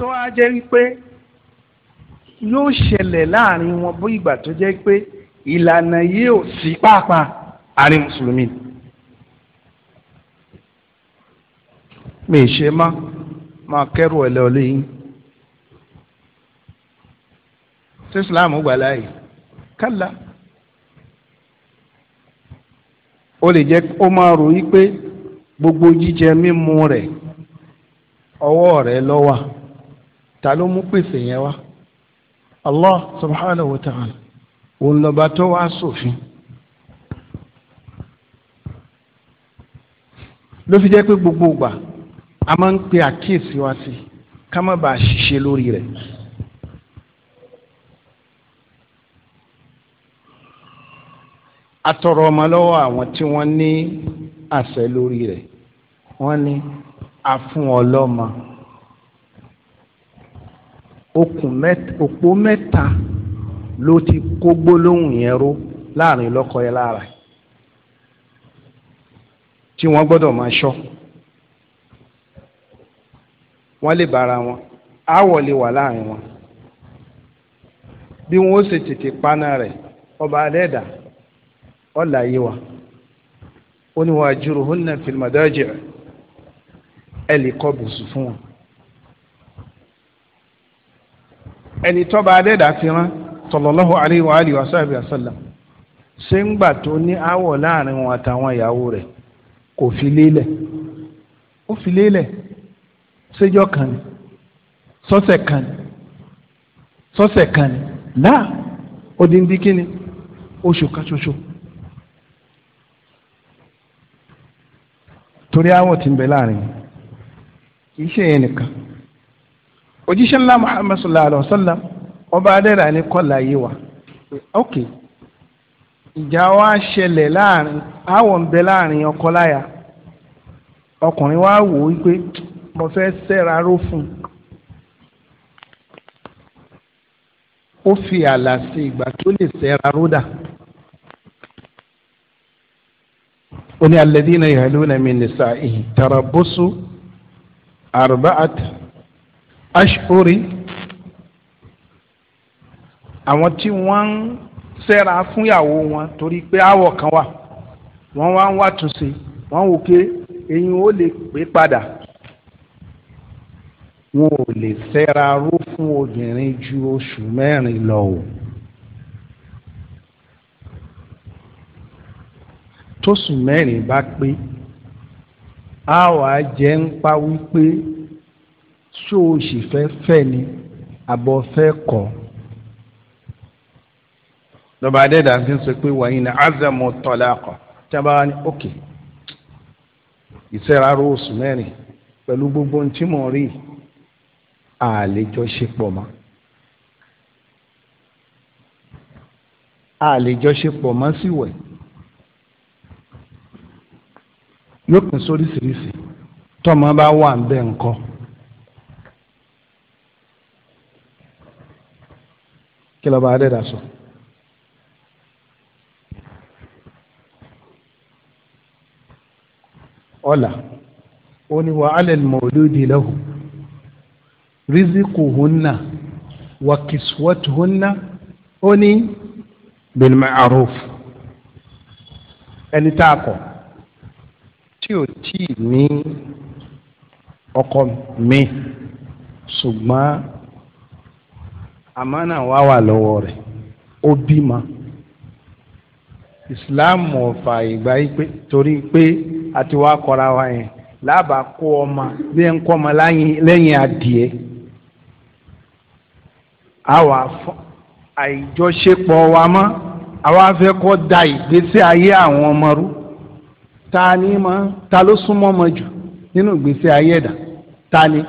tó á jẹ́ wípé yóò ṣẹlẹ̀ láàrin wọn bó ìgbà tó jẹ́ pé ìlànà yìí ò sí pàápàá àárín mùsùlùmí mi ṣe má máa kẹ́rù ẹ̀ lọ́ọ́ lẹ́yìn tí islam gbà láàyè kálá ó lè jẹ́ ó máa rò yí pé gbogbo jíjẹ mímu rẹ̀ ọwọ́ rẹ̀ ló ta ló mú pèsè yẹn wá allah subhanahu wa ta'ala òun lọ́ba tó wá sófin. ló fi jẹ́ pé gbogbo ìgbà a máa ń pe àkíyèsí wa sí ká má bàa ṣiṣẹ́ lórí rẹ̀. atọrọ ọmọ lọ́wọ́ àwọn tí wọ́n ní àṣẹ lórí rẹ̀ wọ́n ní a fún okùn mẹ́ta òpó mẹ́ta ló ti kó gbólóhùn yẹn ró láàrin lọ́kọ yẹn lára tí wọ́n gbọ́dọ̀ máa ṣọ́ wọ́n lè bára wọn aáwọ̀ lè wà láàrin wọn bí wọ́n sì tètè paná rẹ̀ ọba adẹ́ẹ̀dá ọ̀là yìí wa ó ní wàá jùrù hùn náà fil ẹ̀ lè kọ́ bùsùn fún wọn. ẹni tọ́ba adẹ́dà fi rán sallallahu alaihi wa alihi wa ṣé ń gbà tó ní áwọ̀ láàrin wọn àtàwọn ìyàwó rẹ̀ kò fi lélẹ̀ ó fi lélẹ̀ ṣéjọ́ kan ni sọ́sẹ̀ kan ni sọ́sẹ̀ kan ni náà odindi kí ni oṣù òjíṣẹ́ ńlá muhammed sallallahu alayhi wa sallam ọba adẹ́rẹ́ àní kọ́lá yé wa ok ìjà wa ṣẹlẹ̀ láàrin àwọn ń bẹ láàrin ọkọ láya ọkùnrin wa wò ó pé mo fẹ́ sẹ́ra ró fún un ó fi ààlà sí ìgbà tó lè sẹ́ra ró dà ó ní alladhina yahluna min nisaihi tarabusu arba'at ashuri àwọn tí wọ́n ń ṣẹ́ra fúnyàwó wọn torí pé àwọ̀ kan wà wọ́n wá ń wá túnṣe wọ́n wò pé eyín ó lè pé padà wọn ò lè ṣẹ́ra ró fún obìnrin ju oṣù mẹ́rin lọ o. tóṣù mẹ́rin bá pé a wàá ń pa wípé ṣó o sì fẹ́ fẹ́ ni àbọ̀ fẹ́ kọ́. lọ́ba adéda ti ń sọ pé wàyí ni azamu tọ́lá kọ́ tí a bá wá ní òkè ìṣẹ́ra róòsù mẹ́rin pẹ̀lú gbogbo ohun tí mò ń rí àlejòṣepọ̀ mọ́. àlejòṣepọ̀ mọ́ sí wẹ̀ yóò pín sóríṣiríṣi tọ́mọ bá wà ń bẹ́ ń kọ́. kí lọ́ba adẹ́dà sọ. ọ̀la ó ní wa alẹ́ mọ̀ọ́dúdì lahu rizikuhunna wa kiswatuhunna ó ní bil ma'ruf ẹni tá a kọ̀ tí ò tí ì ní ọkọ mi ṣùgbọ́n Amana wa wà lọ́wọ́ rẹ̀ ó bímọ islam ọ̀fà ìgbà yìí pe torí pé a ti wá kọ́ra wa yẹn lábàá kó ọmọ bí ẹ ń kọ́ ọmọ lẹ́yìn adìẹ àwa àìjọṣepọ̀ wa mọ́ àwa fẹ́ kọ́ da ìgbésí ayé àwọn ọmọ rú ta ma ta ló súnmọ́ ọmọ jù nínú ìgbésí ayé ẹ̀dá ta ni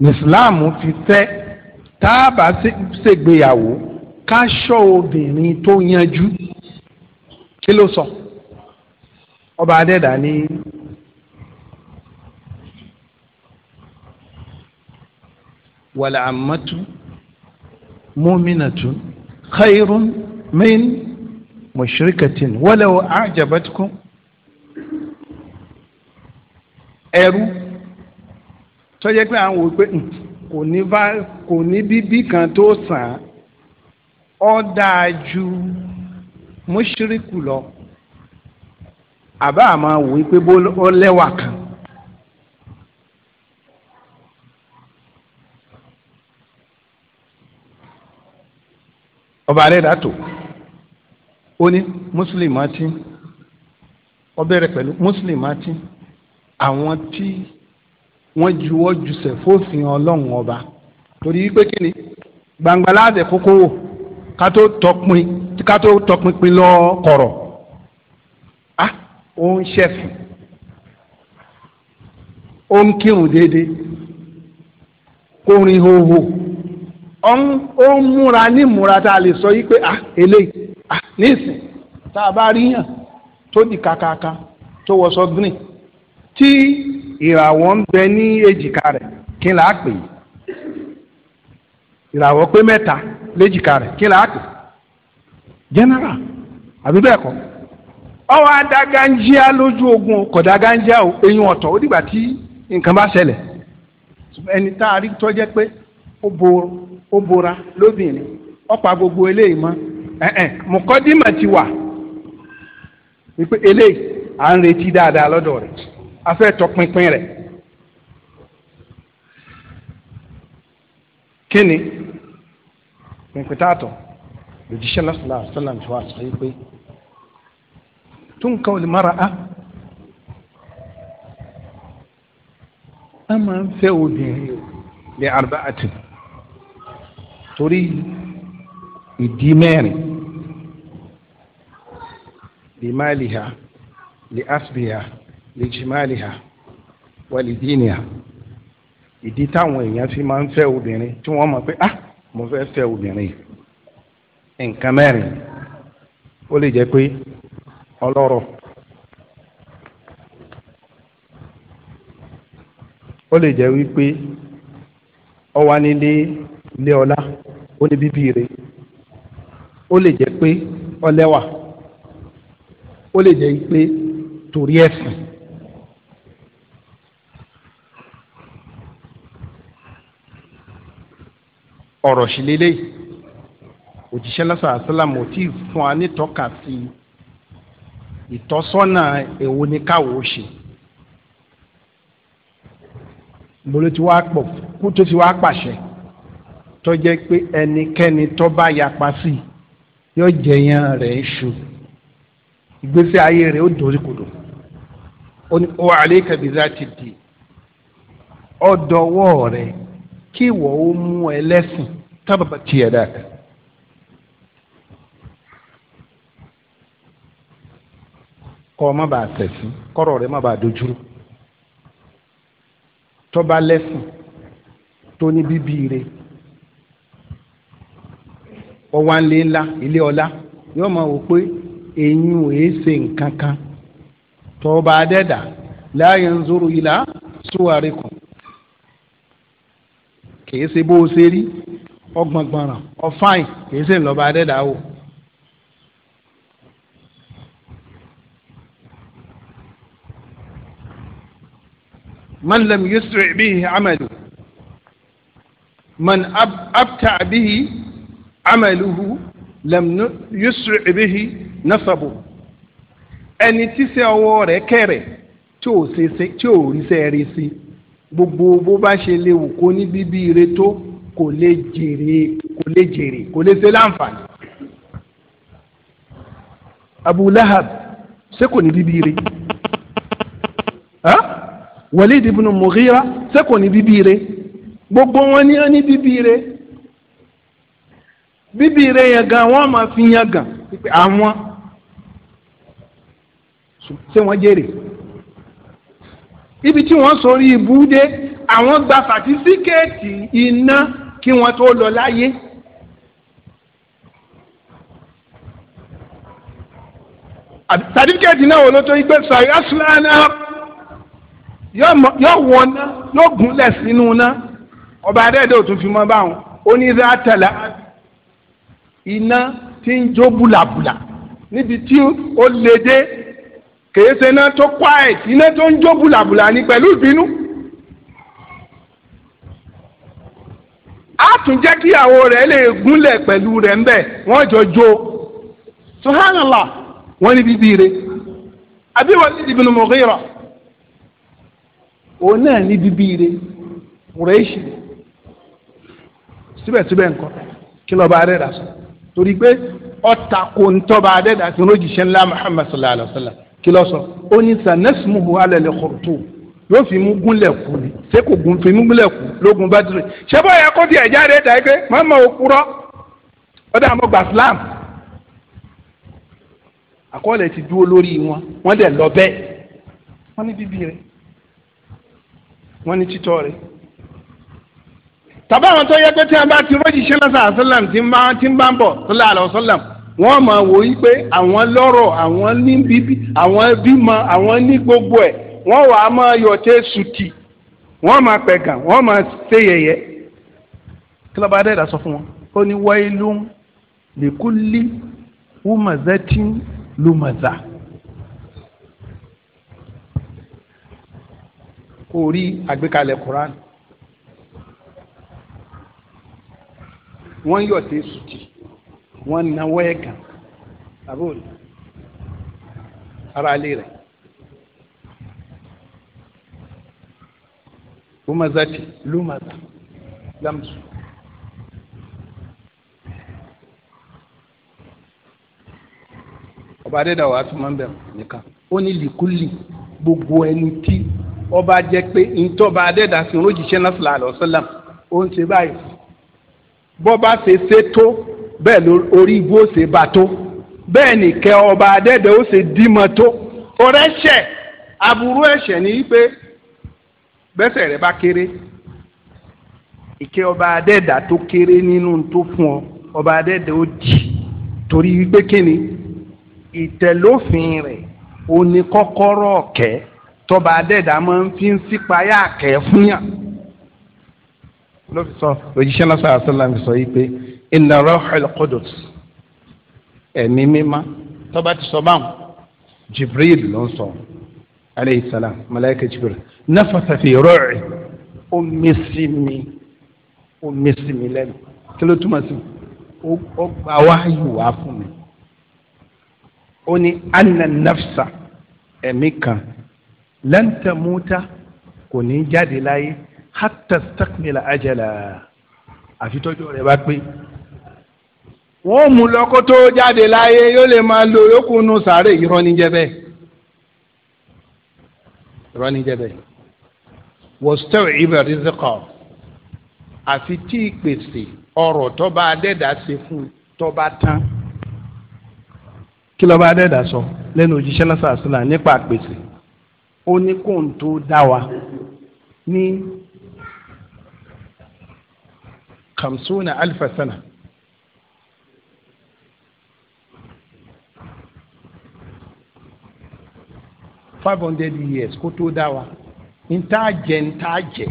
islam fi tẹ́ tá a bá ṣègbéyàwó ká ṣọ́ obìnrin tó yanjú kí ló sọ ọba adẹ́dà ní. wàlẹ̀ àmọ́tú mọ́mínàtú khayrun min mushrikatin walaw a'jabatkum tó yẹ pé àwọn wò pé hmm, kò ní bá kò ní bíbí kan tó sàn ọ́ dáa ju mọ́ṣíríkù lọ àbá àmọ́ wò pé ó lẹ́wà kan. ọba rẹ̀ dàtò ó ní mùsùlùmí àti ọbẹ̀ rẹ̀ pẹ̀lú mùsùlùmí àti àwọn tí wọ́n juwọ́ jùsẹ̀ fófin ọlọ́run ọba torí pé kí ni gbangba láàbẹ̀ kókó wò ká tó tọpin ká tó tọpinpin lọ kọ̀rọ̀ á ó ń ṣẹ̀fù ó ń kírun déédéé kó rin hoho ó ń múra ní múra tá a lè sọ yí pé à eléyìí à nísìn tá a bá ríyàn tó di kàkàkà tó wọṣọ green tí. ìràwọ̀ ń bẹ ní èjìká rẹ̀ kí n là á pè ìràwọ̀ pé mẹ́ta léjìká rẹ̀ kí n là á pè àbí bẹ́ẹ̀ ọwọ́ lójú ogun kọ̀daganjia eyín ọ̀tọ̀ ó dìgbà tí nǹkan bá ṣẹlẹ̀ ẹni tá a rí pé ó gbogbo eléyìí mọ́ ẹ̀ẹ́n ti wà wípé eléyìí à ń retí dáadáa afẹ́ tọpinpin rẹ̀ kíni pínpíntaatọ̀ lòjíṣẹ́ lọ́sọ̀lá àṣọlá ní wàá sọ pé túnkà olè mara a a máa ń fẹ́ obìnrin lè àrùbá àti torí ìdí mẹ́rin lè máa lè ha lè asbìyà. lìjìmáàlìhà wàlìdínìà ìdí táwọn èèyàn fi máa ń fẹ́ obìnrin tí wọ́n mọ̀ pé ah mo fẹ́ fẹ́ obìnrin nǹkan mẹ́rin ó lè jẹ́ pé ọlọ́rọ̀ ó lè jẹ́ wípé ó wà nílé ilé ọlá ó ní bíbí rẹ̀ ó lè jẹ́ pé ó ó ọ̀rọ̀ sí lélẹ́yìí òjíṣẹ́ lọ́sọ̀ àṣálàmù ò tí ì fún wa nítọ́ka sí ìtọ́sọ́nà èwo ni káwo ṣe bolo ti wá pọ̀ kú tó ti wá pàṣẹ tó jẹ́ pé ẹnikẹ́ni tó bá yapa sí yóò jẹyàn rẹ̀ ṣu ìgbésí ayé rẹ̀ ó dorí kodò ó ní ó àlékàbí láti di ọ̀dọ̀wọ́ rẹ̀. kí ìwọ ó mú ẹlẹ́sìn tábàbà tiẹ̀ dáadáa. kọ́ ọ má bàa tẹ̀sí kọ́rọ̀ rẹ má bàa dojúrú tọ́ba lẹ́sìn tó ní bíbí rẹ ọwọ́ ńlé ńlá ilé ọlá yóò máa wò pé eyín ò é ṣe nǹkan kan tọ́ba adẹ́dà la yanzuru kan kìí ṣe bó o ṣe rí ọgbọ̀ngbọ̀nràn ọ̀fáìn kìí ṣe ńlọba adẹ́dáwò. man lam yusri bihi amalu man ab abta bihi amaluhu lam yusri bihi nasabu ẹni tí ṣe ọwọ́ rẹ̀ kéré tí ò rí sẹ́ẹ̀rí sí. Si gbogbo bó bá ṣe lè wù kó ní bíbí ire tó kò lè jèrè kò lè jèrè kò lè ṣe láǹfààní. Abu Lahab ṣé kò ní bíbí ire Walid ibn Mughira ṣé kò ní bíbí ire gbogbo wọn ní ní bíbí ire bíbí ire yẹn gan wọn máa fi yẹn gan àwọn ṣé wọn jèrè ibi tí wọ́n sọ orí ibú dé àwọn gba sàtífíkẹ́ẹ̀tì iná kí wọ́n tó lọ láyé. sàtífíkẹ́ẹ̀tì náà wò ló tó yí pé sàrí asúláná yóò wọná yóò gúnlẹ̀ sínú ná ọba adéèdè ò tún fi mọ́ báwọn onídàá iná tí ń jó bùlàbùlà níbi tí ó lè dé kèé ṣe iná tó quiet iná tó ń jó bùlàbùlà ní pẹ̀lú ìbínú. a tún jẹ́ kí ìyàwó rẹ̀ lè gúnlẹ̀ pẹ̀lú rẹ̀ ńbẹ̀ wọ́n jọ jó subhanallah wọ́n ní bíbí rẹ̀ àbí Walid ibn Mughira òun náà ní bíbí rẹ̀ Quraishi síbẹ̀síbẹ̀ nǹkan kí lọ́ba adẹ́dà torí pé ọ̀tà tọ́ba adẹ́dà sí lójijì ńlá Muhammad sallallahu alayhi wa sallam kí ló sọ ó ní sanẹ́sìmùhù alẹ́lẹ́ kọ̀ọ̀tù yóò fi mú gúnlẹ̀ kù ni ṣé kò gún fi mú gúnlẹ̀ kù lógun bátìrì ṣé bóyá kó tiẹ̀ jáde dà ẹ́ pé màmá ò kúrọ́ ọ̀dà àmọ́ gbà Islam àkọọ́lẹ̀ ti dúró lórí wọn wọ́n dẹ̀ lọ bẹ́ẹ̀ wọ́n ní bíbí rẹ̀ wọ́n ní títọ́ rẹ̀ tàbá àwọn tó yẹ pé tí a bá ti rọ́jì ṣẹlẹ̀ sàásálàm tí ń bá ń bọ̀ sọlá àlọ́ sọlám wọ́n máa wò yí pé àwọn lọ́rọ̀ àwọn ní bíbí àwọn bímọ àwọn ní gbogbo ẹ̀ wọ́n wàá máa yọ̀tẹ́ sùtì wọ́n máa pẹ̀gàn wọ́n máa ṣe yẹ̀yẹ́ kí ló bá dẹ́ ìdásọ fún wọn ó ní wailun likuli umazatin lumaza. kò rí àgbékalẹ̀ Quran wọ́n yọ̀tẹ́ sùtì wọ́n náwó ẹ̀ kan àbúrò ara ilé rẹ̀. lumazati lumaza lamsu ọba adédáwò atúmọ̀ ń bẹ̀ nìkan ó ní lìkúlì gbogbo ẹni tí ọba jẹ́ pé ntọ́ba adédáwò sí orójìṣẹ́ náà sallallahu alaihi wasallam ó ń ṣe báyìí bọ́ba ṣe ṣe tó bẹ́ẹ̀ ló orí ibú ó ṣe bá tó bẹ́ẹ̀ nìkẹ́ ọba adẹ́dẹ́ ó ṣe dímọ tó ọ̀rẹ́ṣẹ̀ aburú ẹ̀ṣẹ̀ ni wípé bẹ́sẹ̀ rẹ bá kéré ìkẹ́ ọba adẹ́dà tó kéré nínú tó fún ọ ọba adẹ́dà ó jì torí wípé kíni ìtẹ̀lófin rẹ̀ ó kọ́kọ́rọ́ ọ̀kẹ́ tọba adẹ́dà máa ń fi ń sípayá àkẹ́ fún yàn ló òjíṣẹ́ lọ́sọ̀ àṣọ làǹfì yìí pé inna rahul qudus ẹ̀mí mímá tọ́ba ti sọ báwọn jibril ló ń sọ aleyhi salam malayika jibril nafasa fi ru'i ó mísí mi ó mísí mi lẹ́nu kí ló túmọ̀ sí ó gba wáyù wá fún mi ó ní anna nafsa ẹ̀mí kan lan tamuta kò ní jáde láyé hatta stakmila ajala àfi rẹ̀ bá pé wọ́n mú lọ kó tó jáde láyé yóò lè máa lo yókù nu sàárè irọ́ ní jẹ́ bẹ́ẹ̀ irọ́ ní jẹ́ bẹ́ẹ̀ wọ́stẹ́wì ibẹ̀rẹ̀ zikọ̀ àfi tí ìpèsè ọ̀rọ̀ tọ́ba adẹ́dà fún tọ́ba tán kí lọ́ba adẹ́dà lẹ́nu òjíṣẹ́ lọ́sàásílà nípa àpèsè ó ní kó n tó dá wa ní kàmsúnà alifasana. five hundred years kó tó dá wa ntá jẹ ntá jẹ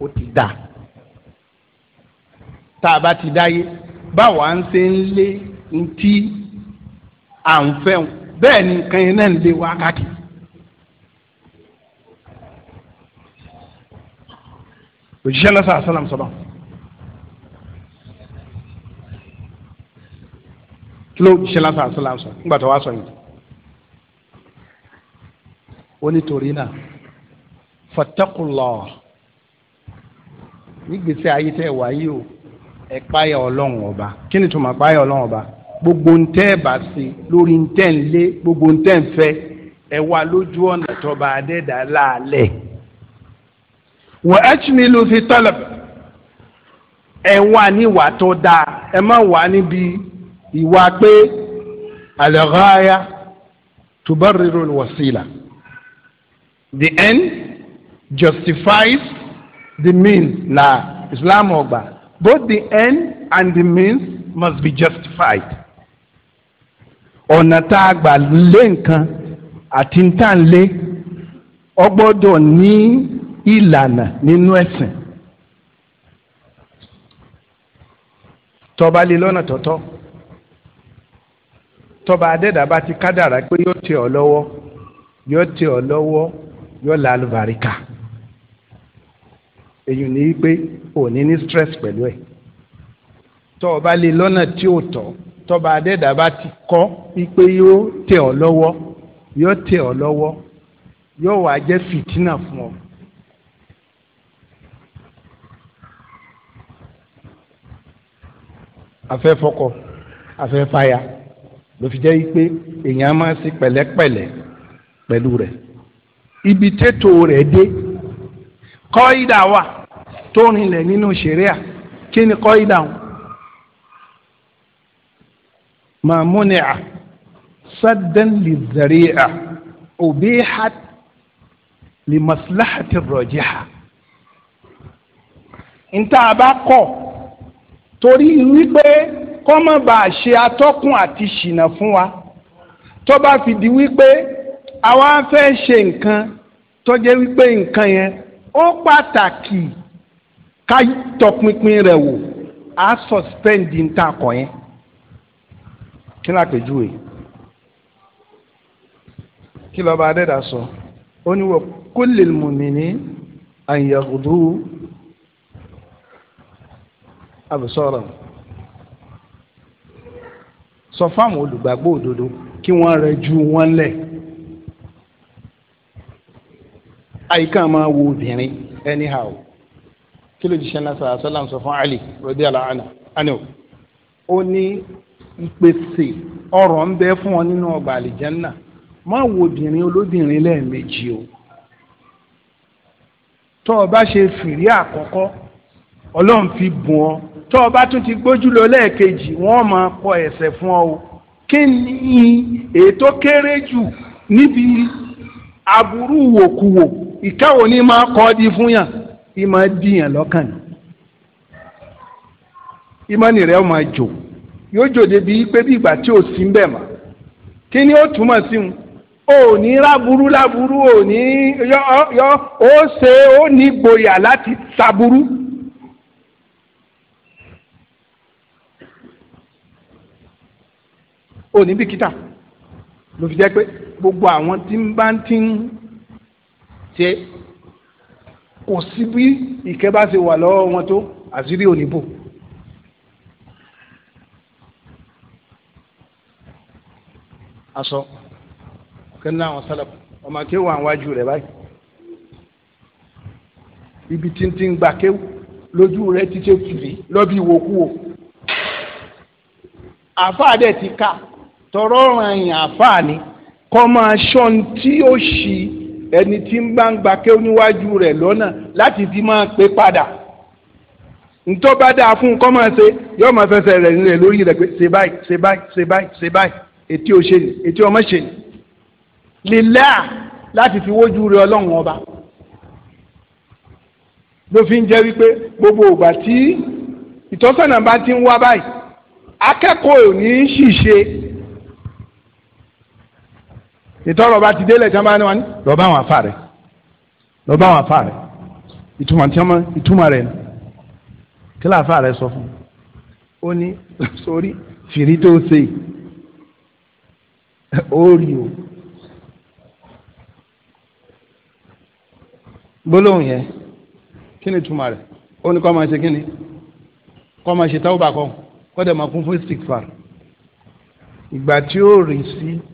ó ti dá tá a bá ti dáyé báwa ń ṣe ń lé ntí à ń fẹ́ wọn bẹ́ẹ̀ ni nǹkan yẹn náà ń lé wákàtí. òjíṣẹ́ náà sàrà sálàm sọ́bà. kí ló òjíṣẹ́ náà sàrà sálàm nígbà tó wá sọ yìí ó nítorí náà fattakullah nígbèsè ayé tẹ wáyé o ẹ páyà ọlọ́run ọba kí ni tuma páyà ọlọ́run ọba gbogbo ń tẹ́ ẹ bá sí lórí ń tẹ́ ń lé gbogbo ń tẹ́ ń fẹ́ ẹ wá lójú ọ̀nà tọba adẹ́dà láàlẹ̀ wọ́n ẹ́tùmí ló fi tọ́lọ̀ ẹ wà níwà tó dáa ẹ má wà níbi ìwà pé àlẹ́ ráyà tubarriru alwasila the end justifies the means la Islam ọgbà both the end and the means must be justified ọ̀nà tá a gbà lé nǹkan àti tá a lé ọ gbọ́dọ̀ ní ìlànà nínú ẹ̀sìn tọba lé lọ́nà tọ́tọ́ tọba adẹ́dàá bá ti kádàrá pé yóò tẹ ọ lọ́wọ́ yóò tẹ ọ lọ́wọ́ yóò la alùbáríkà èyí ni pé òní ní stress pẹ̀lú ẹ̀ tọ́ ọ bá lè lọ́nà tí ò tọ́ tọ́ba adẹ́dà bá ti kọ́ wípé yóò tẹ̀ ọ́ lọ́wọ́ yóò tẹ̀ ọ́ lọ́wọ́ yóò wá jẹ́ fìtínà fún ọ. afẹ́fọ́kọ afẹ́fáya ló fi jẹ́ èèyàn máa ń ṣe pẹ̀lẹ́pẹ̀lẹ́ pẹ̀lú rẹ̀ ibi tètò rẹ̀ dé kọ́ídà wà tó rinlẹ̀ nínú ṣẹ̀ríà kí ni kọ́ídà wọn. mamuni'a saddan lizari'a ubihat limaslahati rajiha. nta bá kọ̀ torí wípé kọ́mọ̀bà ṣe atọ́kùn àti ṣìnà fún wa tó bá fi di wípé àwa fẹ́ ṣe nǹkan tó jẹ́ wípé nǹkan yẹn ó pàtàkì ká tọpinpin rẹ̀ wò á suspend nǹkan akọ yẹn kí ló àpèjúwe kí lọ́ba adẹ́dà sọ ó ní wa kullil mu'mini an yaghdu absara sọ fáwọn olùgbàgbọ́ òdodo kí wọ́n rẹjú wọn lẹ̀. àyíká máa wo obìnrin anyhow kí ló jíṣẹ́ náà sàrà sọ́lá sọ fún Ali radiyallahu anhu anhu ó ní ìpèsè ọ̀rọ̀ ń bẹ fún ọ nínú ọgbà àlìjẹ́nà má wo obìnrin olóbìnrin lẹ́ẹ̀mejì o tó o bá ṣe fìrí àkọ́kọ́ ọlọ́run fi bùn ọ tó o bá tún ti gbójú lọ lẹ́ẹ̀kejì wọ́n máa kọ ẹ̀ṣẹ̀ fún ọ o kí ni ètò kéré jù níbi aburú wòkuwò ìkáwò ní máa kọ́ di fún yàn í máa dìyàn lọ́kàn ìmánì rẹ̀ máa jò yóò jò débi pé bí ìgbà tí ò sí ń bẹ̀ mọ́ kí ni ó túmọ̀ sí un ò ní ráburú láburú ò ní yọ yọ ó ṣe ó ní gboyà láti ṣàburú. ò ní bìkítà ló fi jẹ́ pé gbogbo àwọn tí ń bá ti ń ṣe kò sí bí ìkẹ́ bá ṣe wà lọ́wọ́ wọn tó àṣírí ò ní bò. aṣọ kẹ́ni náà wọ́n sálẹ̀ ọmọ akéwà àwọn wájú rẹ̀ báyìí ibi tí ń ti ń gbà kéwù lójú rẹ̀ ti kiri lọ́bí ìwòkuwò àfáà dẹ̀ ti kà tọrọ ọ̀ràn yìí àfáà ni kọ́ máa ṣọ́n tí ó ṣì í ẹni tí ń bá ń gba kéwú níwájú rẹ̀ lọ́nà láti fi máa pé padà ntọ́ bá dáa fún un kọ́ máa ṣe yọ máa fẹsẹ̀ rẹ̀ nílẹ̀ lórí rẹ̀ pé ṣe báyìí ṣe báyìí ṣe báyìí ṣe báyìí etí o ṣe ni etí ọmọ ṣe ni lílẹ́ à láti fi wójú rẹ̀ ọlọ́run ọba ló fi ń jẹ́ wípé gbogbo ìgbà tí ìtọ́sọ́nà bá ti ń wá báyìí akẹ́kọ̀ọ́ ò ní í ṣìṣe ìtọ́rọ̀ bá ti délẹ̀ tí wọ́n bá ní wọn ní lọ́ọ́ bá wọn afá rẹ̀ lọ́ọ́ bá wọn afá rẹ̀ ìtumọ̀ tí wọ́n ìtumọ̀ rẹ̀ kí lóò afá rẹ̀ sọ fún un ó ní sórí fìrí tó ṣe ó rí o gbólóhùn yẹn kí ni ìtumọ̀ rẹ̀ ó ní kọ́ máa ṣe kí ni kọ́ máa ṣe táwọn bá kọ́ kọ́ dẹ̀ máa kún fún stick far ìgbà tí ó rìn sí. Si,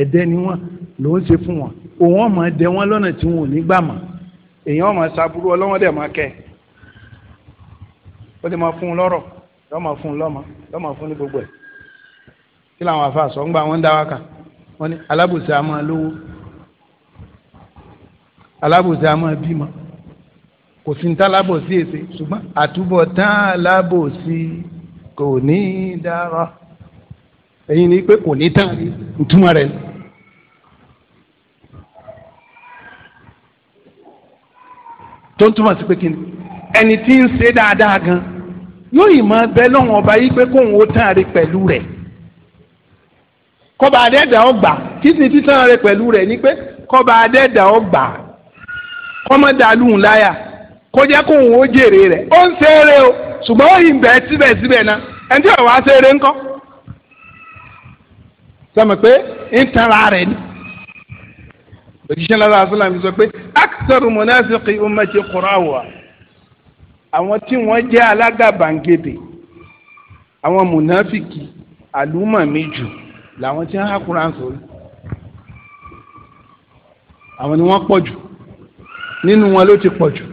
ẹ̀dẹ́ ni wọ́n ló ń ṣe fún wọn òun ọmọ ẹ̀dẹ́ wọn lọ́nà tí wọn ò ní gbà mọ́ èèyàn ọmọ ṣàbúrú ọlọ́wọ́n dẹ̀ máa kẹ́ ó dẹ̀ máa fún un lọ́rọ̀ lọ́mọ fún un lọ́mọ lọ́mọ fún ní gbogbo ẹ̀ kí làwọn afa sọ ń gbà wọ́n ń dá wákà wọ́n ní alábòsí àmọ́ lówó alábòsí àmọ́ bímọ kò sí ní tálábòsí èsè ṣùgbọ́n àtúbọ̀ tán alábòsí kò ní í dára. ẹ̀yin ni pé kò ní tán rí ìtumọ̀ rẹ̀ ni. tó ń túmọ̀ sí pé kíni ẹni tí ń ṣe dáadáa gan yóò yìí máa bẹ lọ́wọ́n ọba yìí pé kóun ó tán rí pẹ̀lú rẹ̀ kọba adẹ́dà ọgbà títí títàn rẹ̀ pẹ̀lú rẹ̀ ni pé kọba adẹ́dà ọgbà láyà kóun ó jèrè rẹ̀ o ṣùgbọ́n ó síbẹ̀síbẹ̀ náà ẹni sọmọ pé ń tanra rẹ̀ ni òjíṣẹ́ lára àṣọlá mi sọ pé akitọ́rù mọ̀nàfíkì ummati kùràwà àwọn tí wọ́n jẹ́ alágàbàǹgẹ̀dẹ̀ àwọn mọ̀nàfíkì àlùmọ̀ mi jù làwọn tí wọ́n á kúra sórí àwọn ni wọ́n pọ̀ jù nínú wọn ló ti pọ̀ jù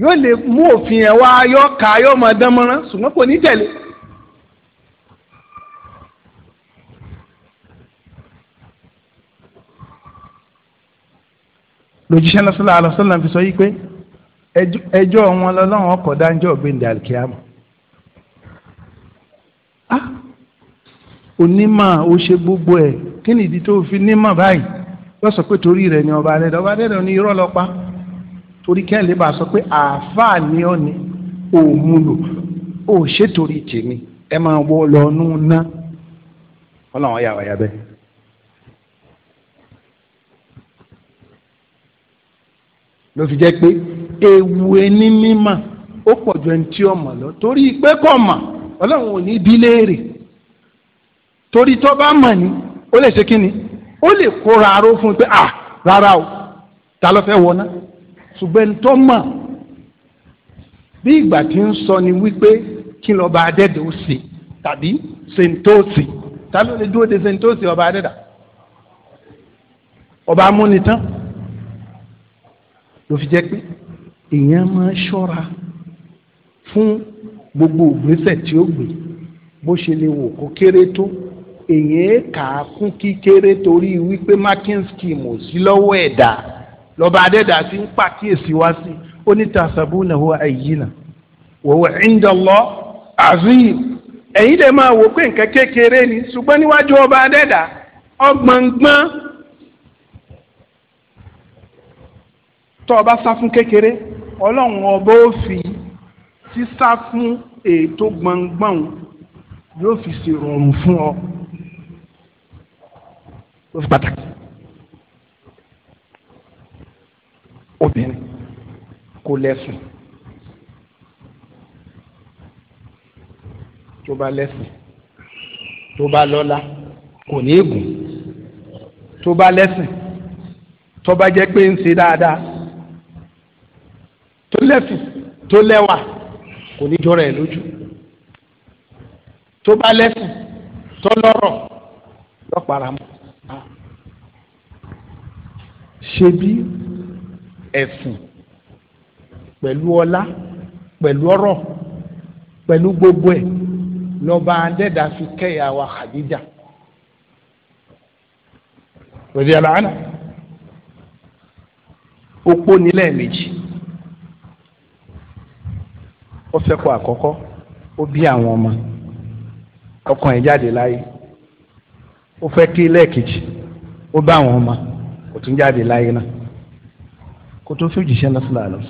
yóò lè mú òfin ẹ̀ wá yọ ká yọ máa dán mọ́rán ṣùgbọ́n kò ní tẹ̀lé. lójúṣẹ́ náà sọ́lá àlọ́sọ́lá fi sọ yí pé ẹjọ́ wọn lọ́lọ́run ọkọ̀ dáńjọ́ ọ̀gbìn dàlkíámù. Ah! onímọ̀ ó ṣe gbogbo ẹ̀ kí ni ìdí tó fi nímọ̀ báyìí pé torí rẹ̀ ni ọba rẹ̀ ọba rẹ̀ ni irọ́ lọ́pa torí kẹ́lẹ́ bá sọ pé àáfàá ni ọ́ òun lò ó tèmi ẹ máa wọ lọ́nù ọlọ́run yà wáyà bẹ́ẹ̀. ló fi jẹ́ pé ewu ẹni mímọ̀ ó pọ̀ ju ẹni tí ó mọ̀ lọ torí pé kò mọ̀ ọlọ́run ò ní bí léèrè torí tó bá mọ̀ ni ó lè ṣe kí ni ó lè kóra aró fún un pé à rárá o ta ló fẹ́ wọná ṣùgbọ́n ẹni tó mọ̀ bí ìgbà tí ń sọ ni wípé kí lọ́ba adẹ́dẹ́ ó ṣe tàbí ṣèǹtóòsì ta ló lè dúró de ṣèǹtóòsì ọba adẹ́dà ọba amúnitán ló fi jẹ́ pé èèyàn máa ṣọ́ra fún gbogbo ìgbésẹ̀ tí ó gbé bó ṣe lè wò kó kéré tó èèyàn kà á kún kíkéré torí wípé marking scheme sí lọ́wọ́ ẹ̀dá lọ́ba adẹ́dà ti ń pàkíyèsí wá sí ó ní tasabuna huwa ayyina wa huwa inda Allah azim ẹ̀yin lè máa wò pé nǹkan kékeré ni ṣùgbọ́n níwájú ọba adẹ́dà ọgbọ̀ngbọ́n. tó o bá sá fún kékeré ọlọ́run ọba ó fi sísá fún ètò gbọ̀ngbọ̀n yóò fi ṣe rọrùn fún ọ ó fi pàtàkì obìnrin kó lẹ́sùn tó bá lẹ́sùn tó bá lọ́lá kò ní ègùn tó bá lẹ́sùn tó bá jẹ́ pé ń ṣe dáadáa tó lẹ́fì tó lẹ́wà kò ní jọra ẹ̀ lójú tó bá lẹ́fì tó lọ́rọ̀ lọ́pàá mọ́ ṣebí ẹ̀sìn pẹ̀lú ọlá pẹ̀lú ọrọ̀ pẹ̀lú gbogbo ẹ̀ lọ́ba adẹ́dà fi kẹ́yà wa Khadija rẹ̀díyàlá àná opó nílẹ̀ méjì ó fẹ́kọ àkọ́kọ́ ó bí àwọn ọmọ ọkàn ẹ̀ jáde láyé ó fẹ́ kí lẹ́ẹ̀kejì ó bá àwọn ọmọ kò tún jáde láyé náà kò tó fi òjìṣẹ́ náà sílẹ̀ àlọ́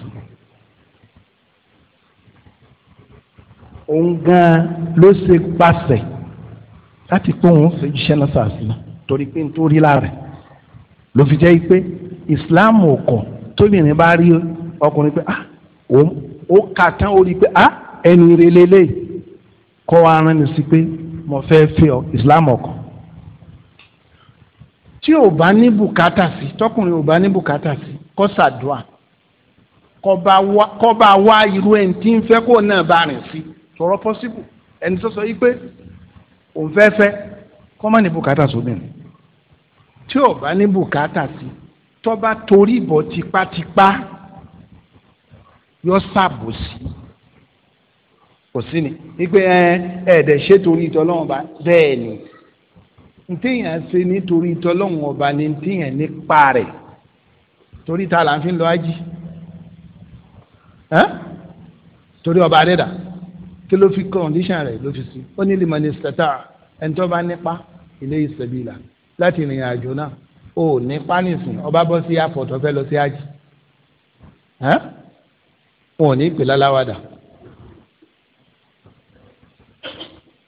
òun gan ló ṣe pàṣẹ láti pé òun fi òjìṣẹ́ náà sàásìlá torí pé n tó rí lára ló fi jẹ́ pé ìsìláàmù ọkọ̀ tóbìnrin bá rí ọkùnrin pé ah òun ó kà tán ó rí i pé ah ẹni relélé kọ́ wa rán ni sí pé mo fẹ́ fẹ́ ọ islam ọkọ tí ò bá ní bùkátà sí tọkùnrin ò bá ní bùkátà sí kó ṣàdúà kó bá wá irú ẹni tí ń fẹ́ kó náà bá rìn sí sọ̀rọ̀ pọ́sibù ẹni tó sọ yìí pé òun fẹ́ fẹ́ kó má ní bùkátà sóbìnrin tí ò bá ní bùkátà sí tó bá torí ìbọ̀ tipátipá yọ sàbòsí kò sí ni wípé ẹ ẹ̀ẹ́dẹ̀ ṣe torí ìtọ́lọ́wọ́n ọba bẹ́ẹ̀ ni ntẹ́yìn ṣe nítorí ìtọ́lọ́wọ́n ọba ni ntẹ́yìn nípa rẹ̀ torí ta là ń fi lọ ají ẹ́ torí ọba adẹ́dà kí ló fi kọ́ndíṣàn rẹ̀ ló fi sí ó ní lima ní sẹ́tà ẹni tó bá nípa ilé ìsẹ̀bìlà láti rìnrìn àjò náà ó nípa nìsín ọba bọ́ sí àpọ̀tọ́ lọ sí ají ẹ́. wọn ò ní pè láláwàdà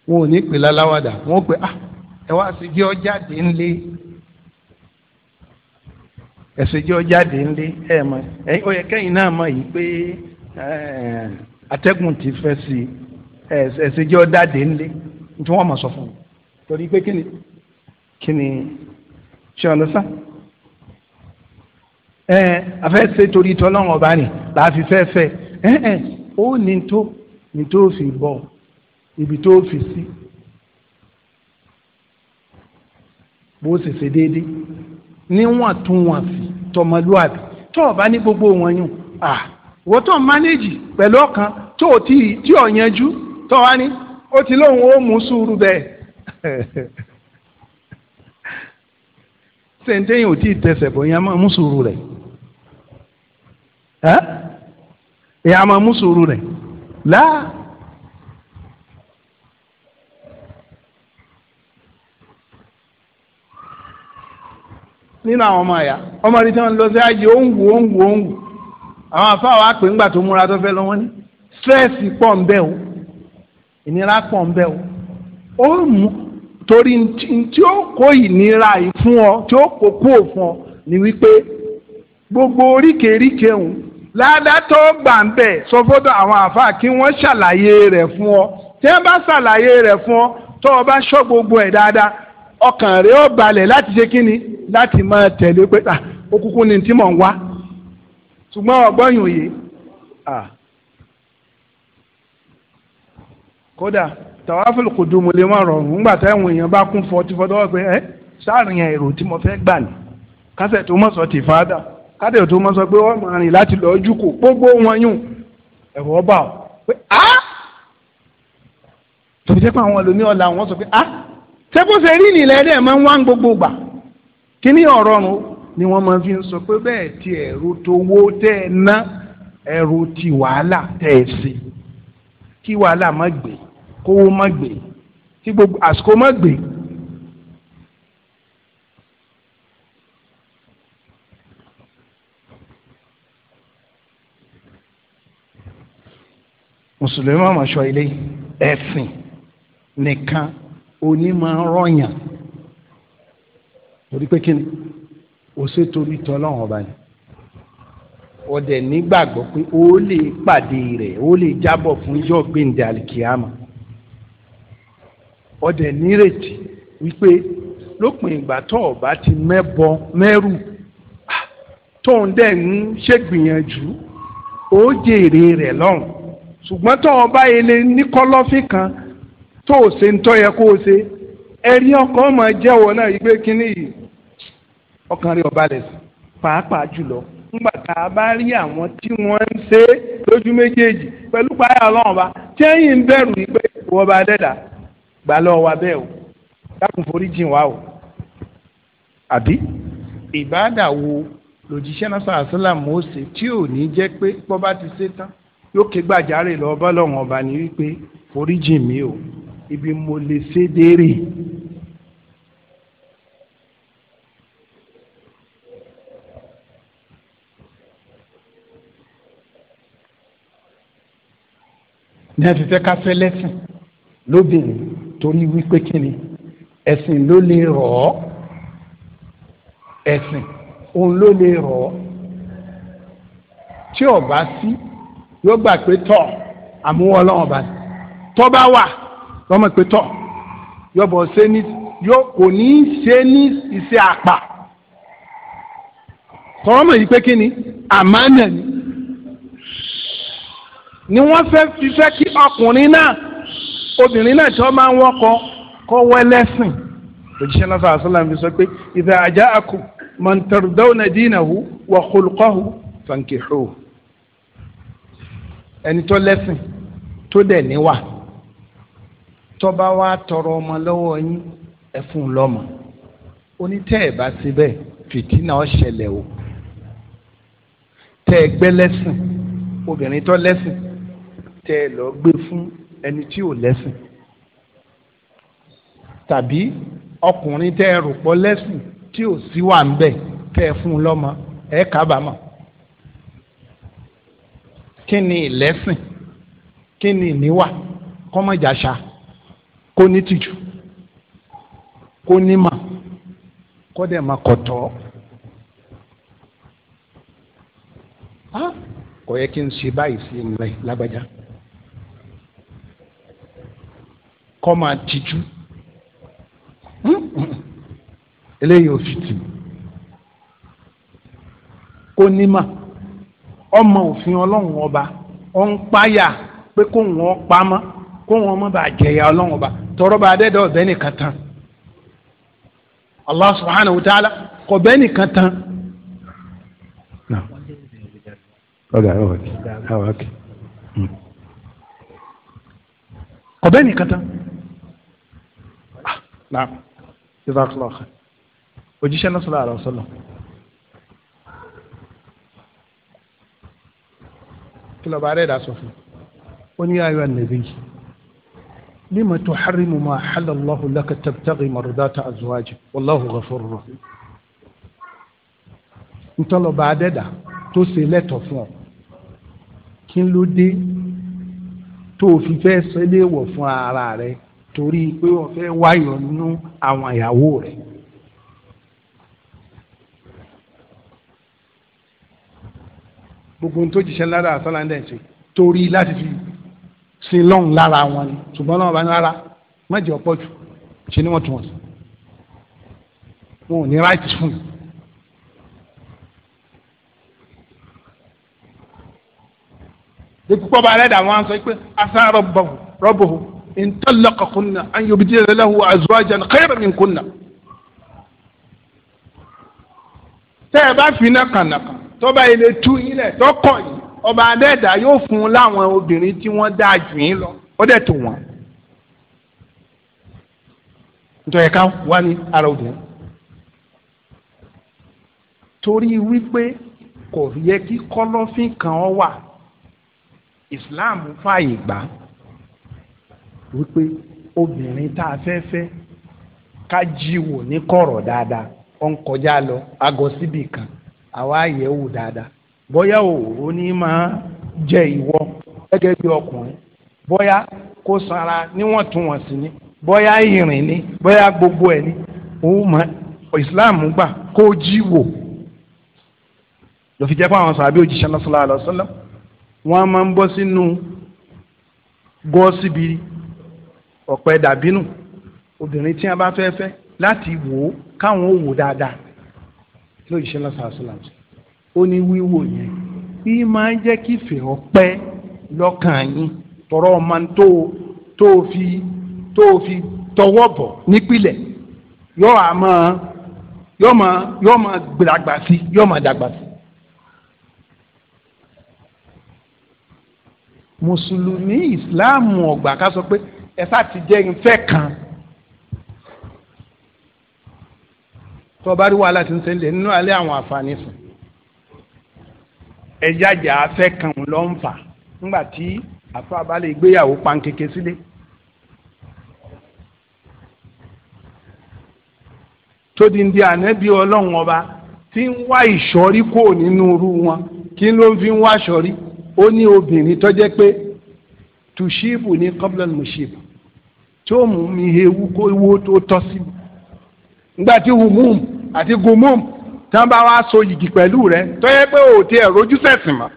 wọn ò ní pè láláwàdà wọn ò pè ah ẹ wá sí jẹ́ ọjáde ńlé ẹ̀sìn jẹ́ ọjáde ńlé ẹ mọ ẹ ó yẹ kẹ́yìn náà mọ̀ yìí pé atẹ́gùn ti fẹ́ sí ẹ̀sìn jẹ́ ọdáde ńlé tí wọ́n mọ̀ sọ fún mi torí pé kí ni kí ni ṣé ọ lọ sáà. ẹ afẹ́ ṣe torí tọ́lọ́run ọba ni láàfin fẹ́ fẹ́ ẹ ẹ ó ní tó ní tó fi bọ̀ ibi tó fi sí bó ṣe ṣe déédéé níwọ̀ntúnwọ̀nsì tọmọlúwàbí tó o ní gbogbo wọn yùn à wọ́n tó ń mánéjì pẹ̀lú ọkàn tó o ti tí ò yanjú tó wá ní ó ti lóun ó mú sùúrù bẹ́ẹ̀ ṣèǹtẹ́yìn ò tí ì tẹsẹ̀ bọ̀ yẹn máa mú sùúrù rẹ̀. èèyàn máa mú rẹ̀ láà. nínú àwọn ọmọ àyà ọmọ rí tí wọn lọ sí ààyè ó ń wù ó ń wù ó ń wù àwọn afáwọn àpè ńgbà tó múra tó lọ o ìnira pọ̀ o ó mú torí tí ọ tí ó kó fún ọ ni wípé gbogbo oríkèéríkèé òun ládàá tó gbà ń bẹ̀ sọ fọ́dọ̀ àwọn àáfàá kí wọ́n ṣàlàyé rẹ̀ fún ọ tí wọ́n bá ṣàlàyé rẹ̀ fún ọ tó o bá ṣọ́ gbogbo ẹ̀ dáadáa ọkàn rẹ̀ ó balẹ̀ láti ṣe kíni láti máa tẹ̀lé pé à ah, okùnkùn ni tí mò ń wá ṣùgbọ́n ọgbọ́yìn òye ah. kódà tàwáfù kùdùmù lè má rọrùn ńgbà táwọn èèyàn bá kún fọtífọtọwọ pé ẹ eh, sáàrin ẹ̀rọ tí mo fẹ́ gbà ní kásẹ̀ tó mọ̀ sọ tì fáadà káde ò tó mọ sọ pé wọ́n máa rìn láti lọ́ọ́ jù kó gbogbo wọn yùn ẹ̀rọ ọba ọ̀ pé á tòbí jẹ́ pé àwọn ẹlòmíràn la wọ́n sọ pé á ṣé kó ṣe rí nìlẹ̀ dẹ̀ máa ń wá gbogbo gbà kí ní ọ̀rọ̀ ọ̀run ni wọ́n máa fi ń sọ pé bẹ́ẹ̀ ti ẹ̀rù tó wó tẹ́ ẹ ná ẹ̀rù ti wàhálà tẹ́ ẹ sí kí wàhálà má gbé kówó má gbé kí gbogbo àsìkò má gbé mùsùlùmí máa ṣọ ilé ẹ̀sìn nìkan oní máa ń rọ̀yàn torí pé kí ni òṣè torí tọ́ lọ́wọ́n ọba ni ọdẹ nígbàgbọ́ pé ó lè pàdé rẹ̀ ó lè jábọ̀ fún ijọ́ gbẹ̀ǹdẹ̀ àlìkìyàmà ọdẹ nírètí wípé lópin ìgbà tó ọba ti mẹ́bọ mẹ́rù ah, tóun dẹ̀ ń ṣègbìyànjú ó jèrè rẹ̀ lọ́hùn ṣùgbọ́n tó o bá yẹlẹ ní kọ́lọ́fín kan tó o ṣe ń tọ́ yẹ kó o ṣe ẹ̀rí ọkàn máa jẹ́wọ́ náà ìgbé kínní yìí ọkàn rẹ̀ ọba lẹ̀ sí pàápàá jùlọ nígbà tá a bá rí àwọn tí wọ́n ń ṣe lójú méjèèjì pẹ̀lú páyà ọlọ́run ba tí ẹ̀yìn ń bẹ̀rù yìí pé ìwọ bá dẹ́dà gbà lọ́ọ́ wa bẹ́ẹ̀ o dákun forí jìn wá o àbí ìbáàdà wo lòjíṣẹ́ náà sọ àṣálà mọ́ tí ò ní jẹ́ pé bọ́ bá ti ṣe tán yóò ké gbàjarè lọ bọ́lọ́wọ́n ọba ní wípé foríjì mi o ibi mo lè ṣe déèrè. ní ẹ ti fẹ́ ká fẹ́ lẹ́sìn lóbìnrin torí wípé kíni ẹ̀sìn ló lè rọ̀ ọ́ ẹ̀sìn òun ló lè rọ̀ ọ́ tí ọba sí. Si, yóò gbà pé tọ́ àmúwọ́ ọlọ́run ọba tọ́ bá wà lọ́mọ pé tọ́ yóò bọ̀ ṣe ní yóò kò ní í ṣe ní iṣẹ́ àpà tọ́rọ́ mọ̀ yìí pé kí ni àmánà ni ni wọ́n fẹ́ fi kí ọkùnrin náà obìnrin náà tí wọ́n máa ń wọ́kọ kọ́ wẹ́lẹ́sìn òjíṣẹ́ náà sọ̀rọ̀ sọ́lá fi sọ pé idha aja'akum man tardawna dinahu wa khulqahu fankihuhu. ẹni tó lẹ́sìn tó dẹ̀ níwà tó wa tọrọ ọmọ lọ́wọ́ yín ẹ fún un lọ́mọ onítẹ̀ ẹ̀ bá síbẹ̀ o tẹ́ ẹ gbẹ́ lẹ́sìn obìnrin tó lẹ́sìn tẹ́ ẹ lọ gbé fún ẹni tí ò lẹ́sìn tàbí ọkùnrin tẹ́ ẹ rò pọ̀ lẹ́sìn tí ò sí wà ń bẹ̀ tẹ́ ẹ fún un kí ni ìlẹ́sìn kí ni ìníwà kọ́mọ̀jàṣà kó ní tìjú kó ní mà kó dẹ̀ mà kọ̀tọ́. kò yẹ kí n ṣe báyìí sí ẹ̀ lágbájá kọ́ máa tìjú hmm, hmm, hmm. eléyìí ò fi tì kó ní mà. ọmọ òfin ọlọ́run ọba ọ ń páyà pé kó wọn pamọ́ kó wọn má bàa ọlọ́run ọba tọrọ bá dẹ́dọ̀ nìkan Allah subhanahu wa ta'ala kò bẹ́ nìkan tán. kò bẹ́ nìkan tán. Ah, kí lọ́ba adẹ́dà sọ fún un ó ní ayọ̀ ànàbí yìí lima tuharrimu ma halallahu laka tabtaghi mardata azwajik wallahu ghafurur rahim ntọ́lọ́ba adẹ́dà tó ṣe lẹ́tọ̀ fún ọ kí ló dé tó o fi fẹ́ sọ wọ̀ fún ara rẹ torí pé o fẹ́ wáyọ̀ nú àwọn ìyàwó rẹ̀. gbogbo tó jíṣẹ́ lára àsálà ń dẹ̀ ṣe torí láti fi sin lọ́hùn lára wọn ni ṣùgbọ́n náà bá ní rárá mẹ́jọ pọ̀ jù ṣe ni wọ́n tún wọ́n sí wọn ò ní ráìtì fún mi. ìkúkọ́ bá rẹ̀ dàwọn aṣọ pé asa rọ̀bọ̀hù rọ̀bọ̀hù ìntọ́lọ́kọ̀kùnà ayọ̀bìdì lẹ́lẹ́hù azwajan khayran minkunna. tẹ́ ẹ bá fi iná kànàkàn tọ́ba ilé tú ilẹ̀ tọkọ̀ yìí ọba adẹ́ẹ̀dá yóò fún un láwọn obìnrin tí wọ́n dáa jù yín lọ ó dẹ̀ tó wọn. nítorí ká wá ní ara obìnrin. torí wípé kò yẹ kí kọ́lọ́fín kan ọ wà Islam fààyè gbà wípé obìnrin tá a fẹ́ fẹ́ ká jíwò ní kọ̀rọ̀ dáadáa ó ń kọjá lọ agọ síbì kan àwa yẹ̀ wò dáadáa bóyá òwò ní máa jẹ ìwọ gẹ́gẹ́ bí ọkùnrin bóyá kó sanra níwọ̀ntúnwọ̀nsì ni bóyá ìrìn ni bóyá gbogbo ẹ̀ ni òun mọ Islam gbà kó jí wò lọ́fi jẹ́ pé àwọn sàbí òjíṣẹ́ lọ́sọ́lá àlọ́sọ́lá wọ́n máa ń bọ́ sínú gọ́ọ̀sìbì ọ̀pẹ dàbínú obìnrin tí wọ́n bá fẹ́ fẹ́ láti wò ó káwọn ò wò dáadáa lójúṣẹ́ lọ́sàásùlà ó ní wíwò yẹn bí máa ń jẹ́ kí ìfẹ́ ọpẹ́ lọ́kàn yín tọrọ ọmọ tó tó fi tó fi tọwọ́ bọ̀ nípìlẹ̀ yọ àmọ́ yọ máa yọ máa gbàgbà sí yọ máa dàgbà sí. mùsùlùmí ìsìláàmù ọ̀gbà ká sọ pé ẹ ti jẹ́ ìfẹ́ kan tó o bá rí wàhálà tí ń ṣẹlẹ̀ nínú alẹ́ àwọn àǹfààní sùn ẹ̀jájà afẹ́ kan ló ń fà nígbà tí àfa abalẹ̀ ìgbéyàwó pankeke sílé. tódìndí ànẹ́bí ọlọ́run ọba tí ń wá ìṣọ́rí kò nínú irú wọn kí ló ń fi ń wá ìṣọ́rí ó ní obìnrin tó pé tùṣíìbù ní kọ́bílẹ̀lì mùṣíìbù tí ó mú mi ewu kó ewu tó tọ́ sí mi nígbà tí wùmùmù àti gumum tí wọ́n bá wá so yìgì pẹ̀lú rẹ tó yẹ pé ò tiẹ̀ rojú sẹ̀sìn mọ́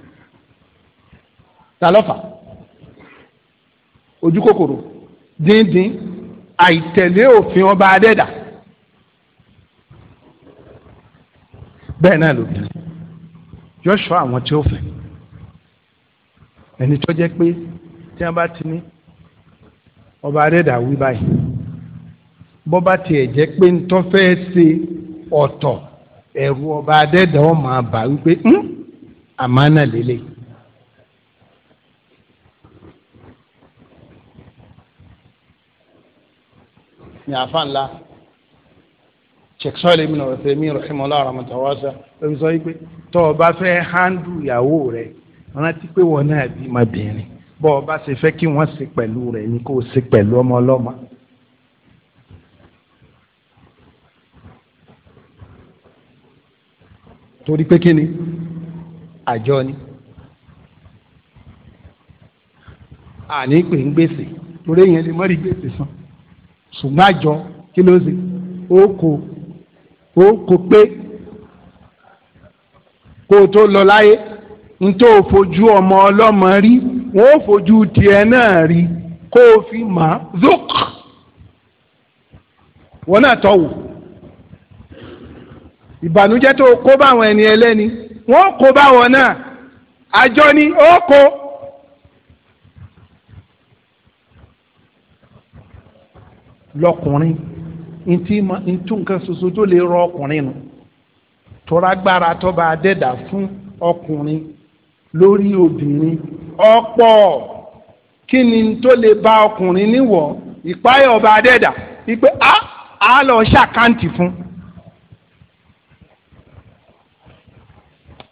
ta lọ́fà ojú kòkòrò díndín àìtẹ̀lé òfin ọba adẹ́dà bẹ́ẹ̀ náà ló bẹ̀rẹ̀ yọ sọ àwọn tí ó fẹ́ ẹni tó jẹ́ pé tí wọ́n bá ti ní ọba adẹ́dà wí báyìí bọ́ bá tiẹ̀ jẹ́ pé ń tọ́ fẹ́ ṣe ọ̀tọ̀ ẹ̀rù ọba adẹ́dàá ọmọ àbá wípé àmánà lélẹ̀. ní àfa ńlá sheikh sọ́ọ̀lì mi náà fẹ́mi rahimahullah rahmatawasa ẹ̀mí sọ wípé tọ́ ọ bá fẹ́ hándù ìyàwó rẹ̀ rántí pé wọn náà bí ọmọbìnrin bọ́ ọ bá ṣe fẹ́ kí wọ́n ṣe pẹ̀lú rẹ̀ ni kó o ṣe pẹ̀lú ọmọ ọlọ́mọ. torí pé kíni àjọ ni àní pè ń gbèsè torí èèyàn lè mọ́rí gbèsè san ṣùgbọ́n àjọ kí ló ṣe ó kò ó kò pé kó o tó lọ láyé n tó o fojú ọmọ ọlọ́mọ rí wọ́n ó fojú tiẹ̀ náà rí kó o fi mà zok wọ́n náà tọ̀ wò ìbànújẹ́ tó kó báwọn ẹni ẹlẹ́ni wọ́n kó báwọn náà àjọ ni ó kó. lọkùnrin ntí nǹkan ṣoṣo tó lè rọ ọkùnrin nù torágbára tó bá dẹ́dà fún ọkùnrin lórí obìnrin ọ̀pọ̀ kí ni tó lè bá ọkùnrin níwọ̀ ìpáyọ̀ ọba dẹ́dà wípé ah, a á lọ ṣàkáǹtì fún un.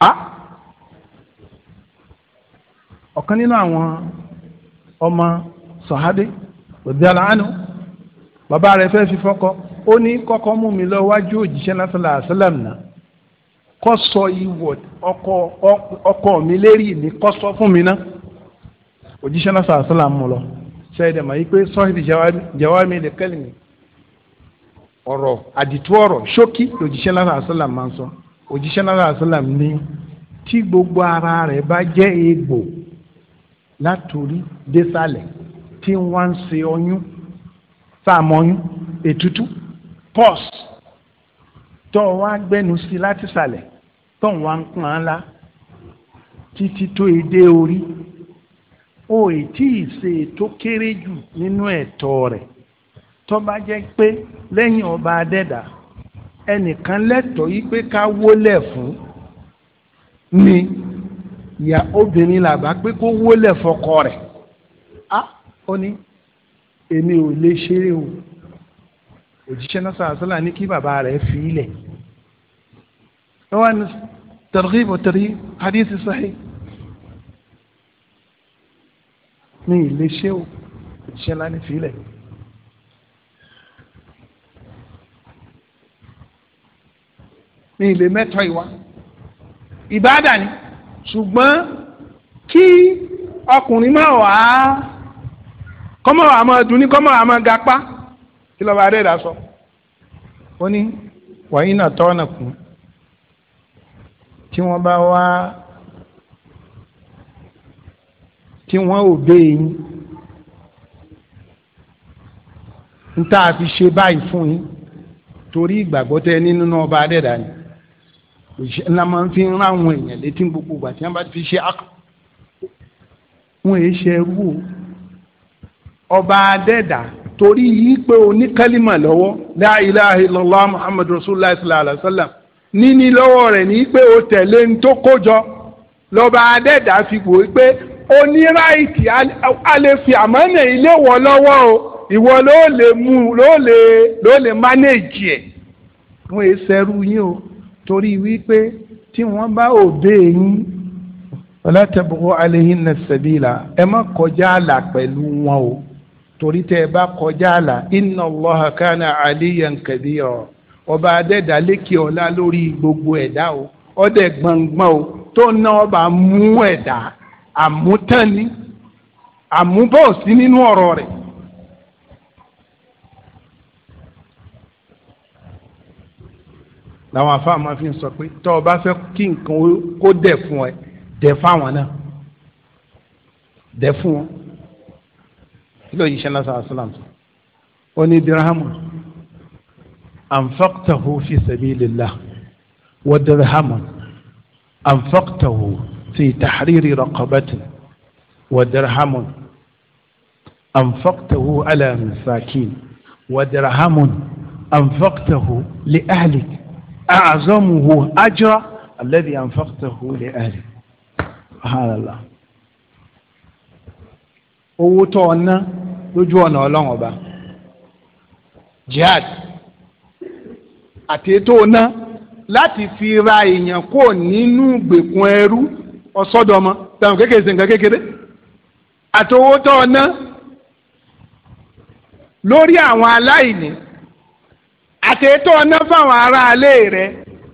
a ah. ọ̀kan nínú àwọn ọmọ sọ̀hádé òbí aláàánú bàbá rẹ̀ fẹ́ fi fọ́kọ ó ní kọ́kọ́ mú mi lọ wájú òjíṣẹ́ lásìlá àṣìlám náà kọ́ sọ ìwọ̀ ọkọ mi lérí mi kọ́ sọ fún mi náà òjíṣẹ́ lásìlá àṣìlám mú lọ sẹ́yìndẹ̀ mà yí pé sọ́hìdì jawami lè kẹ́lì mi ọ̀rọ̀ àdìtú ọ̀rọ̀ ṣókí lòjíṣẹ́ lásìlá àṣìlám máa ń sọ. So òjíṣẹ́ náà àṣàlám ní tí gbogbo ara rẹ̀ bá jẹ́ egbò látòrí désàlẹ̀ tí wọ́n ń ṣe ọyún sàmọyún ètútú pọ́s tó wá gbẹnu sí láti sàlẹ̀ tó wá ń pọ́n án lá títí tó edé orí o ì tí tó kéré jù nínú ẹ̀tọ́ rẹ̀ tó bá jẹ́ pé lẹ́yìn ọba adẹ́dàá ẹnìkan lẹ́tọ̀ọ́ yìí pé ká wólẹ̀ fún ni ìyá obìnrin làbá pé kó wólẹ̀ fọkọ rẹ̀ á ó ní èmi ò lè ṣeré o òjíṣẹ́ náà sàásọ́là ní kí bàbá rẹ̀ fi ilẹ̀ ẹ wá ní targhib wa tarhib hadith sahih mi ì lè ṣe o òjíṣẹ́ náà ní fi ilẹ̀. ní ilé mẹ́tọ́ ìwà ìbáàdà ni ṣùgbọ́n kí ọkùnrin máa wà á kọ́mọ̀ wà á máa dùn ní kọ́mọ̀ wà á máa gapá kí lọ́ba adéèdà sọ. ó ní wàyí náà tọ́ ọ̀nà kù tí wọ́n bá wá tí wọ́n ò bẹ́ e yín ń tá a fi ṣe báyìí fún yín torí ìgbàgbọ́ tẹ nínú ọba adéèdà ni òṣìṣẹ́ ńlá máa ń fi ń ráwọn èèyàn létí gbogbo ìgbà tí wọ́n bá fi ṣe àkọ́ wọn èé ṣe ẹrú o ọba adẹ́dà torí yìí pé oníkálímà lọ́wọ́ la ilaha illallah muhammad rasulullah sallallahu alayhi wa sallam níní lọ́wọ́ rẹ̀ ní pé o tẹ̀lé ń tó kójọ lọ́ba adẹ́dà fi wò ó pé oníráìtì a lè fi àmọ́nà ilé wọ lọ́wọ́ o ìwọ ló lè mú ló lè ló lè mánéèjì ẹ̀ wọn èé ṣẹrú yín o torí wípé tí wọ́n bá òde yín wala tabghu alayhinna sabila ẹ má kọjá àlà pẹ̀lú wọn o torí tẹ́ ẹ bá kọjá àlà inna Allaha kana aliyan kabira ọba adẹ́dà lékè ọlá lórí gbogbo ẹ̀dá o ọdẹ gbọ̀ngbọ̀n o tó ná ọba mú ẹ̀dá àmútánni àmúbọ̀ọ̀sí nínú ọ̀rọ̀ rẹ̀. làwọn àfáà máa fi sọ pé tọ́ ọ bá fẹ́ kí nǹkan kó dẹ̀ fún ẹ dẹ̀ fáwọn náà dẹ̀ fún wọn ilé òyìnbó ṣẹlẹ̀ sàlá sàlám sọ ó ní dirahamu anfaqtahu fi sabilillah wa dirahamu anfaqtahu fi tahriri raqabati wa dirahamu anfaqtahu ala misakin wa dirahamu anfaqtahu li ahlik. أعظمه أجرا الذي أنفقته لأهله سبحان الله owó tó ọ̀nà lójú ọ̀nà ọlọ́run ọba jihad àti ètò ọ̀nà láti fi ra èèyàn kó nínú gbèkùn ẹrú ọ̀sọ́dọ̀mọ tàwọn kékeré sí nǹkan kékeré àti owó tó ọ̀nà lórí àwọn ṣe tó ọ̀nà fáwọn aráalé rẹ̀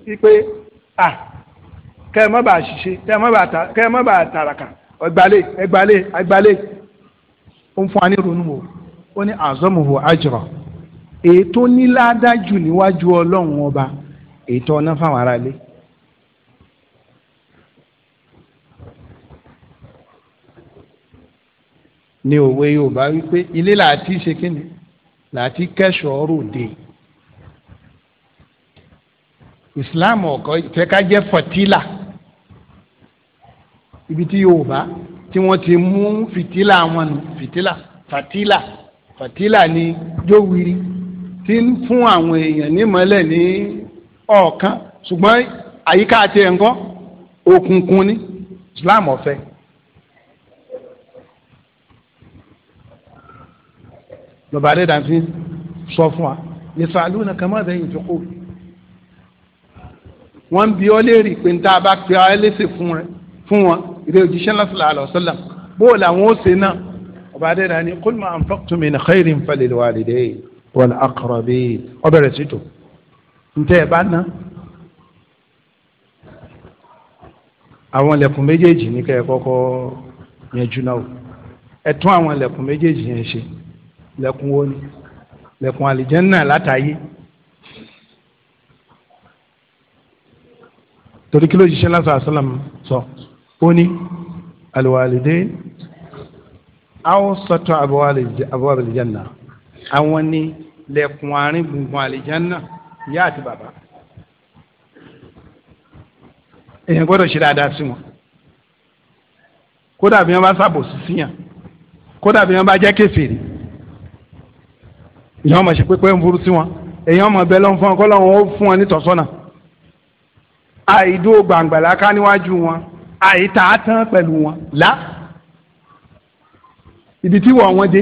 wípé à kẹ́ ẹ má bàa ṣiṣẹ́ kẹ́ ẹ má bàa tàràkà ẹgbàlè ẹgbàlè ẹgbàlè ó ń fún wa ní ronú o ó ní àzọ́mùhù àjọrọ̀ ètò níládájú níwájú ọlọ́run ọba ètò ọ̀nà fáwọn aráalé. ní òwe Yorùbá wípé ilé làá ṣe kíni làá ti kẹ́sọ̀ islam ọkọ fẹ́ ká jẹ́ fatila, ibi tí yorùbá tí wọ́n ti mú fìtílà wọn nù fìtílà fatílà fatílà ni jówiri tí ń fún àwọn èèyàn nímọ́lẹ̀ ní ọ̀kan ṣùgbọ́n àyíká àti ẹ̀ńkọ́ òkùnkùn ni islam ọ̀fẹ́. lọ́ba adédàfín sọ fún wa yẹ fàálù náà kàmá bẹ́ẹ̀ yìí fi kó o wọ́n ń bi ọ́ léèrè pé ń tá a bá pe ọ́ ẹlẹ́sẹ̀ fún rẹ fún wọn ìdè òjíṣẹ́ sallallahu alaihi wasallam bó làwọn ó ṣe náà ọba adéra ni qul ma anfaqtum min khairin falil walidayni wal aqrabin ọbẹ̀rẹ̀ sí tò ntẹ́ ẹ bá ná àwọn ilẹ̀kùn méjèèjì ní kẹ́ kọ́kọ́ yẹn jù náà ẹ tún àwọn ilẹ̀kùn méjèèjì yẹn ṣe ilẹ̀kùn wo ni ilẹ̀kùn àlìjẹ́nnà látàyè torí kí ló ṣiṣẹ́ lásán àṣàlám sọ ó ní àlùwàlìdé àwọn sọtọ àbọ̀wọ̀ àlìjánná àwọn ní lẹ́kùn àárín gbùngbùn àlìjánná ìyá àti bàbá èèyàn gbọ́dọ̀ ṣe dáadáa sí wọn kódà bí wọn bá ṣàbòsí síyàn kódà bí wọn bá jẹ́ kèfèrí èèyàn máa ṣe pépé ń burú sí wọn èèyàn máa bẹ lọ́n fún wọn kọ́ lọ́n ó fún wọn nítọ́sọ́nà àìdó gbàǹgbàlá ká níwájú wọn àìta tán pẹ̀lú wọn là ibi tí wọ́n wọ́n dé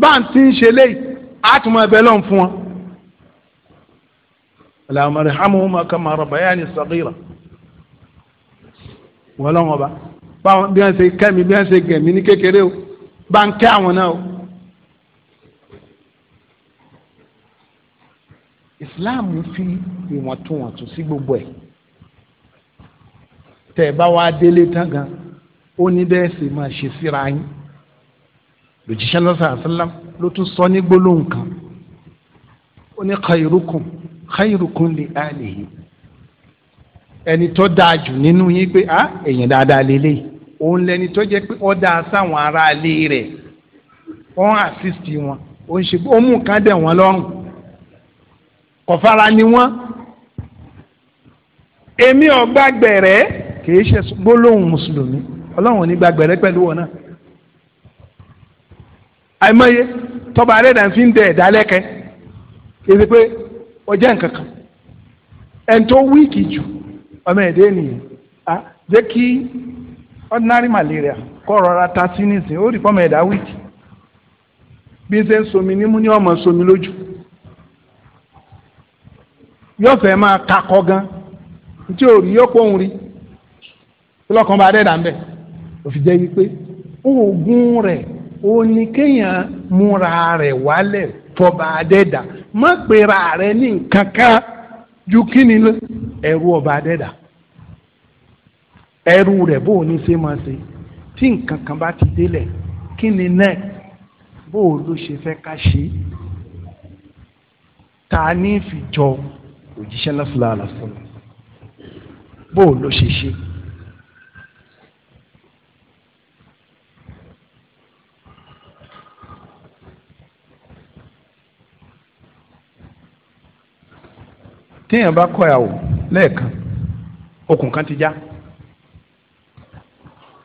báńtí ń ṣe léyìí àtúmọ̀ ẹbẹ̀ lọ́n fún wọn. اللهم ارحمهما كما ربياني صغيرا wọ́n lọ́wọ́ bá bí wọ́n ṣe kẹ́mi bí wọ́n ṣe gẹ̀mí ní kékeré o bá ń kẹ́ àwọn náà o. islam fi ìwọ̀ntúnwọ̀ntún sí gbogbo ẹ̀ tẹ̀ bá wá délé tán gan ó ní bẹ́ẹ̀ sì máa ṣe síra yín lòjíṣẹ́ lọ́sàn àṣálá ló tún sọ ní gbólóhùn kan ó ní khairukum khairukum li alihi ẹni tó dáa jù nínú yín pé a ah, èèyàn dáadáa lélẹ́yìí òun lẹni tó jẹ́ pé ó dáa sáwọn aráalé rẹ̀ ó ń assist wọn ó ń ṣe ó mú nǹkan dẹ̀ wọ́n lọ́rùn kọfara ni wọn èmi ò gbàgbẹ̀rẹ̀ kì í ṣe gbólóhùn mùsùlùmí ọlọrun ní pẹ̀lú wọn náà àìmọye tọba arẹ́dà fi ń dẹ èdè pé ọjọ́ nǹkan kan ẹni tó wíìkì jù ọmọ a kí malaria rọra ta sí nísìnyí ó rí wíìkì bí ṣe ń yóò fẹ́ máa kakọ gan tí o rí yóò kó òun rí lọ́kàn bá dẹ́dà ńbẹ̀ òfin jẹ́ wípé oògùn rẹ̀ o ní kéèyàn múra rẹ̀ wálẹ̀ fọba dẹ́dà má pera rẹ̀ ní nǹkan kan ju kíni ẹ̀rù ọba dẹ́dà ẹ̀rù rẹ̀ bó o ní ṣe máa ṣe tí nǹkan bá ti délẹ̀ kíni náà bó o ló ṣe fẹ́ ká ṣe ta ní fi jọ òjíṣẹ́ lọ́sọ̀lá àlàsọ̀lá bó ló ṣe ṣe. téèyàn bá kọ́ ìyàwó lẹ́ẹ̀kan okùn kan ti já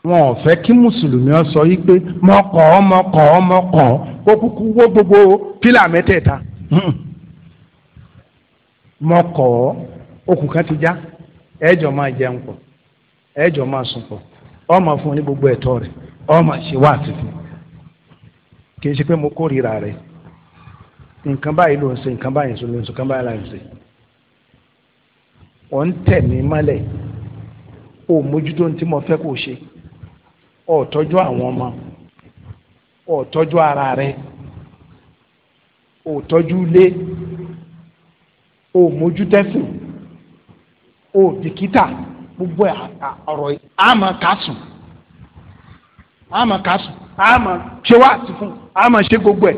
wọn ò fẹ́ kí mùsùlùmí ọ sọ yìí pé mọ̀kọ́ mọ̀kọ́ mọ̀kọ́ ó kúkú wó gbogbo pílà mẹ́tẹ̀ẹ̀ta. Hmm. mọkọ okùn kan ti já ẹjọ máa jẹun pọ̀ ẹjọ máa sùn pọ̀ ọmọ fún ní gbogbo ẹ̀tọ́ rẹ̀ ọmọ ṣe wá kì í ṣe pé mo kórìíra rẹ̀ nǹkan báyìí ló ń ṣe nǹkan báyìí ló ń ṣe nǹkan báyìí ló ń ṣe ọ̀ ń mí o mójútó ọ̀ àwọn ọmọ ọ̀ ara ọ̀ ilé o mójú o bìkítà gbogbo ọrọ àmọ́ kásùn àmọ́ kásùn àmọ́ ṣe wá sí fún àmọ́ ṣe gbogbo ẹ̀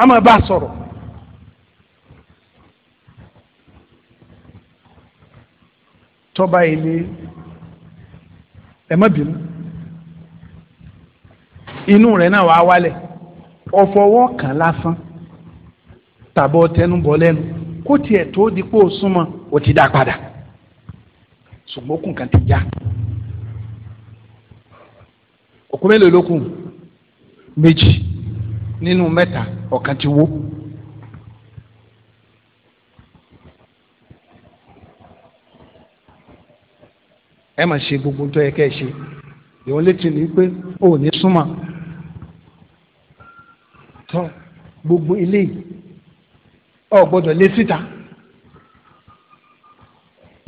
àmọ́ bá sọ̀rọ̀. tọ́ba yìí ni ẹ má bínú inú rẹ̀ náà wàá wálẹ̀ ọ̀fọwọ́ kan lásán tàbọ̀ tẹnubọ̀ lẹ́nu. kó tiẹ̀ tó di pé o súnmọ́ o ti dá padà ṣùgbọ́n okùn kan ti já òkú mélòó ló kù méjì nínú mẹ́ta ọ̀kan ti wó. ẹ máa ṣe gbogbo tó yẹ kẹ́ ẹ ṣe ìwọ́n létí ni pé o ò ní súnmọ́ tọ́ gbogbo eléyìí ọ gbọ́dọ̀ lé síta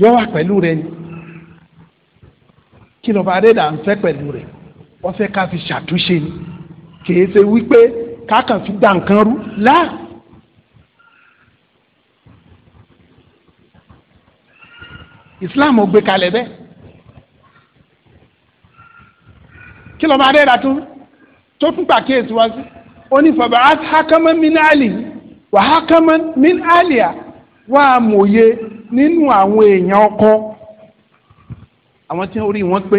yọ wà pẹ̀lú rẹ ni kí lọ́ba adéda ń fẹ́ pẹ̀lú rẹ wọ́n fẹ́ ká fi ṣàtúnṣe ni kìí ṣe wípé kákan fi dá nǹkan rú láà. Islam gbé kalẹ̀ bẹ́ẹ̀ kí lọ́ba adéda tún tó tún pàkíyèsí wá sí onífọ̀bà ákámẹ́mínálì yìí wàhákámá ní àlìyà wà á mòye nínú àwọn èèyàn ọkọ àwọn tí orí wọn pé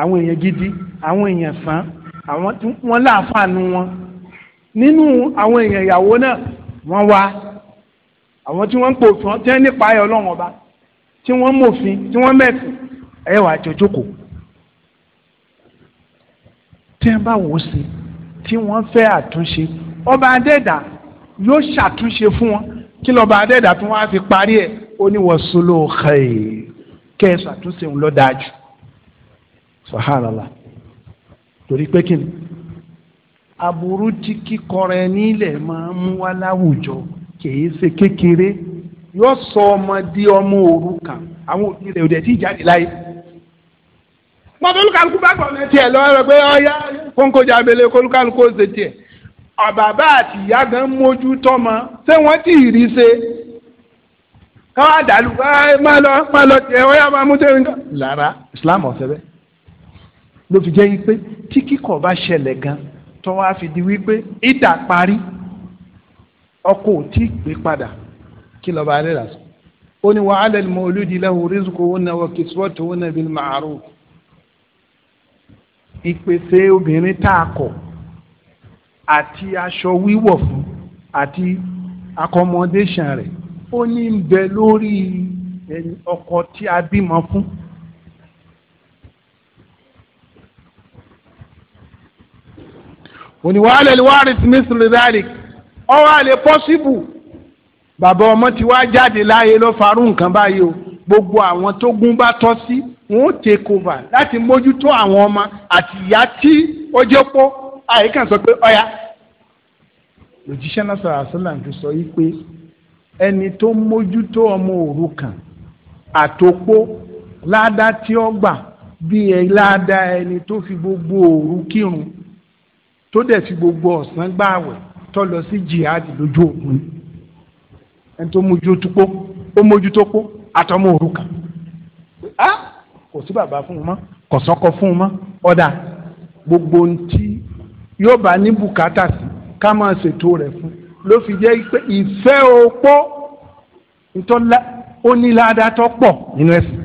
àwọn èèyàn gidi àwọn èèyàn sàn àwọn tí wọn láàfààní wọn nínú àwọn èèyàn ìyàwó náà wọn wá àwọn tí wọn ń pòfin tí wọn nípa ayọ̀ Ọlọ́run ọba tí wọn mòfin tí wọn mẹsìn ẹ wàá tí wọn bá wò ó sí tí wọn fẹ́ àtúnṣe ọba adẹ́dàá yóò ṣàtúnṣe fún wọn kí lọ́ba adẹ́dà tí wọ́n á fi parí ẹ̀ ó ní wọ́n solo xèé kẹ́ ẹ ṣàtúnṣe ń lọ dájú sàhánàlá torí pé kí ni aburú tí kíkọrọ ẹ nílẹ̀ máa ń mú wá láwùjọ kìí ṣe kékeré yóò sọ ọmọ di ọmọ òrukàn àwọn òbí rẹ̀ ò tí jáde láyé mọ̀tò olúkàlùkù bá gbọ̀ mẹ́tì ẹ̀ lọ́wọ́ rẹ̀ pé ọ̀ya kóńkó jábẹ́lẹ́ kólúkàlùkù ó ṣe tiẹ̀ àbàbá àti ìyá gan mójú tọ́mọ ṣé wọ́n ti rí ṣe káwá dàlú ẹ má lọ má lọ tiẹ̀ wọ́n yà máa mú tẹ́lẹ̀ nǹkan. lára Islam ọ̀sẹ̀ bẹ́ẹ̀ ló fi jẹ́ wípé tí kíkọ̀ bá ṣẹlẹ̀ gan tó wá fi di wípé ìdà parí ọkọ ò tí ì pé padà kí lọ́ba alẹ́ rà sọ. ó ní wa 'ala al-mawludi lahu rizquhunna wa kiswatuhunna bil ma'ruf. ìpèsè obìnrin tá a kọ̀ àti aṣọ wíwọ̀ fún àti accommodation rẹ̀ ó ní ń bẹ lórí eh, ọkọ tí a bímọ fún. oníwàhálẹ̀ ni wàá rí smithson rizalik ọwọ́ àlè pọ́síbù bàbá ọmọ tí wàá jáde láàyè ló farú nǹkan báyìí o gbogbo àwọn tó gún bá tọ́ sí wọn ó take over láti mójútó àwọn ọmọ àti ìyá tí ó jẹ́ pọ́ àyíká sọ pé ọ̀yà òjíṣẹ́ náà sọ̀rọ̀ àṣọlá fi sọ yìí pé ẹni tó mójútó ọmọ òrukàn àtòpó ládá tí ó gbà bí ẹ ládá ẹni tó fi gbogbo òru kírun tó dẹ̀ fi gbogbo ọ̀sán gbààwẹ̀ tó lọ sí jihadi lójú òkun ẹni tó mójútó ó mójútó pó àtọmọ òrukàn kò sí bàbá fún un mọ́ kò sọ́kọ fún un mọ́ ọ̀dà gbogbo ntí yóò bá ní bùkátà sí ká máa ṣètò rẹ̀ fún ló fi jẹ́ pé ìfẹ́ opó ntọ́lá ó ní ládàá tó pọ̀ nínú ẹ̀sìn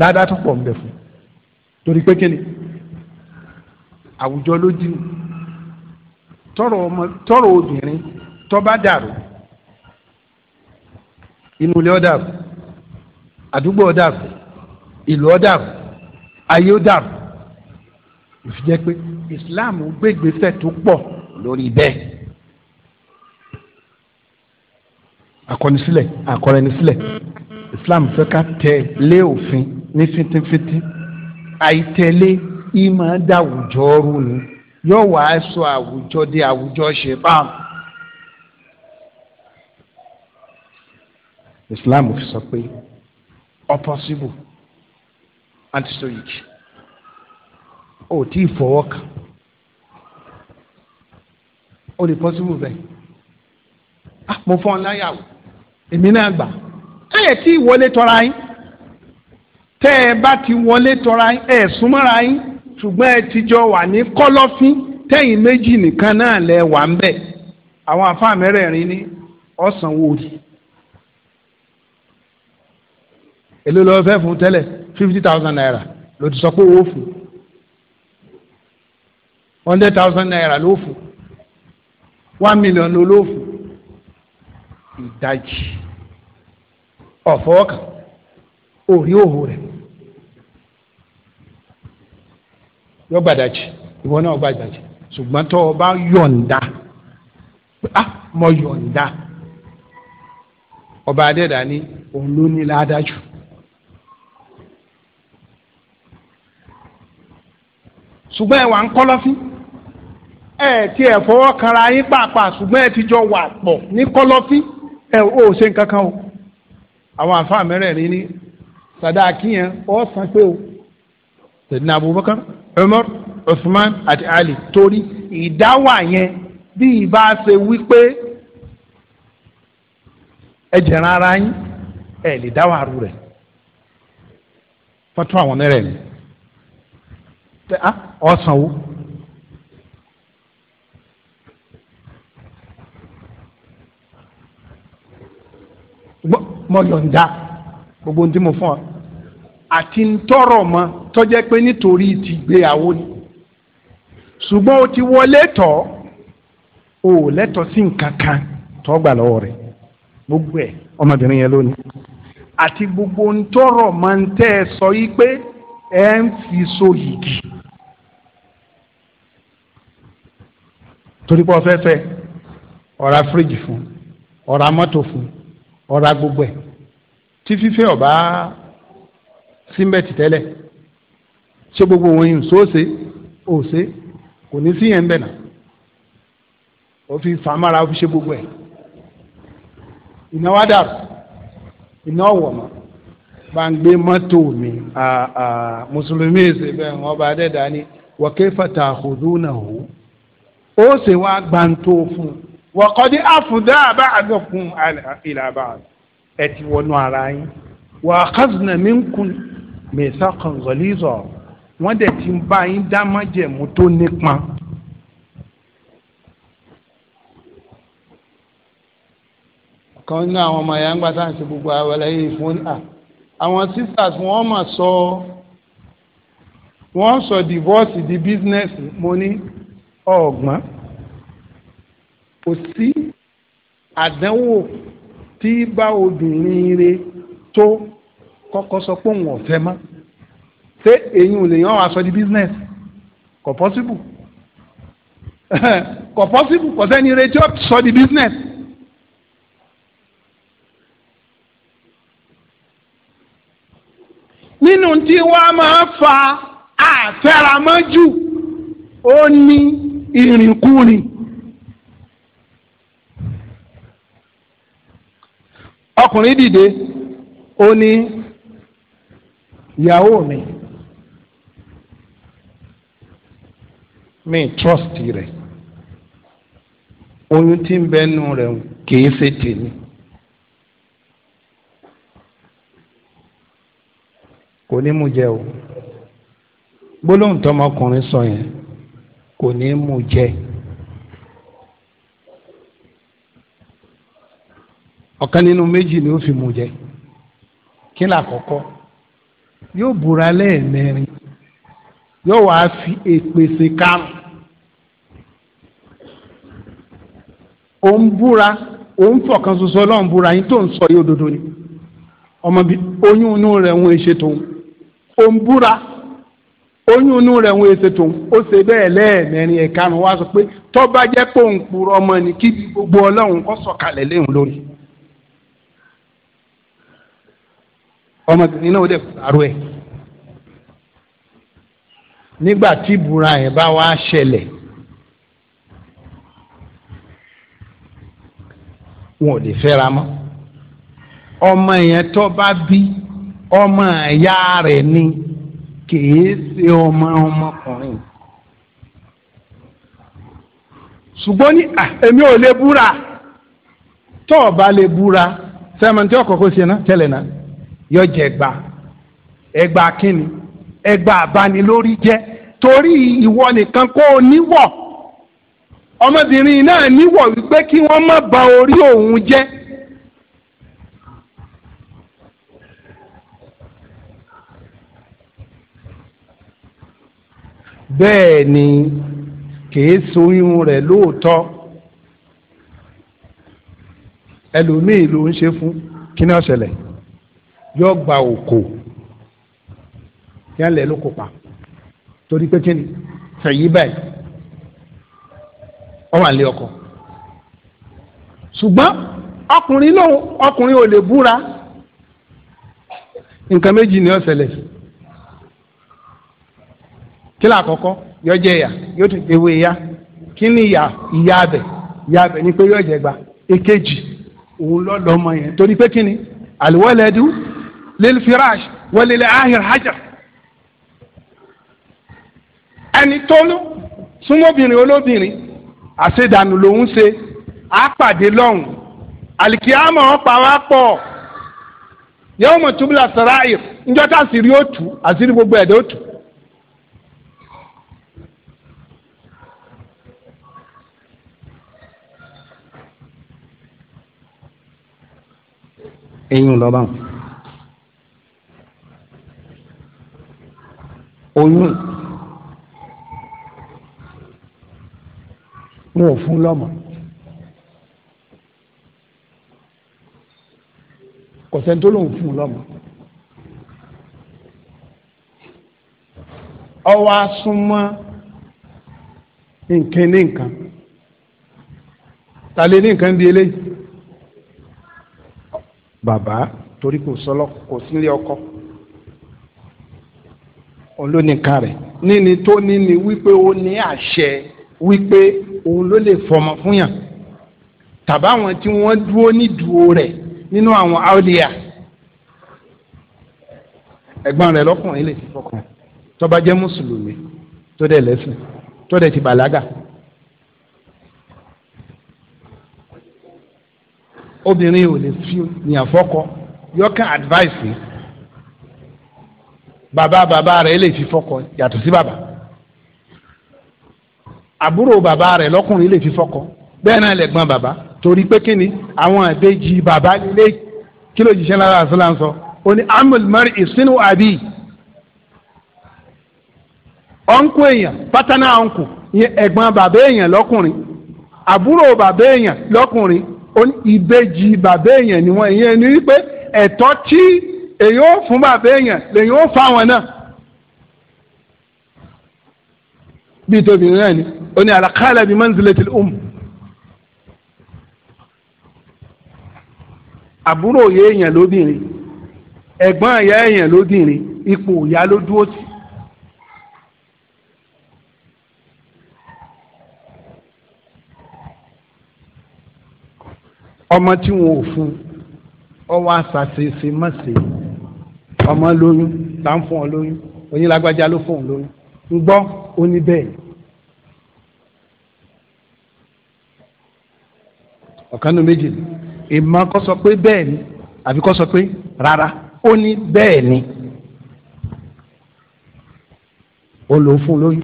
ládàá tó pọ̀ ń bẹ fún torí pé kíni àwùjọ ló dín tọrọ ọmọ tọrọ obìnrin tó bá dàrú inú ilé ó dàrú àdúgbò ó dàrú ìlú ó dàrú ayé ó dàrú ìfi jẹ́ pé Islam gbégbèsè tó pọ̀ lórí bẹ́ẹ̀ akọnisílẹ̀ akọrẹnisílẹ̀ Islam fẹ́ ká tẹ̀lé òfin ní fitinfitin àìtẹ̀lé ìmọ̀ dàwùjọ rú ni yóò wá sọ àwùjọ di àwùjọ ṣe báwọn. Islam fi sọ pé ọ possible antistoic ò tí ì fọwọ́ kàn ó lè possible bẹ́ẹ̀ ah mo fọ́n láyàwó èmi náà gbà ẹ̀ tí ì wọlé tọ́ra yín tẹ́ ẹ bá ti wọlé tọ́ra yín ẹ̀ súnmọ́ra yín ṣùgbọ́n ẹ ti jọ wà ní kọ́lọ́fín tẹ́yìn méjì nìkan náà lẹ wà ń bẹ̀ àwọn àfáà mẹ́rẹ̀ẹ̀rin ní ọ̀sán wòrì èló lọ́ọ́ fẹ́ fún tẹ́lẹ̀ fifty thousand naira ló ti sọ pé owó fún hundred thousand naira ló fún one million ló ló fún ìdajì ọ̀fọ́ọ̀kan òrí òhò rẹ̀ yọ gbàdájì ìwọ náà gbàdájì ṣùgbọ́n tó o bá yọ̀ǹda ah mo yọ̀ǹda ọba adẹ́dà ni òun ló ní ládájú. ṣùgbọ́n ẹ wà ń kọ́lọ́fín ẹ ti ẹ fọwọ́ kanra yín pàápàá ṣùgbọ́n ẹ ti jọ wà pọ̀ ní kọ́lọ́fín ẹ ò ṣe nǹkan kan o àwọn àǹfààní mẹ́rẹ̀ẹ̀rin ní sàdáàkì yẹn ọ san pé o Sayyidina Abubakar Umar Usman àti Ali torí ìdáwà yẹn bí ìbá ṣe wí pé ẹ jẹ̀ràn ara yín ẹ lè dáwà rú rẹ̀ fọ́tún àwọn mẹ́rẹ̀ẹ̀rin pé a ọ̀sán o. mo yọ̀ǹda gbogbo ohun tí mo fún ọ àti ń tọrọ mọ tọ́jẹ́ pé nítorí ti gbéyàwó ni ṣùgbọ́n o ti wọlé tọ̀ o ò lẹ́tọ̀ọ́ sí nǹkan kan tó gbà lọ́wọ́ rẹ̀ gbogbo ẹ̀ ọmọbìnrin yẹn lónìí àti gbogbo ń tọrọ máa ń tẹ́ ẹ sọ yìí pé ẹ ń fi so yìgì torí pé ọfẹ́ fẹ́ ọ̀rá fíríjì fún ọ̀rá mọ́tò fún ọ̀rá gbogbo ẹ̀ tí fífẹ́ ọ̀bá símbẹ̀tì tẹ́lẹ̀ ṣé gbogbo wọn yìí sóòsè òsè kò ní sí yẹn ń bẹ̀ nà ó fi fàmàrà ó fi ṣe gbogbo ẹ̀ ìnáwó dàrú ìnáwó wọ̀ bá ń gbé mọ́tò mi mùsùlùmí ṣe bẹ́ẹ̀ wọ́n bá dẹ̀ dání wọ́kẹ́ fàtàkùdúnà hù ó sì wá gbàǹtó fún un wọ̀kọ́dí àfùdá àbá àgọ̀kùn ìlàbà ẹ̀ ti wọnú ara yín wà á kásìnà mí kún mẹ́sà kan zọlízọ̀ wọ́n dẹ̀ ti ń bá yín dá májẹ̀mú tó nípa. kan nínú àwọn ọmọ ya ń gbà sáà ṣe gbogbo àwẹlẹ yìí fún à àwọn sisters wọ́n mà sọ wọ́n sọ divorce di business mo ní. ọ̀gbọ́n kò sí àdánwò tí bá obìnrin rẹ tó kọ́kọ́ sọ pé òun ọ̀fẹ́ mọ́ ṣé èyí ò lè yàn wá sọ di business kò possible kò possible kò sẹ́ni rẹ tí ó sọ di business. nínú tí wọ́n máa ń fa àfẹ́ramọ́jú ó ní. ìrìnkúrìn ọkùnrin dìde ó ní ìyàwó mi mi trust rẹ̀ oyún tí ń bẹ́nu rẹ̀ kìí ṣe tèmi. kò ní mú jẹ o gbólóhùn tọmọkùnrin sọ yẹn kò ní mú jẹ. ọ̀kan nínú méjì ni ó fi mú jẹ kí ni àkọ́kọ́ yóò búra lẹ́ẹ̀mẹrin yóò wá fi èpèsè kárùn ó ń búra ó ń fọkàn sọsọ ọlọ́run búra yín tó ń sọ yóò dodo ni ọmọ bíi oyún inú rẹ̀ ń ṣe tòun ń búra oyún inú rẹ̀ ń ṣe tòun ó ṣe bẹ́ẹ̀ lẹ́ẹ̀mẹrin ẹ̀karùn wá sọ pé tó bá jẹ́ pé òun purọ́ ọmọ ní kí gbogbo ọlọ́run kó sọ̀kalẹ̀ léhùn lórí. ọmọ tìǹbù náà ó dẹ̀ fúnarú ẹ̀ nígbà tí ìbúra ẹ̀ bá wá ṣẹlẹ̀ wọn ò lè fẹ́ra mọ́ ọmọ yẹn tó bí ọmọ ìyá rẹ̀ ni. kìí ṣe ọmọ ọmọkùnrin ṣùgbọ́n ní èmi ò lè búra tó o bá lè búra sẹ́wọ̀n tí ọkọ̀ kò ṣe náà tẹ́lẹ̀ náà yọ jẹ ẹgbà ẹgbà kínni ẹgbà àbánilórí jẹ torí ìwọ nìkan kó o níwọ̀ ọmọbìnrin náà níwọ̀ wípé kí wọ́n má ba orí òun jẹ́ bẹ́ẹ̀ ni kìí soyún rẹ̀ lóòótọ́ ẹlòmíì ló ń ṣe fún kí náà ṣẹlẹ̀ yọ gba òkò yálẹ ló kó pa torí pé kí ni fẹ̀yí báyìí ọ wà lé ọkọ ṣùgbọ́n ọkùnrin náà ọkùnrin ò lè búra nǹkan méjì ni ó sí kílà àkọ́kọ́ yóò jẹ ìyà yóò tún ewé ìyà kí ni ìyà ìyà abẹ ìyà abẹ ni pe yóò jẹ gba èkejì òun lọ́dọ̀ ọmọ yẹn torí pé kí ni àlùwẹ́lẹ́dú lil firash wọlélẹ́ ahir hajar ẹni tóló súnmọ́bìnrin olóbìnrin àṣedànù lòún ṣe àpàdé lọ́hùn àlìkíyàmọ̀ ọ̀pá wa pọ̀ yẹ́wọ́n mọ̀ túbúlà sọ̀ráyè ńjọ́ta sì rí gbogbo ẹ̀dá òtù. eyín lọ́ba oyún wọn ò fún lọ́mọ kò sẹ́ni tó fún lọ́mọ ọwọ́ nǹkan ta bàbá torí kò sọlọ kò sílé ọkọ olóníka rẹ̀ níni tó níni wípé ó ní àṣẹ wípé òun ló lè fọmọ fún yàn tàbá àwọn tí wọ́n dúró nídùú rẹ̀ nínú àwọn áùlíà ẹ̀gbọ́n rẹ̀ lọ́kùnrin lè fọkàn tó bá mùsùlùmí tó dẹ̀ lẹ́sìn tó dẹ̀ ti bàlágà. obìnrin ò lè fi ní àfọkọ yọkàn advice baba baba bàbá rẹ̀ lè fi fọkọ yàtọ̀ sí bàbá àbúrò bàbá rẹ̀ lọ́kùnrin lè fi fọkọ bẹ́ẹ̀ náà lẹ̀gbọ́n baba torí pé kíni àwọn àbẹ́jì bàbá lè kí ló lára àṣìlá ń sọ ó ní amul mari ìsínú àbí ọ̀nkù èèyàn pátánà ọ̀nkù ẹ̀gbọ́n bàbá èèyàn lọ́kùnrin àbúrò bàbá èèyàn lọ́kùnrin ìbejì bàbá èèyàn ni wọ́n ìyẹn ni wípé ẹ̀tọ́ tí èèyàn ó fún bàbá èèyàn lèèyàn ó fáwọn náà bíi tóbi náà ni ó ní àlàkálẹ̀ bíi manzilatil um. àbúrò òye èèyàn lóbìnrin ẹ̀gbọ́n ìyá èèyàn lóbìnrin ipò ìyá ló dúró sí ọmọ tí wọn ò fún ọwọ́ àṣàṣeṣe mọ̀ṣẹ́ ọmọ lóyún là ń fún ọ lóyún onílágbájá ló fún ọ lóyún ń gbọ́ ó ní bẹ́ẹ̀. ọ̀kanú méjì ni ìmọ̀ kọ́ sọ pé bẹ́ẹ̀ ni àbí kọ́ sọ pé rárá ó ní bẹ́ẹ̀ ni ó lò ó fún lóyún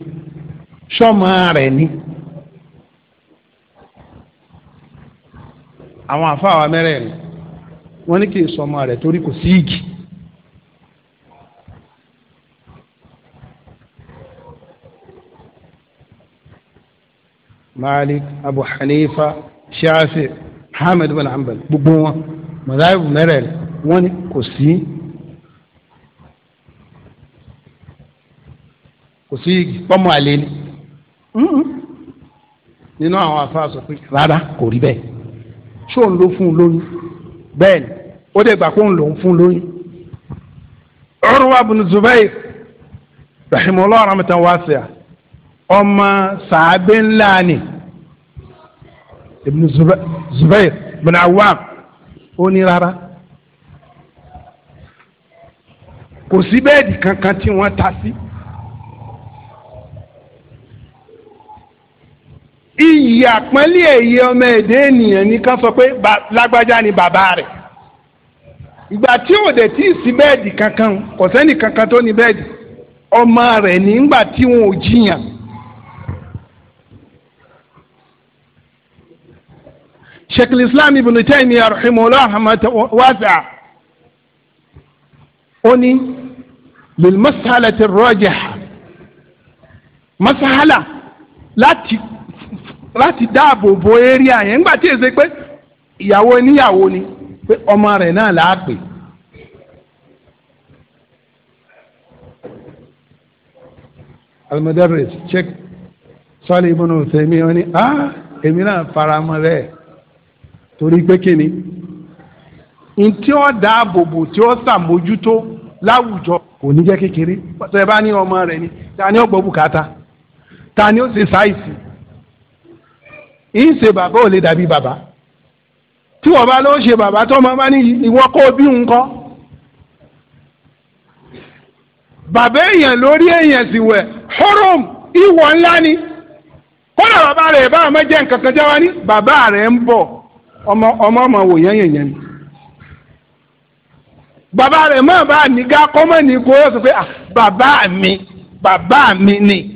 sọ́mọ rẹ̀ ni. àwọn àfáàwà mẹ́rẹ̀ẹ̀rin wọ́n ní kí n sọ ọmọ rẹ̀ torí Malik Abu Hanifa Shafi Ahmed bin Hanbal gbogbo wọn mọ̀dáìbù mẹ́rẹ̀ẹ̀rin wọ́n ní kò sí kò sí igi pọ́mọ àlè ni nínú àwọn pé ṣó ń lo fún un lóyún bẹ́ẹ̀ ni ó dẹ̀ gbà kó ń lò ń fún un lóyún. Urwa ibn Zubair rahimahullah rahmatan wasi'a ọmọ sàábé ńlá ni ibn Zubair ibn Awwam ó ní rárá kò sí bẹ́ẹ̀dì kankan tí wọ́n ta sí. Si iyì àpọ́nlé ẹ̀yẹ ọmọ ẹ̀dẹ́ ènìyàn ní ká sọ pé lágbájá ni bàbá rẹ̀ ìgbà tí òde tí ì sí bẹ́ẹ̀dì kankan kò sẹ́ni kankan tó ní bẹ́ẹ̀dì ọmọ rẹ̀ nígbà tí wọn ò jiyàn. sheikh islam ibn Taymiyyah rahimahullah rahmatan wasi'a ó lil mas'alati ar mas'ala láti láti dáàbò bo area yẹn ńgbà tí èsè pé ìyàwó oníyàwó ni pé ọmọ rẹ̀ náà là á pè. almadaris check ibùnú wọn ni ah èmi náà faramọ́ rẹ̀ torí pé kíni ntí ó dáàbò bò tí ó sàmójútó láwùjọ kò ní kékeré pàṣẹ bá ní ọmọ ni ta ni ó ta ni ó ṣe ṣáìsì ìṣe bàbá ò lè dàbí bàbá tí wọ́n bá ló ṣe bàbá tó máa bá ní ìwọ kó bí nǹkan bàbá èèyàn lórí èèyàn sì wẹ̀ hurum ìwọ̀ ńlá ni kódà bàbá rẹ̀ bá àmọ́ jẹ́ nǹkan kan jáwá ní bàbá rẹ̀ ń bọ̀ ọmọ ọmọ ọmọ wò yẹn yẹn ni bàbá rẹ̀ mọ̀ bá nígá kọ́mọ̀ kó o sọ pé ah, bàbá mi bàbá mi ni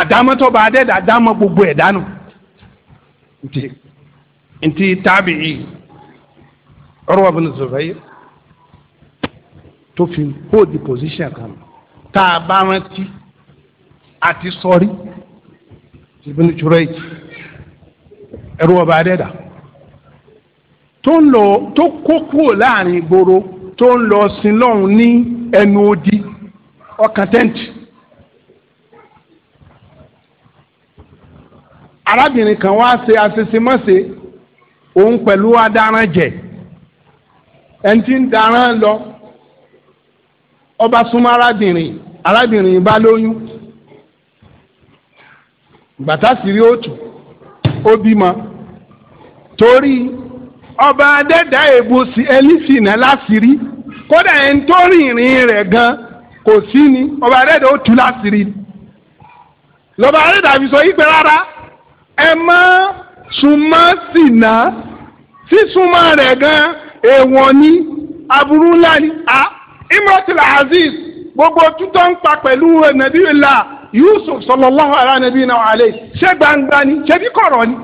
àdámọ́tọ́ bá dẹ́dà àdámọ́ gbogbo ẹ̀ dánù nti nti tábìlì Urwa bin Zubayr tó fi hold the position kan tá a bá rántí àti sọrí Ibn Jurayj ẹ̀rù ọba adẹ́dà tó ń lọ tó kó kúrò láàrin ìgboro tó ń lọ sílọ́hún ní ẹnu odi ọkàn tẹ́ǹtì. arábìnrin kan wá ṣe aṣeṣemọ́ṣe òun pẹ̀lú adarán jẹ ẹni tí ń darán lọ ọba súnmọ́ arábìnrin arábìnrin bá lóyún gbàtàsírí òtù ó bímọ torí ọba adẹ́dá èbó sí ẹlísìnà láṣìírí kódà ẹni tó rìnrìn rẹ̀ gan kò sí ni ọba adẹ́dá ó láṣìírí fi sọ yí pé ẹ má súnmọ́ sìnà sísúnmọ́ rẹ̀ gan èèwọ̀n ni aburú ńlá ni a imratul aziz gbogbo tútọ́ ń pa pẹ̀lú nàbí yusuf sallallahu ala nabiyina wa alayhi ṣé gbangba ni ṣé bí kọ̀rọ̀ ni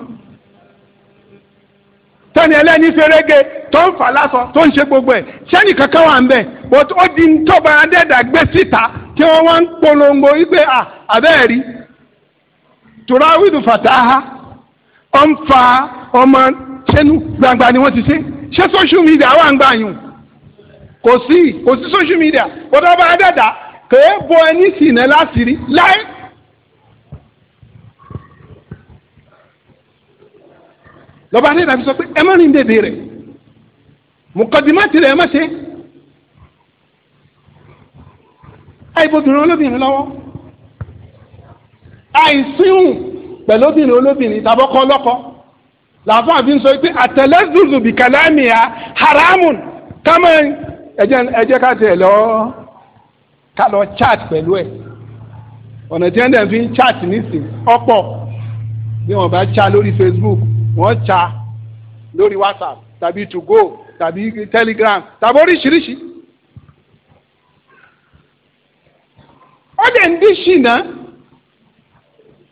tani ẹlẹ́ni ferege tó ń fà lásán tó ń ṣe gbogbo ẹ̀ sẹ́ni kankan wà ń bẹ̀ ó di ń tọ́ba adẹ́dàgbé síta tí wọ́n wá ń polongo wípé à tùràwìdù fàtàhà ọ̀nfà ọmọ sẹ́nu gbangba ni wọ́n ti ṣe ṣé social media wà ń gbà kò sí kò sí social media kódà bá dàda kèé bo ẹni sìnà láti rí láì. lọ́ba adéda fi sọ pé ẹ má rìn dédé rẹ̀ mùkọ́dìmá tirẹ̀ ẹ má ṣe àìbòbìnrin olóbìnrin lọ́wọ́ àìsíhùn pẹ̀lú obìnrin olóbìnrin tàbọ́kọ ọlọ́kọ làáfọ̀ àbí ń sọ pé àtẹlẹ́zùzù bìkàlámì à haramun kámọ́ ẹ̀jẹ̀ ká tiẹ̀ lọ ká lọ chat pẹ̀lú ẹ̀ ọ̀nà tí ẹ̀ndẹ̀ fi ń chat nísìn ọ̀pọ̀ bí wọ́n bá cha lórí Facebook wọ́n cha lórí WhatsApp tàbí to go tàbí Telegram tàbí oríṣiríṣi ó lè ń dín ṣìnà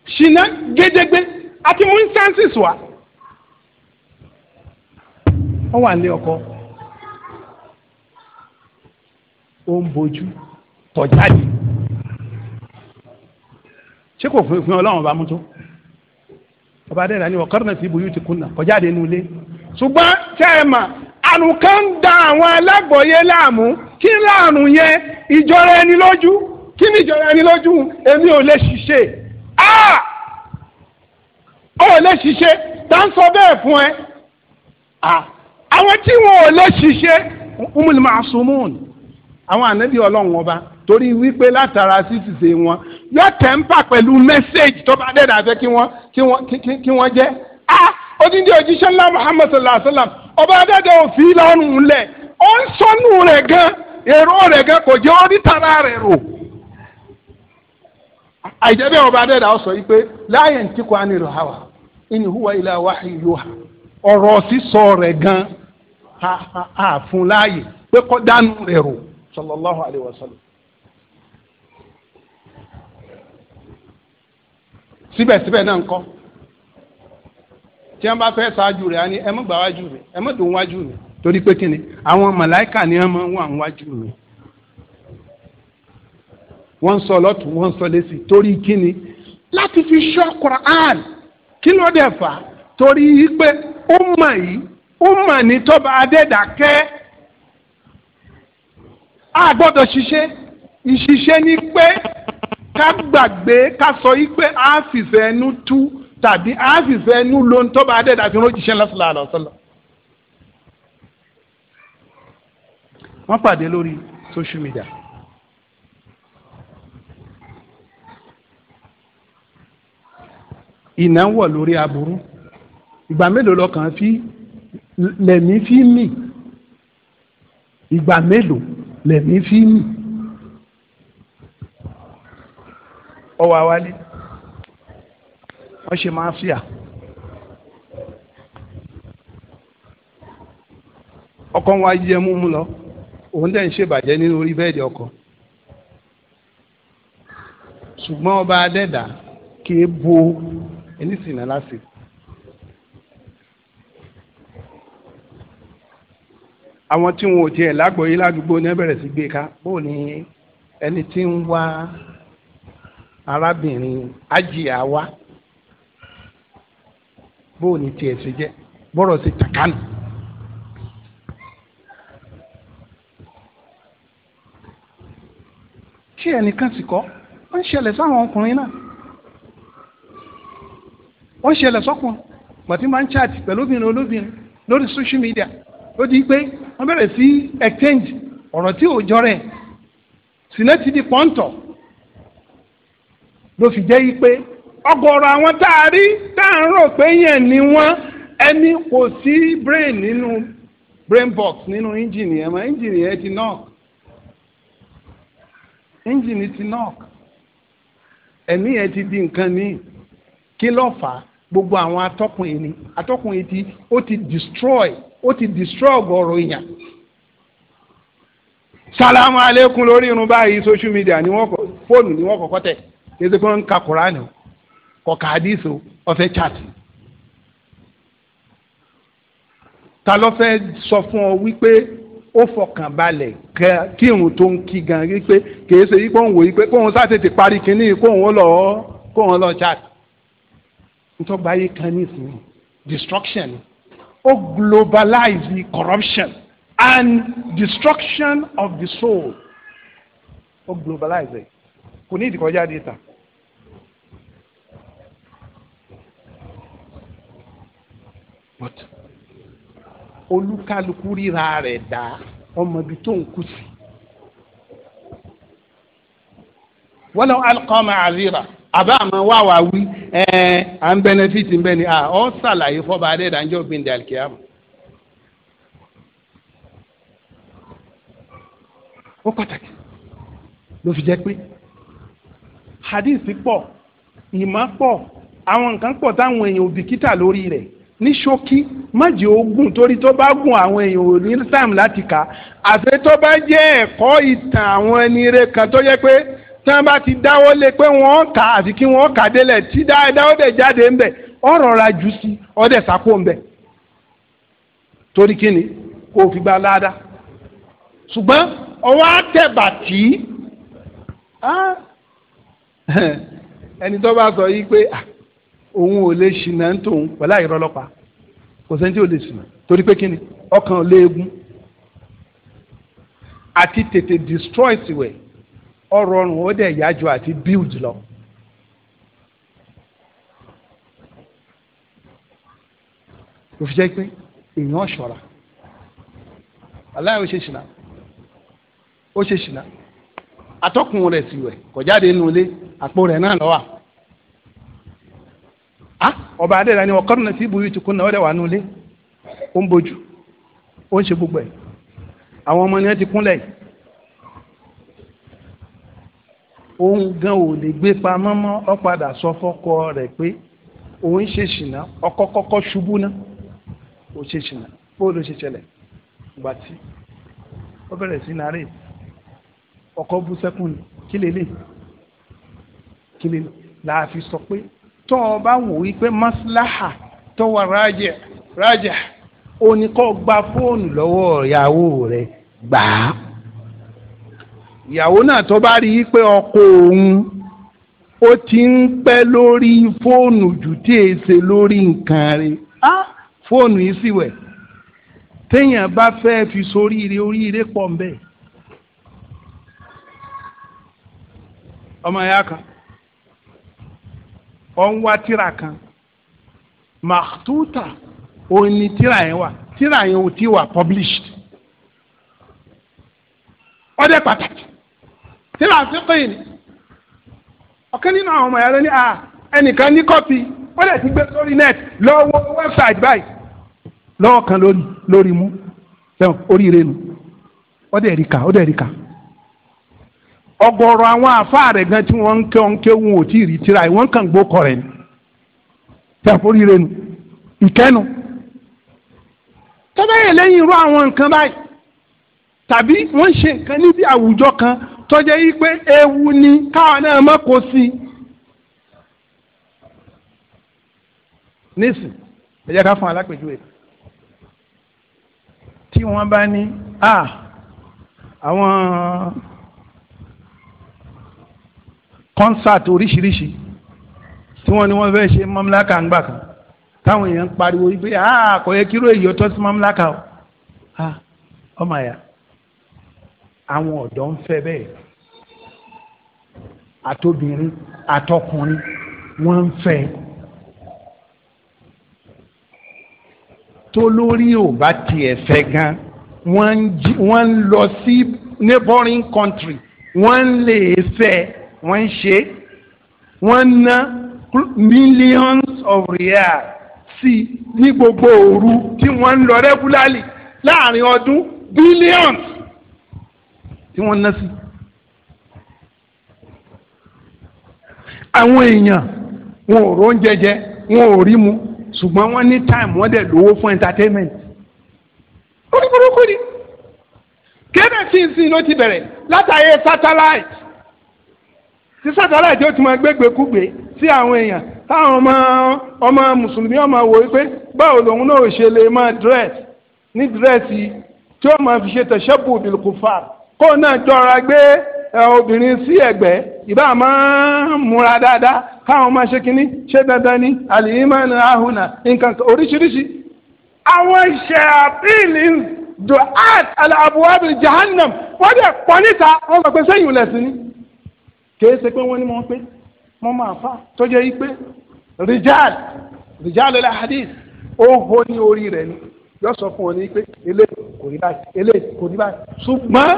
ṣìnà gédégbé àti mú instances wá ó wà ní ọkọ ó ń bójú tọ̀jáde ṣé kò fún ìpín ọlọ́run ọba mú tó ọba adẹ́rẹ́ ni ọ̀kọ́rọ̀ náà fi ibùyú ti kùnà kọjáde nínú ilé ṣùgbọ́n tẹ́ ẹ mà àrùn kan ń da àwọn alágbọ̀ọ́yé láàmú kí láàrùn yẹn ìjọra ẹni lójú kí ni ìjọra ẹni lójú èmi ò lè ṣiṣẹ́ Ah! ó lè ṣiṣẹ́ tá ń sọ bẹ́ẹ̀ fún ẹ ah! àwọn tí wọn ò lè ṣiṣẹ́ umul masumun àwọn ànábì ọlọ́run ọba torí wípé látara ṣíṣe wọn yóò tẹ̀ ń bà pẹ̀lú mẹ́sẹ̀gì tó bá dẹ̀dà fẹ́ kí wọ́n kí wọ́n kí wọ́n jẹ́ ah odindi òjíṣẹ́ ńlá muhammad sallallahu alayhi wa sallam ọba dẹ́dẹ́ òfin lọ́rùn lẹ̀ ó ń sọnù rẹ̀ gan èrò rẹ̀ gan kò jẹ́ ó tara rẹ̀ rò. àìjẹ́ ọba adẹ́dà ọsọ sọ yìí pé 'Láyé ntí kò ánì rọ̀háwà ìní hùwà ilà wáhì yóò sísọ rẹ̀ gan àfun láàyè pé kọ́ dánú rẹ̀ rò sallallahu alayhi wa sallam. síbẹ̀síbẹ̀ náà ń kọ́ tí wọ́n bá fẹ́ ṣáájú rẹ̀ ẹ rẹ̀ ẹ mọ̀ wọ́n ń sọ lọ́tún wọ́n ń sọ lẹ́sì torí kíni láti fi ṣọ́ Quran kí ló dẹ̀ fà á torí pé ó mọ̀ yìí ó mọ̀ ní tọ́ba adẹ́dàkẹ́ a gbọ́dọ̀ ṣiṣẹ́ ìṣiṣẹ́ ni pé ká gbàgbé ká sọ yìí pé a fìfẹ́ ẹnu tú tàbí a fìfẹ́ ẹnu ló ń tọ́ba adẹ́dà fi ránṣẹ́ lọ́sọ̀lá wọ́n pàdé lórí social media. ìnáwó lórí aburú ìgbà mélòó lọkàn fi lẹ̀mí fi mì ìgbà mélòó lẹ̀mí fi mì ọwọ́ awálé wọ́n ṣe máa fìyà ọkọ wa yẹ mú mu lọ òun dẹ̀ ń ṣèbàjẹ́ nínú orí bẹ́ẹ̀dì ọkọ ṣùgbọ́n ọba adẹ́dà kì í bo ẹni sì náà láti. àwọn tí wọn ò tiẹ̀ lágbóyé ládùúgbò náà bẹ̀rẹ̀ sí gbé ká bó ni ẹni tí ń wá arábìnrin ajíà wá bó ni tiẹ̀ ṣe jẹ́ bọ́rọ̀ sí tàkánù. kí ẹnìkan sì kọ́ wọ́n ń ṣẹlẹ̀ sáwọn ọkùnrin náà. wọ́n ṣẹlẹ̀ sọ́kùn pàtí máa ń chat pẹ̀lú obìnrin olóbìnrin lórí social media ó di pé wọ́n bẹ̀rẹ̀ sí exchange ọ̀rọ̀ tí ò jọ rẹ̀ sílẹ̀ di pọ́ńtọ̀ ló fi jẹ́ yí pé ọ̀gọ̀rọ̀ àwọn tá a rí tá a ń rò pé yẹn ni wọ́n ẹni kò sí brain nínú brain box nínú engine yẹn mọ́ engine yẹn ti knock engine ti knock ẹ̀mí yẹn ti di nǹkan míì kí ló fà á gbogbo àwọn atọ́kùn yìí ni atọ́kùn yìí ti ó ti destroy ó ti destroy ọ̀gọ̀rọ̀ èèyàn. salamu aleykum lórí irun báyìí social media ni wọ́n fóònù ni wọ́n kọ́kọ́ tẹ̀ kéde pé wọ́n ń ka koran o kọ̀ka hadith o ọ̀fẹ́ chat. ta ló fẹ́ sọ fún ọ wípé ó fọkàn balẹ̀ kí irun tó ń kí gan wípé kèé ṣe yí kóhùn wò yí pé kóhùn sá tètè parí kínní kóhùn lọ kóhùn lọ chat ntọ́gba ayé kan nísìnyí destruction ó globalize the corruption and destruction of the soul ó globalize it kò ní ìdíkọjá data. but olúkálukú ríra rẹ̀ dá ọmọ ibi tó ń kú sí. wọ́n lọ alqama àríra àbá àmọ́ wà wá wí ẹ̀ à ń bẹ́nẹ́fìtì ń bẹ́ ni ọ́ ṣàlàyé fọ́ba adédàjọ́ bíi ndàlkíyàmù. ó pàtàkì ló fi jẹ́ pé hadith pọ̀ ìmọ̀ pọ̀ àwọn nǹkan pọ̀ táwọn èèyàn ò bìkítà lórí rẹ̀ ní ṣókí májè ogun torí tó bá gùn àwọn èèyàn ò ní time láti kà àfi tó bá jẹ́ ẹ̀kọ́ ìtàn àwọn ẹni rẹ̀ kan tó yẹ pé tí wọ́n bá ti dáwọ́ lé pé wọ́n kà àti kí wọ́n kà délẹ̀ tí dáwọ́ dẹ̀ jáde ń bẹ̀ ọ̀rọ̀ ra jù sí ọ̀dẹ̀ sákò ń bẹ̀ torí kíni kò fi gba láàdá ṣùgbọ́n ọwọ́ àtẹ̀bà tí ẹni tó bá sọ yìí pé òun ò lè ṣìnà ń tòun pẹ̀lú àìrọ́ ọlọ́pàá kò sẹ́ni tí ò lè ṣìnà torí pé kíni ọkàn léegun àti tètè destroy tiwẹ̀. Si ọ ọrùn ó dẹ̀ yájú àti build lọ. kò fi jẹ́ pé èèyàn ṣọ́ra aláìwé ṣe ṣìnà ó ṣe ṣìnà atọ́kùn rẹ̀ sì wẹ̀ kò jáde nínú ilé àpò rẹ̀ náà lọ́wọ́ a ọba adéra ni ọkọ náà ti bu yìí tukun náà ó dẹ̀ wà nínú ilé ó ń ó ń ṣe gbogbo ẹ̀ ọmọ ni wọ́n ti òun gan ò lè gbé pamọ́ mọ́ ọ padà sọ fọ́kọ rẹ̀ pé òun ṣe ṣìnà ọkọ kọ́kọ́ ṣubú ná ò ṣe ṣìnà bó ló ṣe ṣẹlẹ̀ ìgbà tí ó bẹ̀rẹ̀ sí nàárẹ̀ ọkọ bú sẹ́kùn ni kí lélẹ̀ kí lélẹ̀ fi sọ pé ọ bá wò pé maslaha rájà rájà ó ní ìyàwó náà tó bá rí i pé ọkọ òun ó ti ń pẹ́ lórí fóònù jù tí è ṣe lórí nǹkan rẹ̀ á fóònù yìí sì wẹ̀ téèyàn bá fẹ́ fi sórí soríire oríire pọ̀ ń bẹ̀. ọmọ ìyá kan ọ ń wá tíra kan màtútà òun ni tíra yẹn wà tíra yẹn ò tí wà published ọdẹ pàtàkì tíra àfikún ni nínú àwọn ọmọ ẹ̀rọ ní a ẹnìkan ní kọ́pì ó ti gbé sórí net lọ́wọ́ wẹ́bsáìtì báyìí lọ́wọ́ kan lórí lórí mú lẹ́wọ̀n oríire nu ó dẹ̀ rí ka ó àwọn àfáà gan tí wọ́n ń ké ń tàbí wọ́n ṣe nǹkan níbi àwùjọ kan tọ́jẹ́ yí pé ewu ni káwa náà má kó sí i. nísìn ẹ̀jẹ̀ ká fún alápèjúwe tí wọ́n bá ní a àwọn kọ́nsáàtì oríṣiríṣi tí wọ́n ní wọ́n fẹ́ ṣe mọ́míláka ńgbà kan táwọn èèyàn ń pariwo wípé a kò yẹ kíró èyí ọtọ́ sí mọ́míláka o ọmọ àyà àwọn ọ̀dọ́ ń fẹ́ bẹ́ẹ̀ àtobìnrin àtọkùnrin wọ́n ń fẹ́ tó lórí ò bá tiẹ̀ fẹ́ gan wọ́n ń lọ sí neighboring country wọ́n ń lè fẹ́ wọ́n ń ṣe wọ́n ná millions of real sí ní gbogbo òru tí wọ́n ń lọ regularly láàrin ọdún billions tí wọ́n ná sí. Si àwọn èèyàn wọn ò róúnjẹ jẹ wọn ò rí mu ṣùgbọ́n wọ́n ní time wọ́n dẹ̀ lówó fún entertainment orí burúkú ni kéde tí n sin ló ti bẹ̀rẹ̀ látàyè satellite tí satellite ó ti máa gbégbékúgbé sí àwọn èèyàn táwọn ọmọ ọmọ mùsùlùmí ọmọ wò ó pé báwo lòun náà ṣe lè máa dress ní dírẹ́sì tí ó máa fi ṣe tẹ̀sẹ́bù bìlùkù fà kó náà jọra gbé obìnrin sí ẹ̀gbẹ́ ìbá máa ń múra dáadáa káwọn máa ṣe kínní ṣé dandan ni àlìyémánu ahùnà nǹkan oríṣiríṣi. àwọn ṣàpìlì duat alabuwabi jahannam wọ́n dẹ̀ pọ̀ níta wọ́n sọ pé sẹ́yìn lẹ̀sìn ni. kìí ṣe pé wọ́n ní wọ́n pé wọ́n máa fa tó jẹ́ yí pé rijal rijal ilẹ̀ hadith ó hó ní orí rẹ̀ ni yóò sọ fún ọ ní pé eléyìí kò rí báyìí eléyìí kò rí báyìí ṣùgbọ́n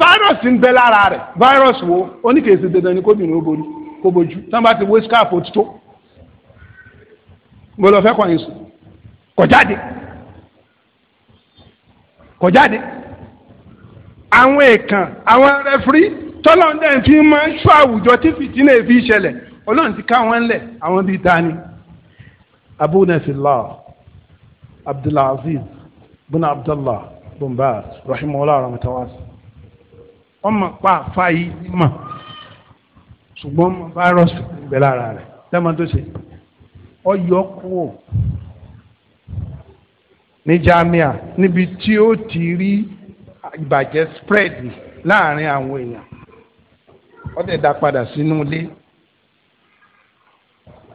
fáírọ̀sì ń bẹ lára rẹ̀ fáírọ̀sì wo oníkèésì dandan ni kóbìnrin ó borí kó bojú tán bá ti wé scarf òtítọ́ mo lọ fẹ́ kọ̀yìn sùn kọ̀ jáde kọ̀ jáde àwọn èèkàn àwọn rẹfúrí tọ́lọ́ndẹ̀ fi máa ń ṣọ́ àwùjọ tí fìtínà fi ṣẹlẹ̀ ọlọ́run ti ká wọn lẹ̀ àwọn bíi dání. abu nafillah abdulaziz bin abdullah bin baz rahimahullah rahmatawasi wọ́n mọ̀ pa àfa yìí mọ̀ ṣùgbọ́n fáírọ́ọ̀sì ń bẹ lára rẹ̀ lẹ́mọ̀ tó ṣe ọ yọ kúrò ní jamia níbi tí ó ti rí ìbàjẹ́ spread láàrin àwọn èèyàn ó dẹ̀ dá padà sínú ilé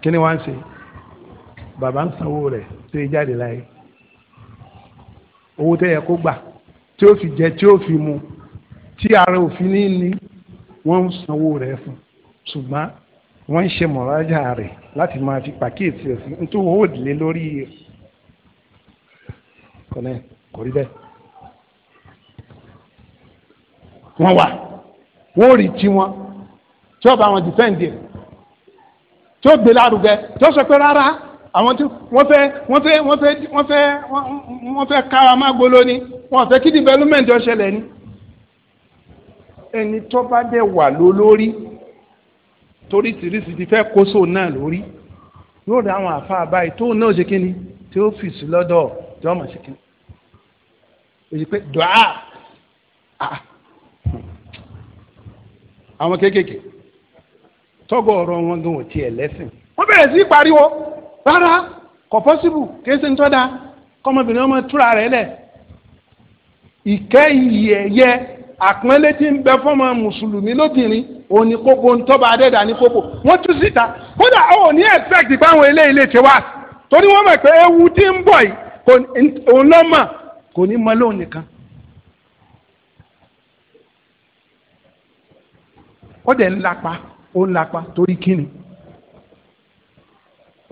kí ni wọ́n ń ṣe bàbá ń sanwó rẹ̀ tó yẹ jáde láyé owó tẹ́ kó gbà tí ó fi jẹ tí ó fi mu tí ara òfin ní ní wọ́n ń sanwó rẹ̀ fún ṣùgbọ́n wọ́n ń ṣe mọ̀rájà rẹ̀ láti máa fi pàkíyèsí rẹ̀ sí nítorí owó òdìlé lórí kọ́nẹ́ kò rí bẹ́ẹ̀. wọ́n wà wọ́n rí tí wọ́n tí wọ́n bá wọn dìfẹ́ǹdì tí ó gbé lárugẹ tí ó sọ pé rárá àwọn tí wọ́n fẹ́ wọ́n fẹ́ wọ́n fẹ́ wọ́n fẹ́ wọ́n fẹ́ kára má gbolo ni wọ́n fẹ́ kí development ó ṣẹlẹ̀ ni ẹni tó bá dẹ̀ wà lólórí torí tìrísì ti fẹ́ kóso náà lórí yóò rí àwọn àfa àbáyé tó náà ṣe kíni tí ó fi sí lọ́dọ̀ tí wọ́n mọ̀ ṣe kíni èyí pé dùá àwọn kéékèèké tọ́gọ̀ ọ̀rọ̀ wọn gan ò tiẹ̀ lẹ́sìn wọ́n bẹ̀rẹ̀ sí pariwo rárá kò pọ́sibù kéésì ń tọ́ da kọ́mọbìnrin ọmọ túra rẹ̀ lẹ̀ ìkẹ́ ìyẹ̀yẹ àpọ́nlé tí ń bẹ fọ́mọ mùsùlùmí lóbìnrin òní kópo ntọ́ba adẹ́dà ní kópo wọ́n tú síta kódà ó ní expect báwọn ilé ilé tiwa torí wọ́n mọ̀ pé ewu tí ń bọ̀ yìí òun lọ́ mọ̀ kò ní mọ lóun nìkan. ó dẹ̀ ń lapa ó ń lapa torí kíni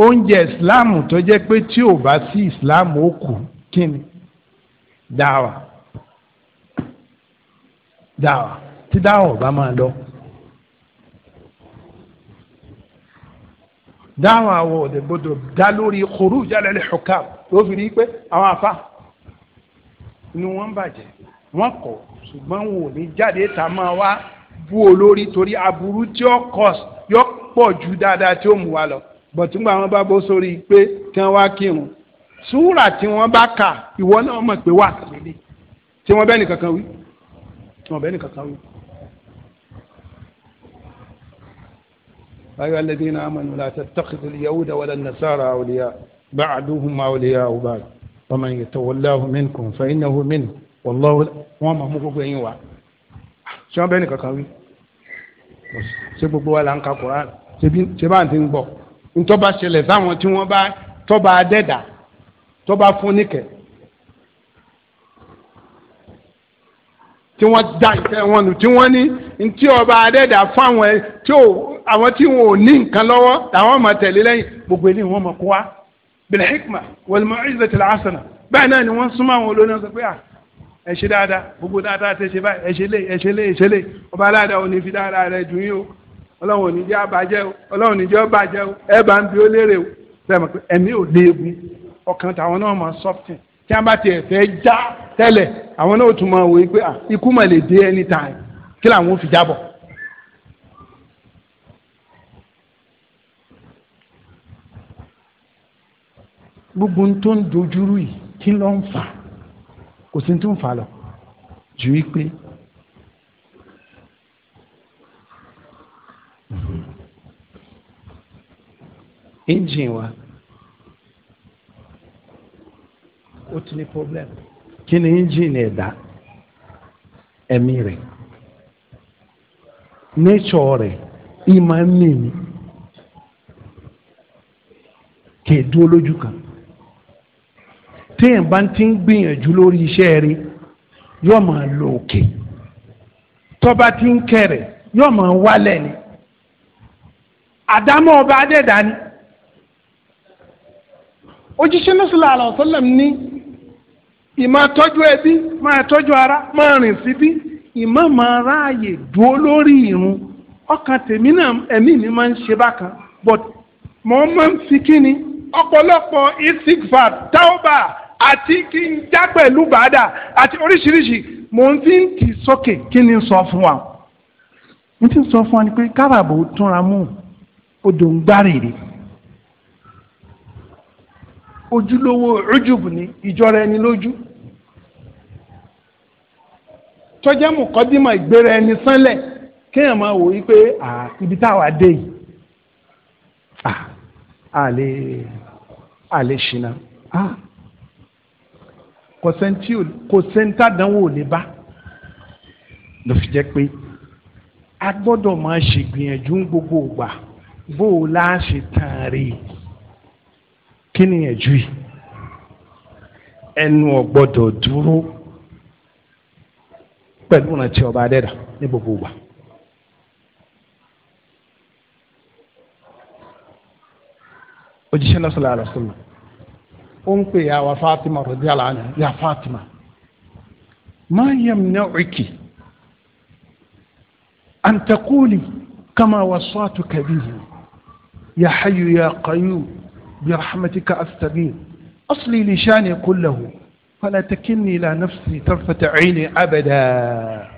oúnjẹ ìsìláàmù tó jẹ́ pé tí ò bá sí ìsìláàmù ó kù kíni dáwà dáwà tí dáwà ọba máa lọ dáwà àwọn òde gbọ́dọ̀ dá lórí kòrú ìjálẹlẹ hukam tó fi rí pé àwọn afa ni wọ́n bàjẹ́ wọ́n kọ̀ ṣùgbọ́n wò ní jáde tá a máa wá bú olórí torí aburú tí ó kọ yọ pọ̀ ju dáadáa tí ó mú wa lọ bọ̀túngbà wọ́n bá bó sórí pé kí wọ́n wá kírun súwúrà tí wọ́n bá kà ìwọ náà mọ̀ pé wà kàlélẹ̀ tí wọ́n bẹ́ẹ̀ nìkankan wí wọn bẹ́ẹ̀ nìkan kan wí. ayọ̀ alladhina amanu la tattakhidhul yahuda wala nasara awliya ba'duhum awliya ba'd wa man yatawallahu minkum fa innahu minhum wallahu wọn máa mú gbogbo ẹ̀yin wá ṣé wọn bẹ́ẹ̀ nìkan kan wí ṣé gbogbo wa là ń ka Qur'an ṣé bá ń ti ń gbọ́ ntọ́ba ṣẹlẹ̀ sáwọn tí wọ́n bá tọ́ba adẹ́dà tọ́ba fúnikẹ́ tí wọ́n dá ìtẹ́ wọn nù tí wọ́n ní ntí ọba adẹ́dà fáwọn ẹ tí ò àwọn tí wọn ò ní nǹkan lọ́wọ́ làwọn máa tẹ̀lé lẹ́yìn gbogbo eléyìí wọ́n máa kó wa bil hikma wal mau'izatil hasana bẹ́ẹ̀ náà ni wọ́n súnmọ́ àwọn olórí sọ pé à ẹ ṣe dáadáa gbogbo dáadáa tẹ ṣe báyìí ẹ ṣe lé ẹ ṣe lé ẹ ṣe lé ọba aláàdá ò fi dáadáa rẹ dùn yín o ọlọ́run ò jẹ́ àbájẹ́ o ọlọ́run tí a bá tiẹ̀ fẹ́ já tẹ́lẹ̀ àwọn náà tún máa wò ó pé ah, ikú mà lè dé anytime kí làwọn ò fi jábọ̀. gbogbo tó ń dojúrú yìí kí ló ń fà kò sí tó ń fà lọ ju wípé engine wa. ó ti ní problem kí ni engine ẹ̀dá ẹ̀mí rẹ̀ nature rẹ̀ ìmọ̀ ẹ̀mí mi kì í dúró lójú kan téèyàn bá ti ń gbìyànjú lórí iṣẹ́ rí yóò máa lọ òkè tọ́ba ti ń kẹrẹ̀ yóò máa wálẹ̀ ni àdámọ́ ọba adẹ́dá ni òjíṣẹ́ náà sallallahu alaihi wasallam ní ìmọ̀ tọ́jú ẹbí máa tọ́jú ara máa rìn síbí ìmọ̀ máa ráàyè dúró lórí ìrun ọkàn tèmi náà ẹ̀mí mi máa ń ṣe bákan but mo máa ń fi kí ni ọ̀pọ̀lọpọ̀ isigfar tauba àti kí n já pẹ̀lú bàdà àti oríṣiríṣi mo ń fi ń tì sókè kí ni sọ fún wa mo ti sọ fún wa ni pé káràbò túnra mú odò ń gbá rèé ojúlówó ojúbù ni ìjọra ẹni lójú tọ́jẹ́ mọ̀kọ́dímọ̀ ìgbéra ẹni sánlẹ̀ kéèyàn máa wò wípé ibi táwa dé yìí àlè àlè ṣìnà kò sẹ́ńtàdánwò ò lè bá ló fi jẹ́ pé a gbọ́dọ̀ máa ṣègbìyànjú gbogbo ìgbà bó o láà ṣe tàn rí kí ni ẹ̀jú yìí ẹnu ọ̀gbọ́dọ̀ dúró pẹ̀lú ìrántí ọba adẹ́dà ní gbogbo ìgbà. òjíṣẹ́ náà sallallahu alaihi wasallam ó ń pè ya wa Fatima radiyallahu anha ya Fatima ma yamna'uki an taquli kama wasatuka bihi ya hayyu ya qayyum. برحمتك أستغيث أصلي لشاني كله فلا تكلني إلى نفسي طرفة عيني أبدا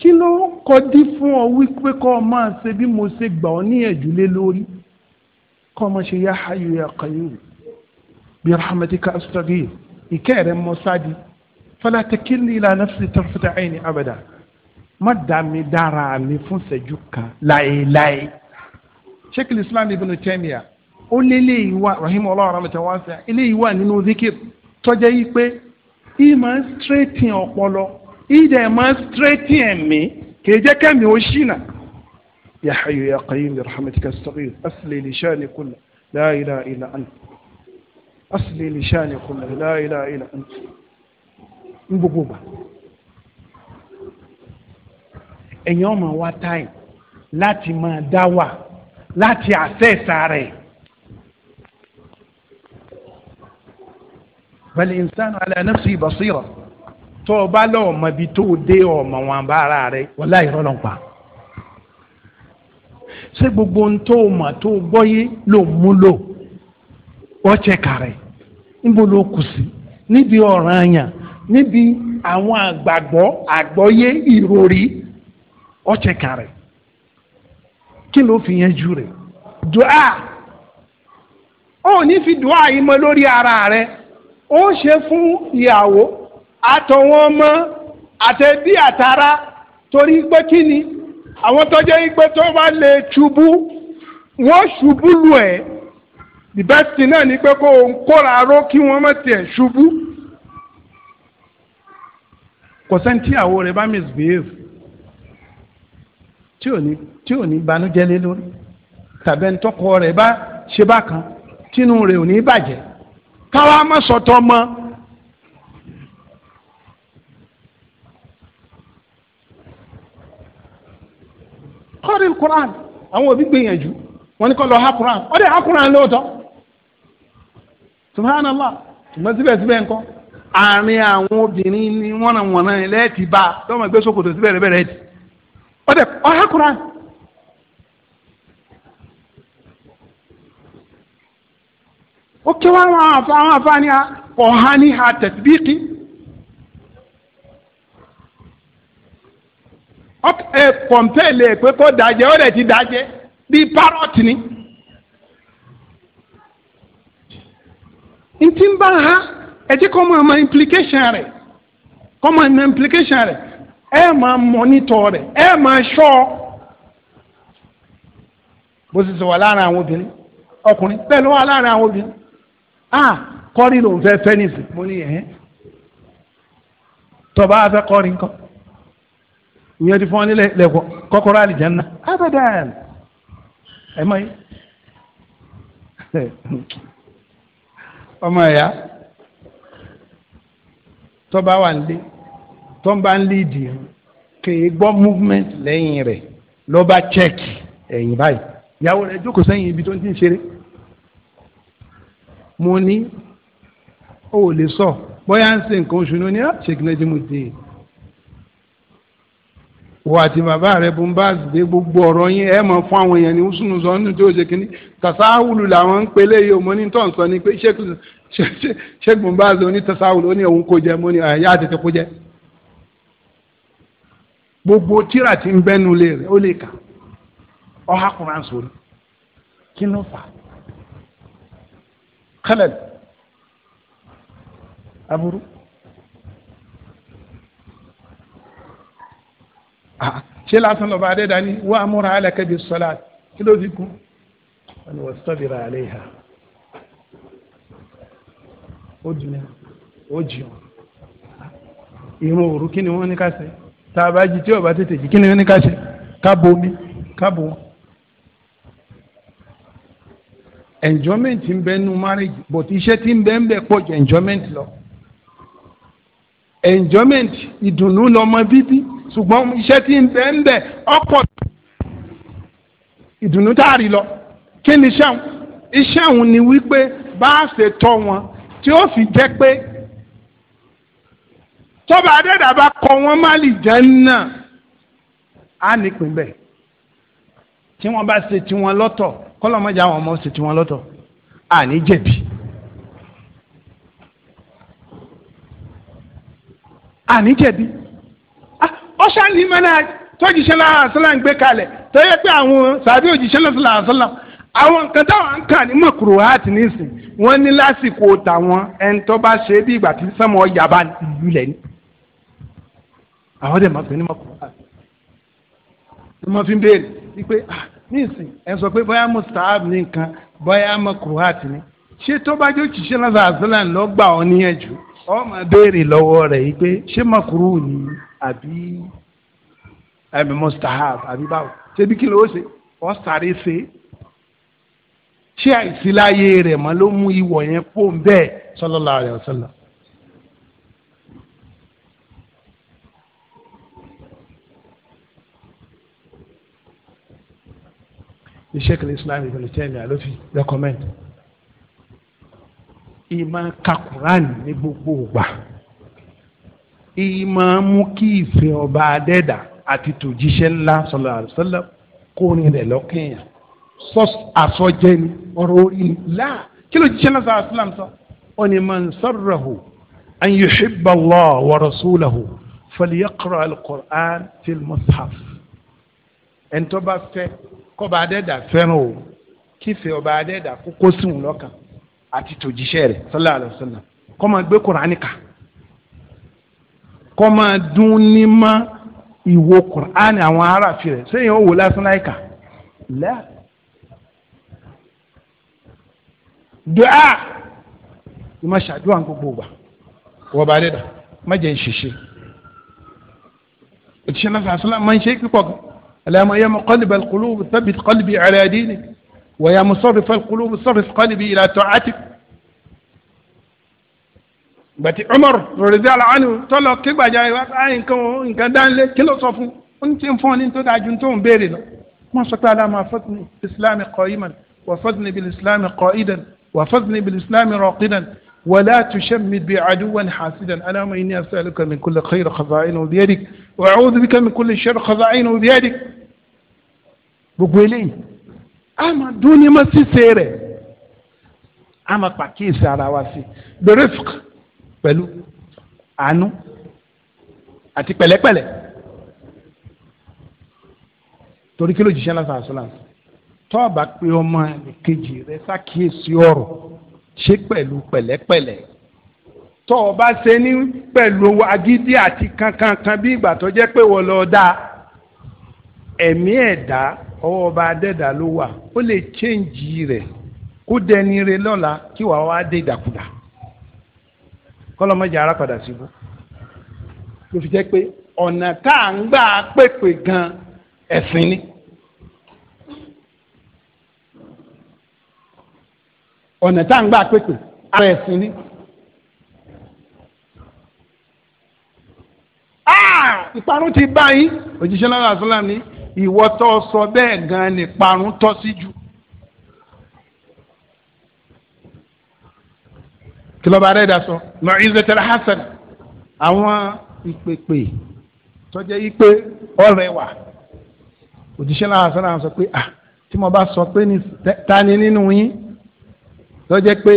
kí ló kọ dí fún ọ wípé kọ́ ọ máa ṣe bí mo ṣe gbà ọ níyànjú lé lórí kọ́ ọ máa ṣe yá hayyu ya qayyum bí rahmatika astaghith ìkẹ́ rẹ̀ mọ sáàdì fala takilni ila nafsi tarfata má dá mi dára mi fún ṣẹ́jú kan láéláé sheikh islam ibn taymiya ó lélẹ̀ ìwà rahim ọlọ́run rahmatan wasi'a eléyìí wà nínú zikir tọ́jẹ́ yìí pé ìyí máa ń straighten ọpọlọ ìyí dẹ̀ máa ń straighten ẹ̀mí kì í jẹ́ kẹ́mi ó ṣìnà. ya hayyu ya qayyum bi rahmatika astaghith asli li shani kulli la ilaha illa anta asli li shani kulli la ilaha illa anta ń gbogbo gbà ẹ̀yin ọmọ wa táì láti máa dá wà láti àṣẹ ìsàrẹ̀ فالإنسان على نفسه بصيرة tó o bá lọ́wọ́ mọ ibi tó o ọmọ ara rẹ gbogbo ohun tó o mọ̀ tó níbi níbi àwọn àgbàgbọ́ àgbọ́yé ìròrí fi yẹn jù rẹ̀ dùá ò fi dùá yìí mọ ara rẹ̀. ó ṣe fún ìyàwó àtọ̀wọn ọmọ àtẹbí àtara torí pé kí ni àwọn tọ́jú ìgbé tó bá lè ṣubú wọ́n ṣubú lù ẹ́ the best thing náà ni pé kó o kóra ró kí wọ́n má tiẹ̀ ṣubú kò sẹ́ńtì àwo rẹ̀ bá misbehave tí ò ní tí ò ní banújẹ́ lé lórí tàbí ẹni tọ́kọ rẹ̀ bá ṣe bákan tínú rẹ̀ ò ní bàjẹ́ káwa má sọ̀tọ̀ mọ́. kọ́rin Quran àwọn òbí gbìyànjú wọn ni kọ́ lọ ha Quran ọ̀dẹ̀ ha Quran lóòótọ́ subhanallah ṣùgbọ́n síbẹ̀síbẹ̀ ńkọ́ àárín àwọn obìnrin ni wọ́n náà wọ̀n náà lẹ́ẹ̀tì bá tọ́mọ̀ ìgbésókòtò síbẹ̀ rẹ̀ bẹ̀rẹ̀ ẹ̀dì ọ̀dẹ̀ ha Quran. ó ké wá àwọn àfa àwọn àfa ni ọ̀hán ní ha tẹ̀síbíkì ẹ kọ̀ǹpẹ́ẹ̀lì pé kó dajẹ́ ó rẹ̀ ti dajẹ́ bíi párọ̀tì ni. ntí ń bá ha ẹ jẹ́ kó mọ ọmọ implication rẹ̀ kó mọ ọmọ implication rẹ̀ ẹ máa mọ́nítọ̀ rẹ̀ ah kọrin lòun fẹ́ fẹ́ nìsín mo ní ẹ̀hẹ́ tọba afẹ́ kọrin kọ ìyẹn ti fún ọ nílẹ̀ lẹ́kọ̀ọ́ kọ́kọ́rọ́ àlìjánná abadan ẹ̀ mọ̀ yìí ọmọ ẹ̀yà tọba wà nílé tọba ń lídìí kèé gbọ́ movement lẹ́yìn rẹ̀ lọ́ba check ẹ̀yìn báyìí ìyàwó rẹ̀ jókòó sẹ́yìn ibi tó ń ti ń ṣeré mo ní o ò lè sọ bóyá ń ṣe nǹkan oṣù ní oní ṣèkínẹ́jì mo dé wò àti bàbá rẹ bó dé gbogbo ọ̀rọ̀ yín ẹ mọ̀ fún àwọn èèyàn ní húsùnù sọ nínú tí ó ṣe kínní tàṣáwùlù làwọn ń pelé yìí o mo ní tọ̀ ń sọ ni pé ṣẹ́gun bá ṣe oní tàṣáwùlù ó ní òun kò jẹ mo ní àyà àtẹ̀tẹ̀ kò jẹ gbogbo tíra ti ń bẹ́nu lé rẹ̀ ó lè kà ọ́ hàkùnrin sórí kí ló fà á khalal aburú. ṣé lásán lọ́ba adédani wà á múra alaka bis salat kí ló fi kú wọn ni wọ́n sọ́bìrì alayha ó dùn ní ó jìun ìrun òru kí ni wọ́n ní ká ṣe tá a bá jí tí ò bá tètè jí kí ni wọ́n ní ká ṣe ká bomi ká bo wọn. enjoyment ń bẹ nínú marriage but iṣẹ́ tí ń bẹ ń bẹ pọ̀ ju enjoyment lọ enjoyment ìdùnnú lọmọ bíbí ṣùgbọ́n iṣẹ́ tí ń bẹ ń bẹ ọ̀pọ̀ ìdùnnú tá a rí lọ kí ni iṣẹ́ àwọn iṣẹ́ àwọn ni wípé bá a ṣe tọ́ wọn tí ó fi jẹ́ pé tọ́ba adẹ́dà kọ wọ́n má lè jẹ́ náà á nípìn bẹ́ẹ̀ tí wọ́n bá ṣe tiwọn lọ́tọ̀ kọlọ mọ́jà àwọn ọmọ ṣètì wọn lọ́tọ̀ àní jẹ̀bi. àní jẹ̀bi ọ̀ṣà ní mẹ́lá tọ́jìṣẹ́ làásọ́là ń gbé kalẹ̀ tó pé àwọn sàbí òjìṣẹ́ làásọ́là àwọn nǹkan táwọn ń kà ní mọ̀kúrò àti wọn ní lásìkò tàwọn yaba níìsín ẹ sọ pé bóyá mustahab ní nǹkan bóyá makuhat ni ṣé tó bá jó ṣiṣẹ́ lọ́sà àzọ́là ló gbà ọ́ níyànjú ọ máa béèrè lọ́wọ́ rẹ̀ yìí pé ṣé makuru ni àbí àbí mustahab àbí báwo ṣébi kí ló ṣe ọ sáré ṣe ṣé àìsí láyé rẹ̀ mọ́ ló mú ìwọ̀ yẹn pò ń bẹ́ẹ̀ sallallahu alaihi wasallam. sheikh islam ibn taymiyyah ló fi recommend ìmọ̀ ka quran ní gbogbo ìgbà ìmọ̀ mú kí ìfẹ́ ọba adẹ́dà àti tòjíṣẹ́ ńlá sallallahu alaihi wasallam kó ní rẹ̀ lọ́kẹ́yàn sọ́s àsọjẹ́ ni ọ̀rọ̀ orí ni láà kí ló jíṣẹ́ ńlá sallallahu alaihi sọ ọ ni man sarrahu an yuhibba Allah wa rasulahu falyaqra al-Qur'an fil mushaf ẹ̀ńtọ́ bá fẹ́ kọba adẹ́dà fẹ́ràn o kífẹ́ ọba adẹ́dà kókó síhun lọ́kàn àti tòjíṣẹ́ rẹ̀ sallallahu alaihi wasallam kó máa gbé kùránì kà kó máa dún ní mọ́ ìwo kùránì àwọn aráàfi rẹ̀ sẹ́yìn ó wò lásán láìka lẹ́à. dùá ìmọ̀ ṣàdúrà gbogbo wa wọ́n adẹ́dà má jẹ́ ìṣiṣẹ́ òṣìṣẹ́ náà sàṣọ́lá máa ń ṣe é pípọ̀ gan. اللهم يا مقلب القلوب ثبت قلبي على دينك ويا مصرف القلوب صرف قلبي الى طاعتك بات عمر رضي الله عنه طلع كبا جاي واقع آه، ان كان ان كان دان لي كيلو صفو انت فون انت داجنتو بيري لا ما شاء الله ما فضني بالاسلام قائما وفضني بالاسلام قائدا وفضني بالاسلام راقدا ولا تشمت بعدوا حاسدا اللهم اني اسالك من كل خير خزائنه بيدك واعوذ بك من كل شر خزائنه بيدك gbogbo eléyìí a máa dún ní ma ṣíṣe rẹ̀ a máa pàkíyèsí ara wa sí bẹ̀rẹ̀fùk pẹ̀lú àánú àti pẹ̀lẹ́pẹ̀lẹ́ torí kí ló jíṣẹ́ lásán àṣọlá tọ́ọ̀bà pé ọmọ kejì rẹ ṣàkíyèsí ọ̀rọ̀ ṣe pẹ̀lú pẹ̀lẹ́pẹ̀lẹ́ tọ́ọ̀bà ṣe ní pẹ̀lú agídí àti kankankan bí ìgbà tó jẹ́ pé wọ́n lọ dá ẹ̀mí ẹ̀dá ọwọ́ ọba adẹ́dà ló wà ó lè chẹ́ǹjì rẹ̀ kó dẹni re lọ́la kí wàá wá dé ìdàkudà kọ́lọ́mọ́jà ara padà síbú ló fi jẹ́ pé ọ̀nà tá à ń gbà pèpè gan ẹ̀sìn ni. ọ̀nà tá à ń gbà pèpè ara ẹ̀sìn ni. Ah! ìparun ti bá yín òjíṣẹ́ náà àṣọ láàmì. ìwọ tó sọ bẹ́ẹ̀ gan ni parun tọ́ sí jù. kí ló bá rẹ̀ dà sọ mu'izzatul hasana àwọn ìpèpè tọ́jẹ́ yí pé ọ̀rẹ́ wà òjíṣẹ́ náà sọ náà sọ pé ah tí mo bá sọ pé ta ni nínú yín lọ́jẹ́ pé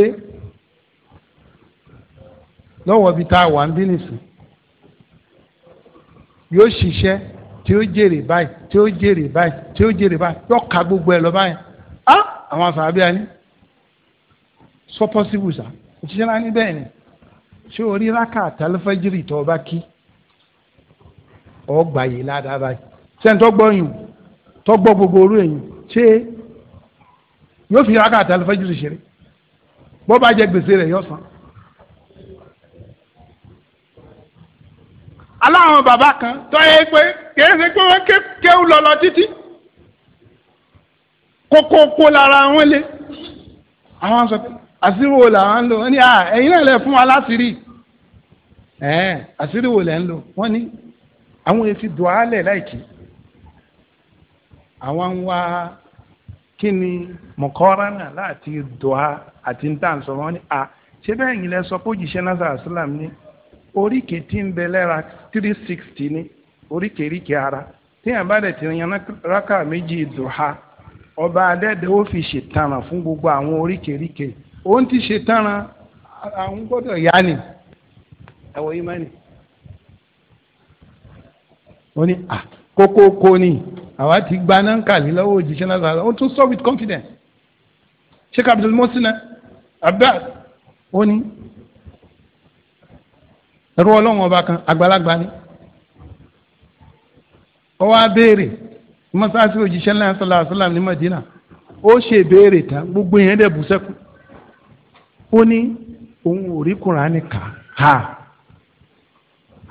lọ́wọ́ bíi tá a wà ń bí nìsín yóò ṣiṣẹ́ tí ó jèrè báyìí tí ó jèrè báyìí tí ó jèrè báyìí yóò ka gbogbo ẹ lọ báyìí á àwọn àfàbí ẹni sọ pọ́sibù sá òṣìṣẹ́ náà ní bẹ́ẹ̀ ni ṣé orí rákà tàlífẹ́jìrì tó o bá kí ọ gbà yìí ládàá báyìí sẹ́ni tó gbọ́ yìí tó gbọ́ gbogbo orú èyí ṣé yóò fi rákà tàlífẹ́jìrì ṣeré bó bá jẹ gbèsè rẹ̀ yóò san. aláwọn bàbá kan tó yẹ pé kìí ṣe pé wọ́n kéwù lọ lọ títí kókókó lára wọn lé àwọn sọ pé àṣírí wo làwọn ń lò wọ́n ní à ẹ̀yin náà lè fún wa láṣìírí ẹ̀ẹ́n àṣírí wo lẹ̀ ń lò wọ́n ní àwọn èfi dùálẹ̀ láìkí àwọn ń wá kí ni mọ̀kọ́ránà láti dùá àti ń tà ń sọ wọ́n ní à ṣé bẹ́ẹ̀ yìí lẹ sọ pé òjìṣẹ́ náà sàrà sílám orike tí ń bẹ lẹ́ra three sixty ara téèyàn bá dẹ̀ ti yan rákà méjì dùhà ọba adẹ́dẹ́ ó fi ṣètàràn fún gbogbo àwọn oríkèéríkèé òun ti ṣètàràn àwọn gbọ́dọ̀ yá ni ẹ̀wọ̀ yìí má ni. wọ́n ní ti gba lọ́wọ́ náà ó with confidence ẹrú ọlọ́run ọba kan àgbàlagbà ni ó wá béèrè mọ́sáàsì òjíṣẹ́ ńlá ṣọlá àṣọlá ní Madina ó ṣe béèrè tán gbogbo yẹn dẹ̀ bú sẹ́kù ó ní òun ò rí Kùránì kà á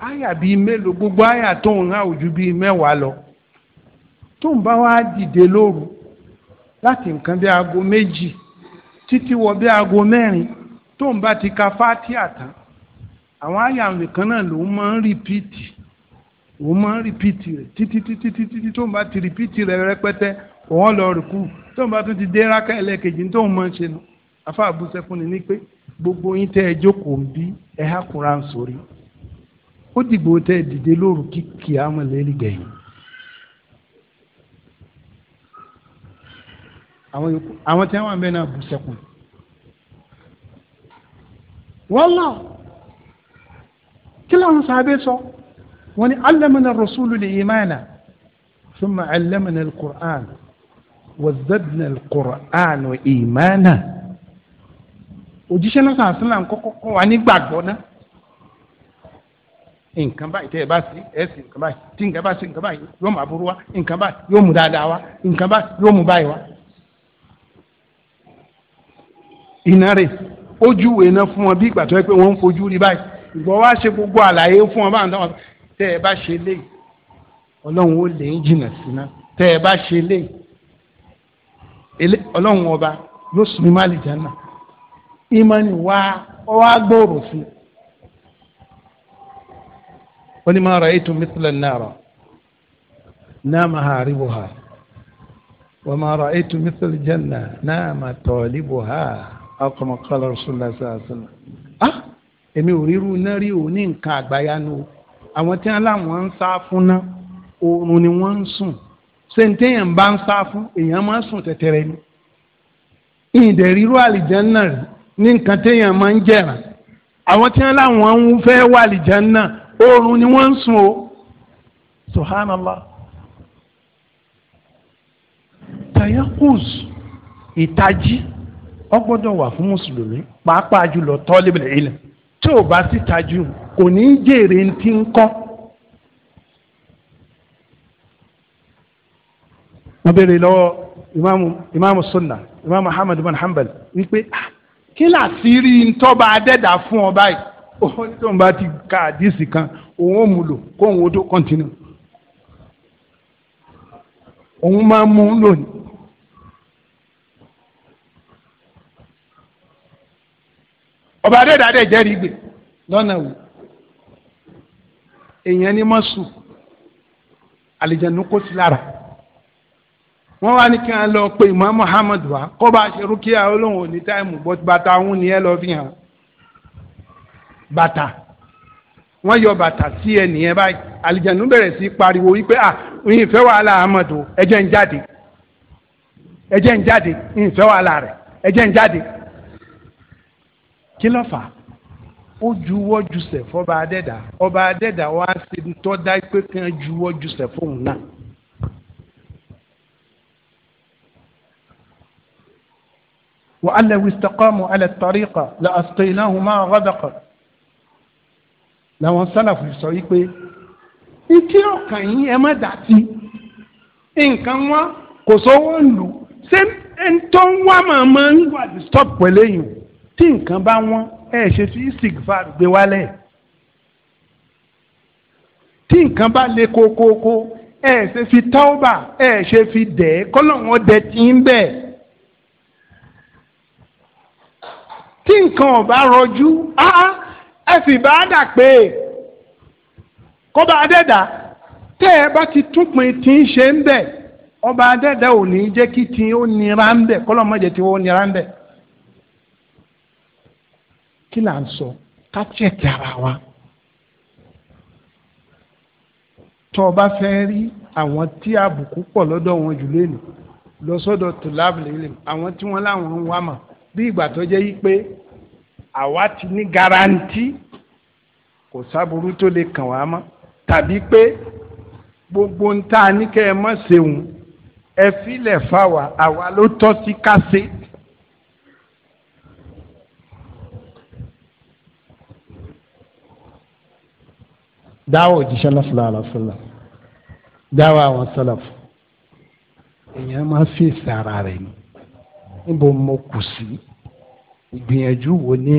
àyà bíi mélòó gbogbo àyà tóun hàn ojú bíi mẹ́wàá lọ tóun bá wá dìde lóru láti nǹkan bí aago méjì títí wọ bí aago mẹ́rin tóun bá ti ka fátíà tán àwọn àyà àwìn kan náà lòun máa ń rìpíìtì òun máa ń rìpíìtì rẹ̀ títí títí títí tó ń bá ti rìpíìtì rẹ̀ rẹpẹtẹ òun lọ rìkú tó ń bá tún ti dé rákà ẹlẹ́ẹ̀kejì tó ń mọ̀ ṣe nù afa àbúṣẹ́kùn ni ní pé gbogbo yín tẹ́ ẹ jókòó ń bí ẹ há Kùránì sórí ó dìgbò tẹ́ ẹ dìde lóru kíkì àmọ́ lẹ́lí gbẹ̀yìn. àwọn tí wọ́n bẹ náà búṣẹ́kùn wọ́n lọ kí làwọn sàbẹ̀ sọ wọ́n ní allamana rasulu li imana thumma allamana al-qur'an wa zadna al-qur'an wa imana òjíṣẹ́ náà sàn sílẹ̀ ń kọ́kọ́ kọ́ wa nígbàgbọ́ náà nǹkan báyìí tẹ́ ẹ bá sí ẹ sì nǹkan báyìí tí nǹkan bá sí nǹkan báyìí yóò máa burú wa nǹkan báyìí yóò mú dáadáa wa nǹkan báyìí yóò mú báyìí wa. iná ojú ìwé náà fún wọn bí ìgbà tó yẹ pé wọ́n ń fojú rí báyìí ṣùgbọ́n wá ṣe gbogbo àlàyé fún ọ bá ń ẹ bá ṣe lé ọlọ́run ó lè jìnnà síná tẹ́ ẹ bá ṣe lé ọlọ́run ọba yóò sùn ní náà ìmọ̀ni ọ wá gbòòrò ní ma ra'aytu mithla an-nara namaha haribuha wa ma janna nama talibuha aw kama ha rasulullah sallallahu alaihi wasallam ah! èmi ò ríru iná rí o ní nǹkan àgbáyanu o àwọn tí wọn láwọn ń sá fún oorun ni wọn ń sùn ṣé n téèyàn bá ń sá fún èèyàn máa ń sùn tẹ̀tẹ̀rẹ̀ ni ríru rí ní nǹkan téèyàn máa ń àwọn tí wọn láwọn ń fẹ́ wà oorun ni wọn ń o subhanallah tayakus ìtají wà fún mùsùlùmí pàápàá jùlọ ilẹ̀. tí ò bá sì tajú kò ní í jèrè ti ń kọ́. wọ́n béèrè lọ́wọ́ imaamu imaamu sunna ahmed bin hanbal wípé ah, kí làásìrí ntọ́ba adẹ́dà fún ọ báyìí òun tó ń bá ti ka àdìsí kan òun ò mú lò kóun ó tó kọ́ntínú òun máa mú lónìí. ọba adéda dẹ̀ jẹ́rìí gbè lọ́nà wò èèyàn ní mọ́sù àlìjẹ̀nu kò sí lára wọ́n wá ní kí wọ́n lọ pe ìmọ̀ Muhammad wa kó bá ṣe rúkìá olóhùn òní táìmù bàtà òun ni ẹ lọ fi hàn bàtà wọ́n yọ bàtà sí ẹ nìyẹn báyìí àlìjẹ̀nu bẹ̀rẹ̀ sí pariwo wípé à ìyìn fẹ́ wàhálà Ahmed ẹ jẹ́ ń jáde ẹ jẹ́ ń jáde ìyìn fẹ́ wàhálà rẹ̀ ẹ jẹ́ ń jáde kí ló fà á ó juwọ́ jùsẹ̀ fọba adẹ́dà ọba adẹ́dà wá sí tọ́da pé kàn juwọ́ jùsẹ̀ fóun náà. وأن لو استقاموا على الطريقة لأسقيناهم ماء غدقا làwọn sálàfù sọ yìí pé ìtí ọkàn yín ẹ má dà sí nǹkan wá kò sówó ń lò ṣé ń tó ń wá màmá ń wà distop pẹ̀lú èyàn tí nǹkan bá wọ́n ẹ ṣe sí istigfar gbé wálẹ̀ tí nǹkan bá le kókókó ẹ ṣe fi tọ́ọ̀bà ẹ ṣe fi dẹ̀ kọ́lọ́wọ́n dẹ̀ tí ń bẹ̀. tí nǹkan ọ̀bá rọjú ẹ fi bá dà pé kọ́ba adẹ́dà tẹ́ ẹ bá ti túpin tí ń ṣe ń bẹ̀ ọba adẹ́dà ò ní jẹ́ kí tí ó nira ń bẹ̀ kọ́lọ́mọ́jẹ tí ó nira ń bẹ̀ kí là ń sọ ká chẹ́kì ara wa. tó o bá fẹ́ rí àwọn tí àbùkù pọ̀ lọ́dọ̀ wọn jù lé ní lọ sọ́dọ̀ tòlábìlì àwọn tí wọ́n láwọn ń wá mà bí ìgbà tó jẹ́ yí pé àwa ti ní garanti kò sábúrú tó lè kàn wá mọ́ tàbí pé gbogbo ń tá a ní kẹ́ ẹ mọ̀ ṣeun ẹ filẹ̀ fáwa àwa ló tọ́ sí ká ṣe. dáwà òjíṣẹ́ lọ́sọ̀lá àlọ́sọ̀lá dáwà àwọn sọ́lọ̀fù èèyàn máa fèsì ara rẹ̀ ni níbo mo kù sí ìgbìyànjú wo ní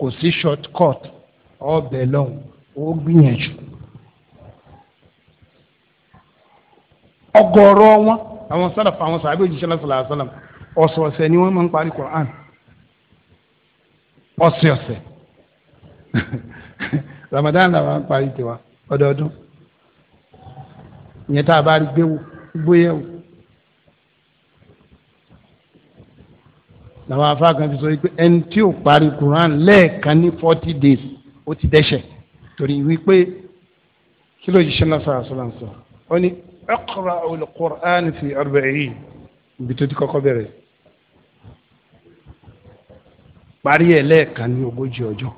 kò sí short cut ọbẹ̀ lọ́hùn ó gbìyànjú. ọ̀gọ̀rọ̀ wọn àwọn sọ́lọ̀fù àwọn òjíṣẹ́ lọ́sọ̀lá ọ̀sọ̀ọ̀sẹ̀ ni wọ́n máa ń parí Quran Ramadan làwọn parí tiwa ọdọọdún ìyẹn tá a bá rí gbéwò gbóyẹwò làwọn afáàkàn fi sọ pé ẹni tí ò parí Quran lẹ́ẹ̀kan ní forty days ó ti dẹ́ṣẹ̀ torí wípé kí ló ṣiṣẹ́ náà sọ̀rọ̀ sọ̀rọ̀ sọ ọ ní iqra'ul fi arba'in ibi tó ti kọ́kọ́ bẹ̀rẹ̀ parí ẹ̀ lẹ́ẹ̀kan ní ogójì ọjọ́.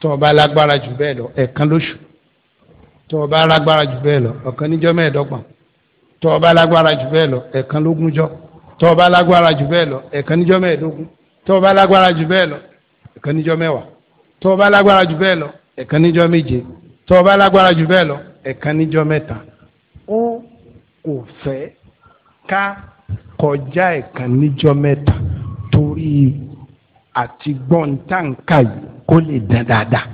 tó o bá lágbára jù bẹ́ẹ̀ lọ ẹ̀ẹ̀kan lóṣù tó o bá lágbára jù bẹ́ẹ̀ lọ ọ̀kan níjọ́ mẹ́ẹ̀ẹ́dọ́gbọ̀n tó o bá lágbára jù bẹ́ẹ̀ lọ ẹ̀ẹ̀kan lógúnjọ́ tó o bá lágbára jù bẹ́ẹ̀ lọ ẹ̀ẹ̀kan níjọ́ mẹ́ẹ̀ẹ́dógún tó o bá lágbára jù bẹ́ẹ̀ lọ ẹ̀ẹ̀kan níjọ́ mẹ́wàá tó o jù bẹ́ẹ̀ lọ ẹ̀ẹ̀kan níjọ́ méje tó o jù bẹ́ẹ̀ lọ ẹ̀ẹ̀kan níjọ́ mẹ́ta ó kò fẹ́ ká kọjá ẹ̀ẹ̀kan níjọ́ mẹ́ta torí àti gbọ́ntàǹkà yìí kó lè dán dáadáa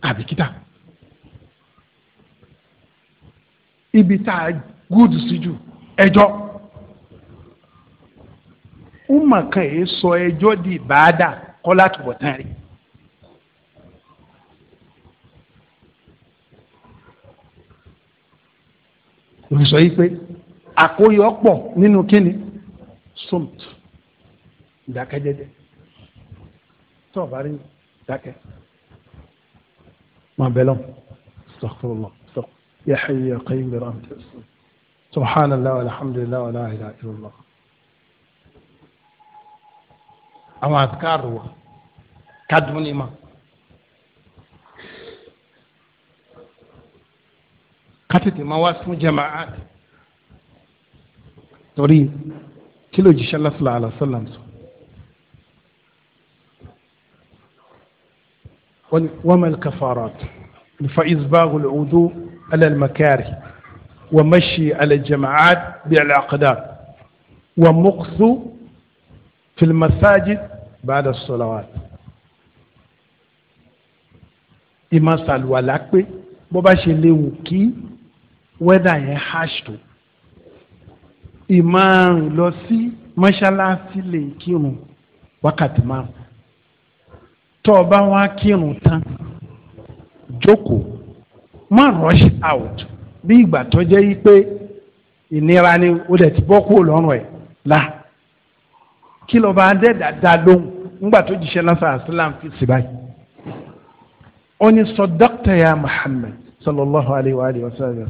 àbí ibi tá a gúdù sí jù ẹjọ́ ọmọ kan yìí sọ ẹjọ́ di ìbáadà kọ́lá tùbọ̀ tán rí. olùsọ yìí pé àkóyọ pọ̀ nínú kíni sọmt ìdákẹ́jẹ́jẹ́ tó o bá rí dákẹ́ máa bẹ̀ lọ astaghfirullah ya hayyu ya qayyum bi rahmatik subhanallah walhamdulillah wa la ilaha illallah àwọn àtikáàrò wa kádùn ní ma. kátètè máa wá fún jamaat torí kí ló jíṣẹ́ lọ́sọ̀lá àlọ́sọ̀lá sọ. وما الكفارات فإصباغ العدو على المكاره ومشي على الجماعات بالأقدام ومقص في المساجد بعد الصلوات ìmọ̀ ṣàlùwàlá pé bó bá ṣe léwu kí wẹ́dà yẹn harsh tó ìmọ̀ rìn lọ sí tó o bá wá kírun tán jókòó má rush out bí ìgbà tó jẹ́ yí pé ìnira ni o dẹ̀ ti bọ́ kúrò lọ́rùn ẹ̀ la kí ló bá dẹ́ dáadáa lóhùn nígbà tó jíṣẹ́ lásán àṣìláàmù fi sí báyìí. ó ní sọdọ́kítà ya Muhammad sallallahu alayhi wa alayhi wa sallam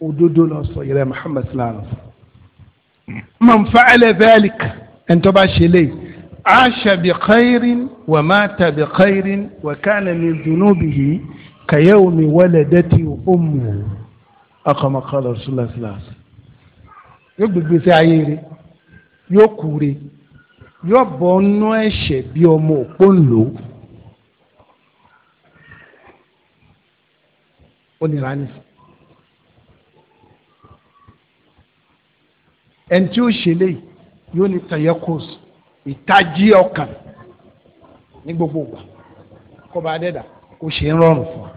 òdodo lọ sọ yẹrẹ Muhammad sallallahu alayhi wa sallam. man fa'ala dhalik ẹni tó bá ṣe léyìí. عاش بخير ومات بخير وكان من ذنوبه كيوم ولدته أمه أقام قال رسول الله صلى الله عليه وسلم yóò gbégbé sí ayé rẹ̀ yóò kú rẹ̀ yóò bọ́ nú ẹ̀ṣẹ̀ bí ọmọ òpó ńlò ó nira ní. ẹni tí ó ṣe léyìí yóò ní tayakos ìtají ọkàn ní gbogbo ìgbà kó bá dẹ́dà kó ṣe ń rọrùn fún wa.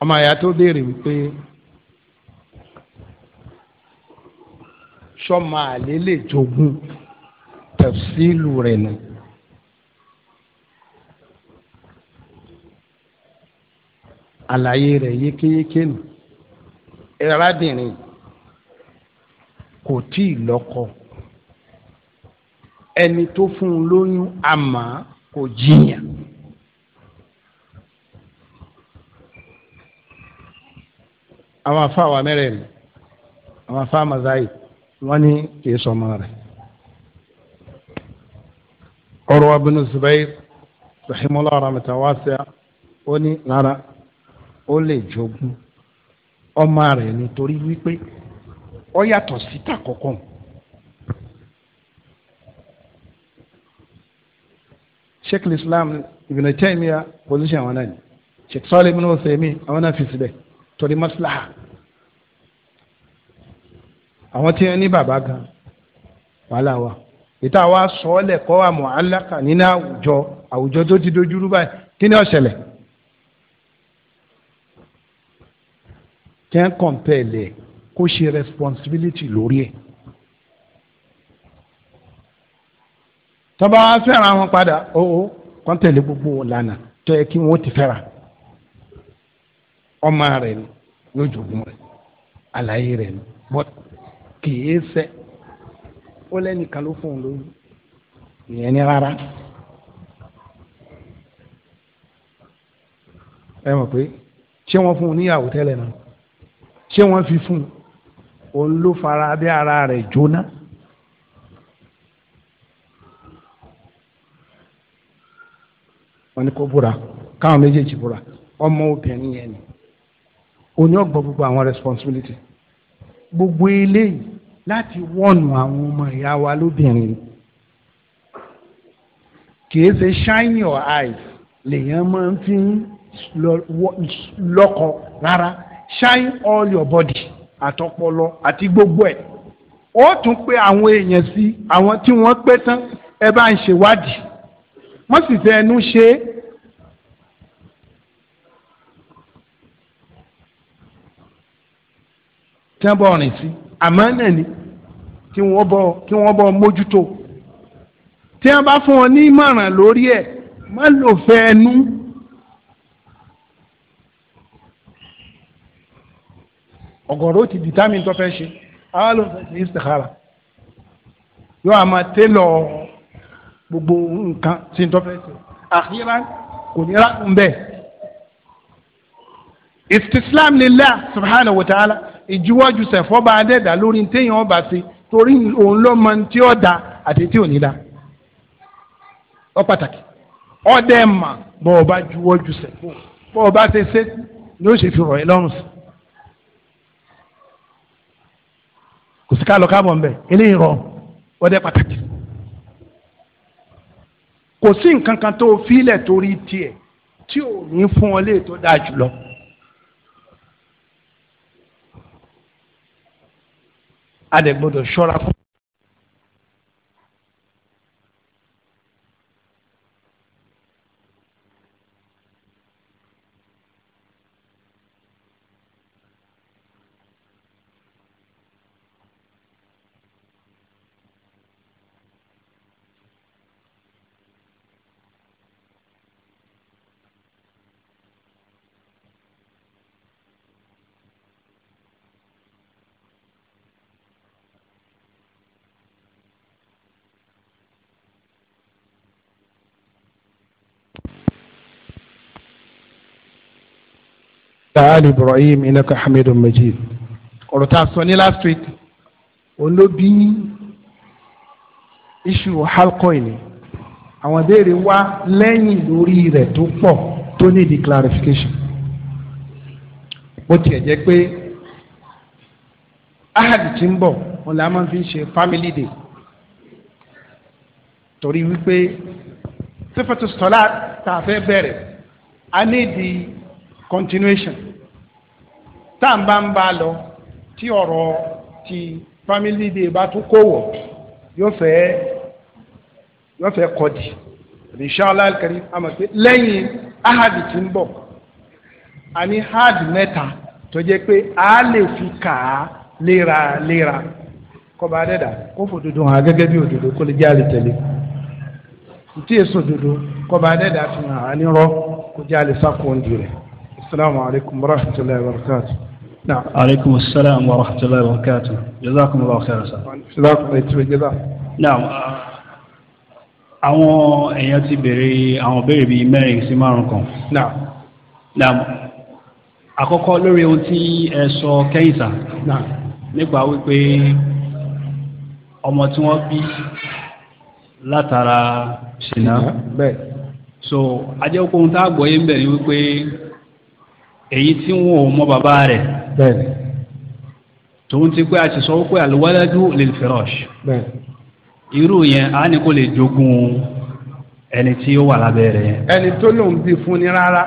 ọmọ àyà tó béèrè wípé sọmọ àlè lè jogún tẹ̀síìlù rẹ̀ nù. àlàyé rẹ̀ yékéyéké nù. ẹ̀rọ adìrin yìí. kò tí ì lọ́kọ ẹni tó fún un lóyún àmọ́ kò jiyàn. àwọn afáwa mẹ́rẹ̀ẹ̀rin àwọn afáwa mazai wọ́n ní kì í sọmọ rẹ̀. ọ̀rọ̀ abinu zubair rahimola aramita wáṣíà ó ní rárá ó lè jogún ọmọ rẹ̀ nítorí wípé ọ yàtọ̀ síta kọ̀ọ̀kan. sheikh islam ibn taymiya position àwọn náà ni sheikh sọ́ọ́lì ibn ọ̀sẹ̀mí àwọn náà fi síbẹ̀ torí maslaha àwọn tí wọ́n ní bàbá gan wàhálà wa ìta wa sọ ọ́ lẹ̀kọ́ wa mọ̀ aláka nínú àwùjọ àwùjọ tó ti dojú rú kí ni ó ṣẹlẹ̀ kẹ́ ń kó ṣe responsibility lórí ẹ̀. tọ́ba fẹ́ràn wọn padà ó kọ́ńtẹ̀lé gbogbo lànà tó yẹ kí wọ́n ti fẹ́ràn ọmọ rẹ̀ ni yóò jogún rẹ̀ àlàyé rẹ̀ ni but kìí ṣe ó lẹ́nìkan ló fún un lóyún ìyẹn ní rárá. ẹ mọ̀ pé ṣé wọ́n fún un níyàwó tẹ́lẹ̀ náà ṣé wọ́n fi fún un òun ló fara bí ara rẹ̀ jóná. wọ́n ní kó búra káwọn méjèèjì búra ọmọ obìnrin yẹn ni òun yóò gbọ́ gbogbo àwọn responsibility gbogbo eléyìí láti wọ́ọ̀nù àwọn ọmọ ìyá wa lóbìnrin kìí ṣe shine your eyes lèèyàn máa ń fi lọ́kọ rárá shine all your body àtọpọlọ àti gbogbo ẹ̀ ó tún pé àwọn èèyàn sí àwọn tí wọ́n pé tán ẹ bá ń ṣèwádìí wọ́n sì fẹ́ ẹnu ṣe é. tí wọ́n bọ̀ rìn sí àmọ́ náà ni kí wọ́n bọ̀ kí wọ́n bọ̀ mójútó tí wọ́n bá fún ọ ní ìmọ̀ràn lórí ẹ̀ má lò fẹ́ ẹnu. ọ̀gọ̀rọ̀ ti determine tó fẹ́ ṣe àwọn ló fẹ́ ṣe istikhara yóò á máa télọ̀ gbogbo nǹkan tí tó fẹ́ ṣe àkíyèrà kò ní rà ń bẹ́ẹ̀. istislam lillah subhanahu wa ta'ala ìjuwọ́jú sẹ̀fọ́ bá lórí téèyàn ọba sí torí òun ló mọ tí ó da àti tí ò ní da ọ pàtàkì ọdẹ mà bọ́ọ̀ bá juwọ́jú sẹ̀fọ́ bọ́ọ̀ bá ṣe ṣe ni ó ṣe fi rọ̀ ẹ́ lọ́rùn sí i. kò sí ká lọ káàbọ̀ ń bẹ̀ eléyìí rọ wọ́n dẹ́ pàtàkì. kò sí nǹkan kan tó fílẹ̀ torí tiẹ̀ tí ò ní fún ọ léè dáa jùlọ. a dẹ̀ gbọ́dọ̀ ṣọ́ra fún آل إبراهيم إنك حميد مجيد ọ̀rọ̀ tá a sọ ní last week òun ló bí iṣu halcoin àwọn ìbéèrè wá lẹ́yìn lórí rẹ̀ tó clarification bó tiẹ̀ jẹ́ pé ahad tí ń bọ̀ family day torí wípé sífẹ̀tù sọ́lá tá a fẹ́ bẹ̀rẹ̀ a ní di continuation tá n bá ń bá lọ ti family day bá tún kó wọ̀ yóò fẹ́ yóò fẹ́ kọ́dì inshallah al ahadi ti ń bọ̀ a ní hard tó pé a lè fi kà á léraléra kọba adẹ́dà kó fòdodo hàn gẹ́gẹ́ bí òdodo kó lè jẹ́ àlè tẹ̀lé ìtí èso dodo kọba adẹ́dà fi hàn á kó jẹ́ àlè di rẹ̀. السلام عليكم ورحمة الله وبركاته نعم عليكم السلام ورحمة الله وبركاته جزاكم الله خيرا جزاكم الله خير جزاكم نعم àwọn èèyàn ti béèrè àwọn béèrè bíi mẹ́rin sí márùn kan. naam naam àkọ́kọ́ lórí ohun tí ẹ sọ kẹ́yìn sá. naam nípa wípé ọmọ tí wọ́n bí látara ṣìnà. so ajẹ́ kó ohun tá a gbọ́ yé ń bẹ̀ ni wípé èyí tí wọn ò mọ bàbá rẹ̀ tòun ti pé a ti sọ wípé àlùwáládú lè fẹ́rọ̀ṣ irú yẹn a ní kó lè jogún ẹni tí ó wà lábẹ́ rẹ̀ yẹn. ẹni tó lóun bí fún ni rárá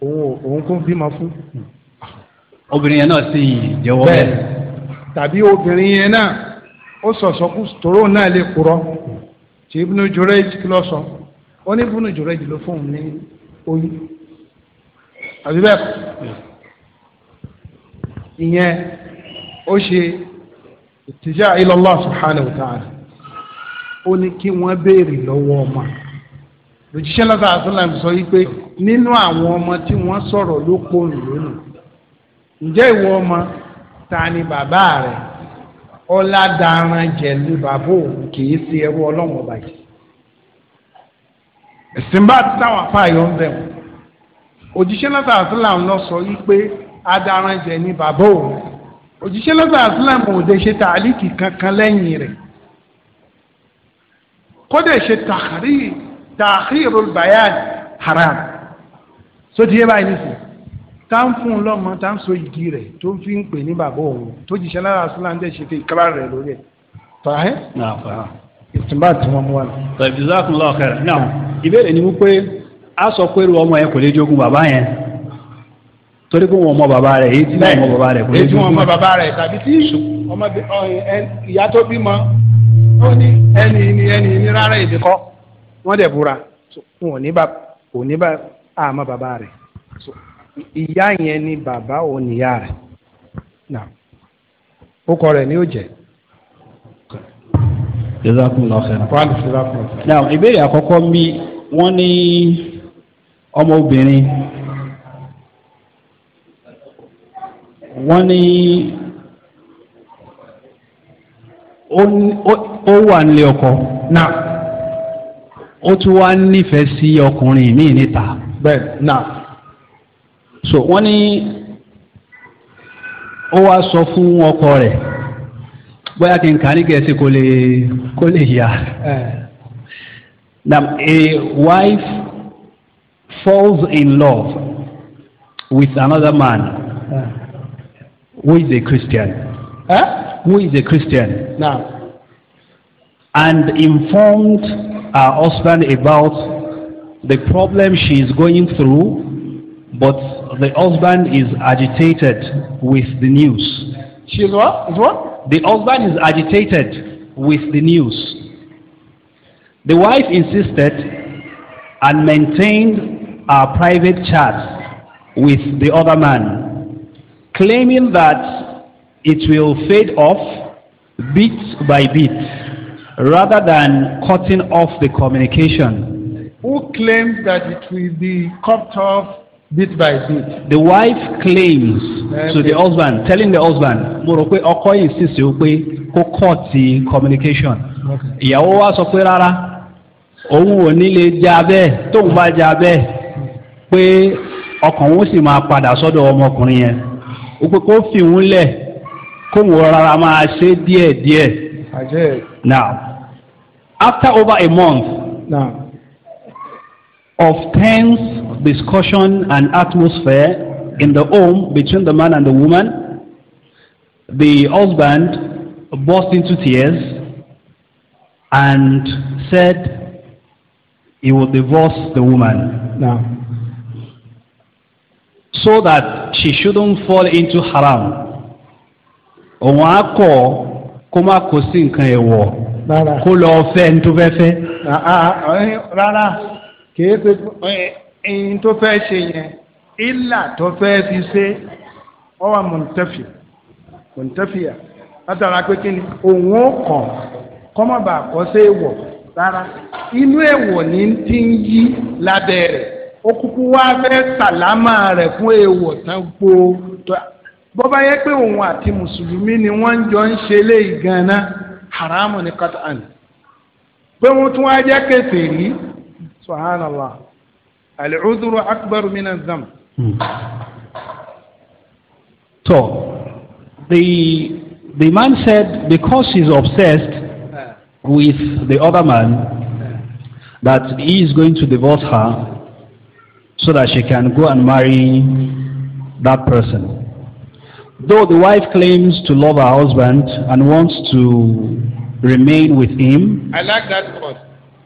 òun kò bímọ fún. obìnrin yẹn náà sì jẹ́wọ́ bẹ́ẹ̀. tàbí obìnrin yẹn náà ó sọ̀sọ́ kú tòró náà lè kúrọ́ tí Ibnu Jurayj kí ló sọ ó ní Ibnu Jurayj ló fóun ní oyún àbí bẹ́ẹ̀ kọ́ ìyẹn ó ṣe ìtìjà ilallah subhanahu wa ta'ala ó ní kí wọ́n béèrè lọ́wọ́ ọmọ lójúṣẹ́ lọ́sà àtúnlàm sọ wípé nínú àwọn ọmọ tí wọ́n sọ̀rọ̀ ló pòrùn lónìí ǹjẹ́ ìwọ ọmọ ta ni bàbá rẹ̀ ọ̀làdàrán jẹ̀lú bàbá òun kì í ṣe ẹrú ọlọ́wọ́n bàjẹ́ ẹ̀sìn bá táwọn afáàyọ̀ ń bẹ̀rù òjíṣẹ́ lọ́sà àtúnlàm lọ sọ wípé adaranjẹ ni bàbá òun òjíṣẹ́ lọ́sà àtúnlàm ò dé ṣe tàlíkì kankan lẹ́yìn rẹ̀ kódà ṣe tàkàrí tàkìrò bayan haram sóti yé báyìí nísìnyí tá ń fún un lọ́mọ tá so ìdí rẹ̀ tó fi ń pè ní bàbá òun tó jíṣẹ́ lára sílán dẹ̀ ṣe fi rẹ̀ lórí ẹ̀. fàáhẹ́ ìtúmbà tí wọ́n mú wa. tàbí zákùn lọ́ọ̀kẹ́ náà ìbéèrè ni wípé a sọ pé irú ọmọ yẹn kò lè jogún bàbá yẹn torí pé wọn mọ bàbá rẹ̀ èyí tí wọn mọ bàbá rẹ̀ kò lè jogún. èyí tí wọn mọ bàbá rẹ̀ tàbí tí ọmọ ìyá tó bímọ ó ní ẹni ní ẹni ní rárá èdè kọ́ wọ́n dẹ̀ búra wọn ò ní bá ò ní bá àmọ́ bàbá rẹ̀ ìyá yẹn ni bàbá ò níyà rẹ̀ náà ó kọ rẹ̀ ni ó jẹ́ jazakumullahu khairan. náà ìbéèrè àkọ́kọ́ mi wọ́n ní ọmọ obìnrin wọ́n ní ó wà nílé ọkọ náà ó tún wá nífẹ̀ẹ́ sí ọkùnrin míì níta bẹ́ẹ̀ náà so wọn ni ó wá sọ fún ọkọ rẹ. bóyá kí n kà á ní gẹ̀ẹ́sì kó lè kó lè yá. Now a wife falls in love with another man who is a Christian, huh? who is a Christian, now, and informed her husband about the problem she is going through, but the husband is agitated with the news. She is what? Is what? The husband is agitated with the news. The wife insisted and maintained our private chat with the other man, claiming that it will fade off bit by bit rather than cutting off the communication. Who claims that it will be cut off bit by bit? The wife claims okay. to the husband, telling the husband, mo rò pé you yìí sì cut the communication. ìyàwó wa sọ pé rárá òun ò jabe." pé ọkàn òun sì máa padà sọ́dọ̀ ọmọkùnrin yẹn ó pé kó fi òun lẹ̀ kó òun rárá máa ṣe díẹ̀ díẹ̀. now after over a month now. of tense discussion and atmosphere in the home between the man and the woman, the husband burst into tears and said he will divorce the woman. Now so that she shouldn't fall into haram òun á kọ̀ kó má kó sí nǹkan ẹ̀wọ̀ kó lọ fẹ́ ní tó fẹ́ fẹ́. rárá kìí ṣe ẹyin tó fẹ́ ṣe yẹn ìlà tó fẹ́ fi ṣe wọ́n wà mọ̀ntẹ́fì mọ̀ntẹ́fìyà látara pé kí ni òun ó kọ̀ kọ́mọ̀bà kọ́ sí èèwọ̀ rárá inú èèwọ̀ ni ti ń yí lábẹ́ rẹ̀ ó kúkú wá fẹ́ sàlámà fún èèwọ̀ tán gbó bó bá yẹ pé òun àti mùsùlùmí ni wọ́n jọ ń ṣe léyìí gan haramu ni katan pé wọ́n tún wá jẹ́ kèfèrí subhanallah al-udhru akbar min zam hmm. so the the man said because he's obsessed eh. with the other man eh. that he is going to divorce her so that she can go and marry that person. Though the wife claims to love her husband and wants to remain with him. I like that word.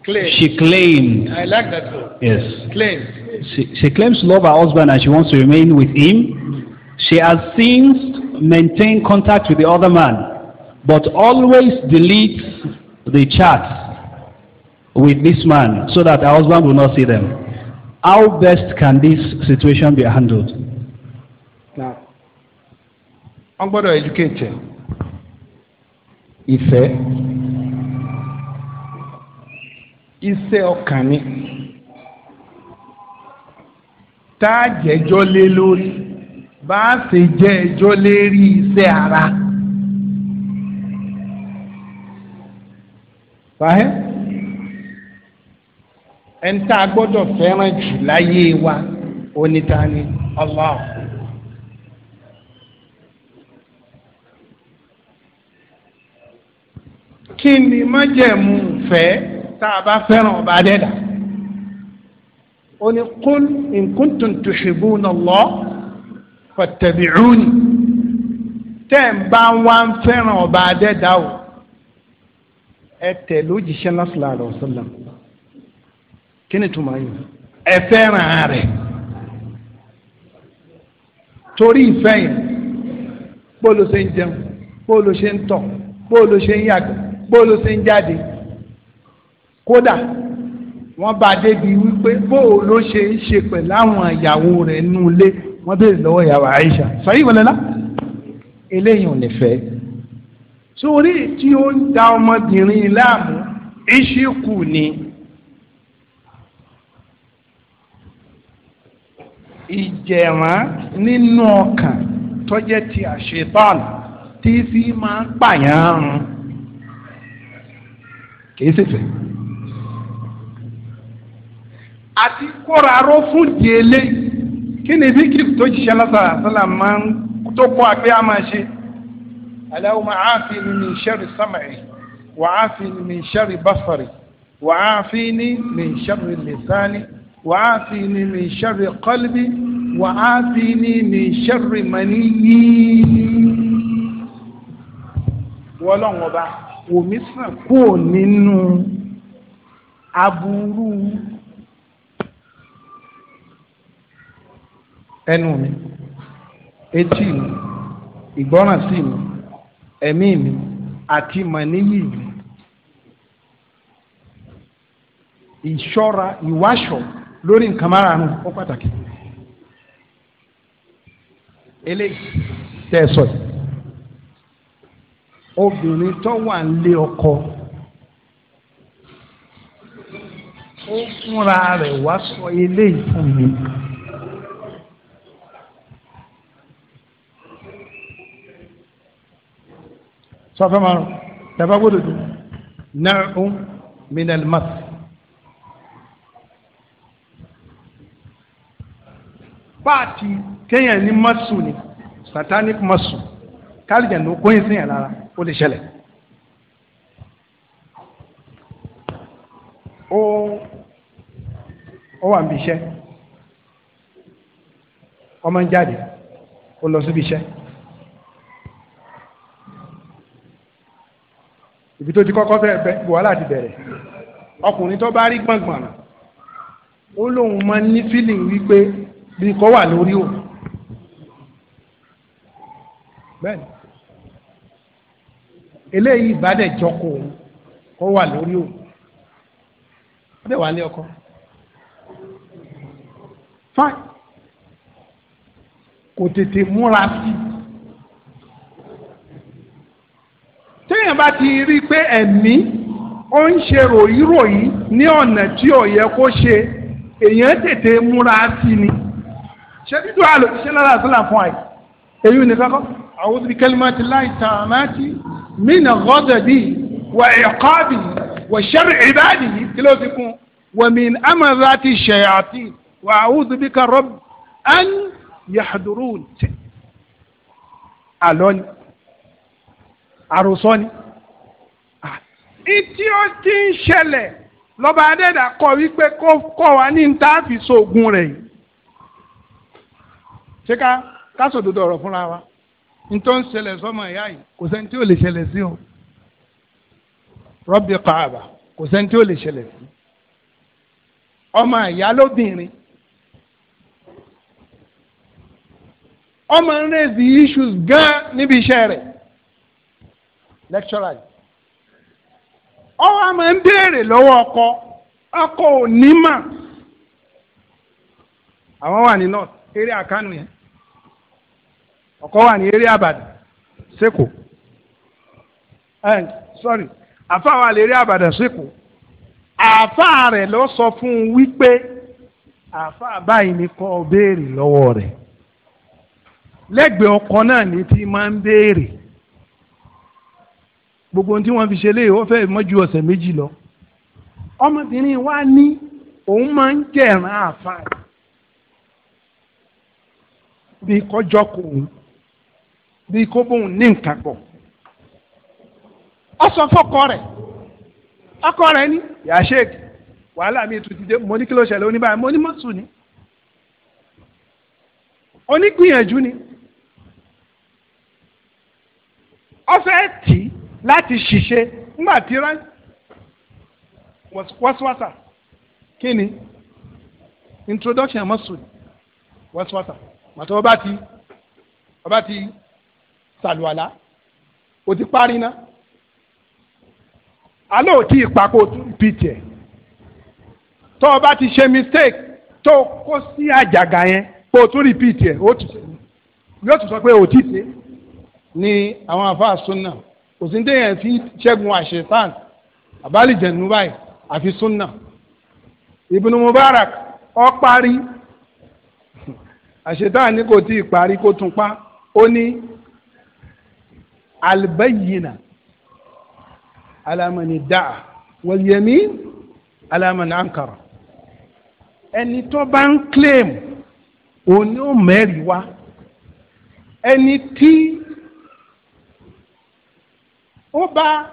Claim. She claimed. I like that word. Yes. claim. She, she claims to love her husband and she wants to remain with him. She has since maintained contact with the other man, but always deletes the chats with this man so that her husband will not see them. How best can this situation be handled? Now, wọ́n gbọ́dọ̀ educate ẹ̀ ìfẹ́ iṣẹ́ ọkàn ni tá a jẹ́jọ́ lé lórí bá a ṣe jẹ́ ẹjọ́ lérí iṣẹ́ ara. Fahim? ẹni tá a gbọ́dọ̀ fẹ́ràn jù láyé wa onítàní Allah. kí ni májẹ̀mú fẹ́ tá a bá fẹ́ràn ọba dẹ́dà ó ní qul in kuntum tuhibbuna Allah fattabi'uni tẹ́ ń bá wá ń fẹ́ràn ọba dẹ́dà o ẹ tẹ̀ lójijì sallallahu alaihi wasallam kí ni tuma yìí ẹ fẹ́ràn rẹ̀ torí ìfẹ́ yẹn bóòlù ṣe ń jẹun bóòlù ṣe ń tọ̀ bóòlù ṣe ń yàgbẹ́ bóòlù ṣe ń jáde kódà wọ́n bá débi wípé bóòlù ṣe ń ṣe pẹ̀lú àwọn ìyàwó rẹ̀ nù lé wọ́n béèrè lọ́wọ́ ìyàwó Aisha sọ yìí eléyìí ò ní fẹ́ sórí tí ó ń da ọmọbìnrin láàmú ìṣíkù ni. So, ìjẹ̀rán nínú ọkàn tó jẹ́ ti àṣetán tí fi máa ń pààyàn run kìí ṣèfẹ́. àti kóra ró fún délé kí ni zikiri tó jíṣẹ́ lọ́sàrà sọ́là máa ń tó kọ́ àgbé a máa ṣe. Allahumma aafini min sharri sam'i wa aafini min sharri basari wa aafini min sharri lisani. وعافيني من شر قلبي وعافيني من شر منيي wọlọ́n ọba wòmí sàn kúò nínú aburú ẹnu mi etí mi ìgbọ́ràn sí mi ẹ̀mí mi àti màníyì mi ìṣọ́ra ìwáṣọ̀. lórí nǹkan márùn-ún ó pàtàkì eléyìí tẹ́ sọ yìí obìnrin tó wà nílé ọkọ ó fúnra rẹ̀ wá sọ eléyìí fún mi. gbọ́dọ̀ náà minal paati kẽya ne masu ni satanic masu kalgẽnd kõe zẽa lara o le sɛlɛ o o wan bisɛ o man jade o los bisɛ ibi to ti kɔkɔ fɛ bɛ wala ti bɛrɛ ɔkùnrin tɔ bá rí gbangbana o lóun ma ní fílìn bí kò wà lórí o bẹ́ẹ̀ni eléyìí ìbádẹ́ jọkọ òun kò wà lórí o ó wà lé ọkọ fine kò tètè múra sí téèyàn bá ti rí i pé ẹ̀mí ó ń ṣe ròyìnròyìn ní ọ̀nà tí ò yẹ kó ṣe èèyàn tètè múra sí ni ṣé dídú àlò ṣé lára àtúnlà fún àyè èyí ni kọ́kọ́ a'udhu bi kalimatillahi tammati min ghadabihi wa iqabihi wa sharri ibadihi kí ló fi kún wa min amazati shayatin wa a'udhu bika rabb an yahdurun àlọ́ ni àròsọ ni. Ìtí ó ti ń ṣẹlẹ̀ lọ́ba Adẹ́dà kọ wípé kó wa ní ní fi sóògùn rẹ̀ yìí. ṣé ká ká sòdodo ọ̀rọ̀ fúnra wa nítorí ń ṣẹlẹ̀ sọ́mọ ìyá yìí kò sẹ́ni tí ò lè ṣẹlẹ̀ sí o rọ́bì kààbà kò sẹ́ni tí ò lè ṣẹlẹ̀ sí ọmọ ìyá lóbìnrin ọmọ ń raise issues gan níbi iṣẹ́ rẹ̀ lecturer yìí ọwọ́ àmọ́ ń béèrè lọ́wọ́ ọkọ ọkọ ò ní mà àwọn wà ní north eré àkánú yẹn ọ̀kọ́ wa ní eré àbàdàn sẹ́kọ̀ ẹ̀ sorry àfa wa lè eré àbàdàn sẹ́kọ̀ àfa rẹ̀ ló sọ fún un wípé àfa báyìí ni kọ́ ọ béèrè lọ́wọ́ rẹ̀ lẹ́gbẹ̀ẹ́ ọkọ náà ní ti máa ń béèrè gbogbo ohun tí wọ́n fi ṣe léyìí ó fẹ́ẹ́ mọ́jú ọ̀sẹ̀ méjì lọ ọmọbìnrin wa ní òun máa ń jẹ̀ràn àfa bí kọjọ́ kò ń bí kó bóun ní nǹkan pọ̀ ọ sọ fọkọ rẹ̀ ọkọ rẹ̀ ní yàṣẹ́ẹ̀kì wàhálà mi tún ti dé mo ní kí ló ṣẹlẹ̀ oníbàárà mo ní mọ́tò ni onígbìyànjú ni ọ fẹ́ tì í láti ṣiṣẹ́ ńgbà tí rán wọ́síwọ́sà kí ni introduction mọ́tò wọ́síwọ́sà màtọ́ ọba ti ọba ti sàlùwàlá o ti parí ná alẹ́ ò tí ì pàkó tó o bá ti ṣe mistake tó o kó sí àjàgà yẹn kó o tún repeat ẹ̀ o tún yóò tún sọ pé o tí ṣe ni àwọn àfáà sunna kò sí déyàn fi ṣẹ́gun àṣetán àbálìjẹ̀nu báyìí àfi sunna Ibn Mubarak ó parí àṣetán ni kò tí ì parí kó tún pa ó ní albayyina alamani da'a wàlíyẹmí alamani ankara ẹni tó bá ń claim òun ni ó mẹ́rin wá ẹni tí ó bá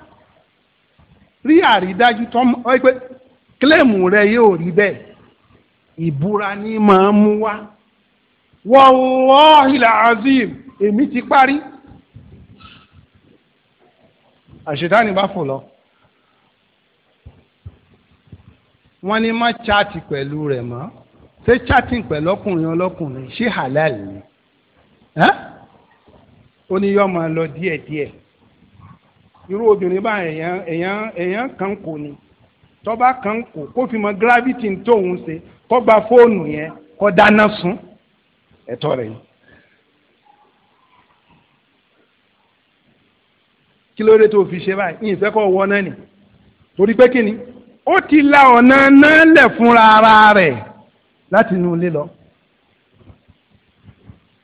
rí àrídájú tó ọ pé kílẹ̀mù rẹ yóò rí bẹ́ẹ̀ ìbúra ni màá mú wá wàlláhi làásìm èmi ti parí àṣetáni bá fò lọ. wọ́n ní má chaati pẹ̀lú rẹ̀ mọ́ ṣé chaati pẹ̀lú ọkùnrin ọlọ́kùnrin ṣé halal ni ó ní yọ́ọ́ máa lọ díẹ̀díẹ̀ irú obìnrin bá èèyàn èèyàn èèyàn kan kò ní tọ́ba kan kò kó fi mọ gravity tóun ṣe kó gba fóònù yẹn kó dáná sun ẹ̀tọ́ rẹ̀ yìí. kí ló dé tó fi ṣe báyìí ìfẹ́ kọ́ wọ náà nì torí pé kí ni ó ti la ọ̀nà náà lẹ̀ fúnra ara rẹ̀ láti inú ilé lọ.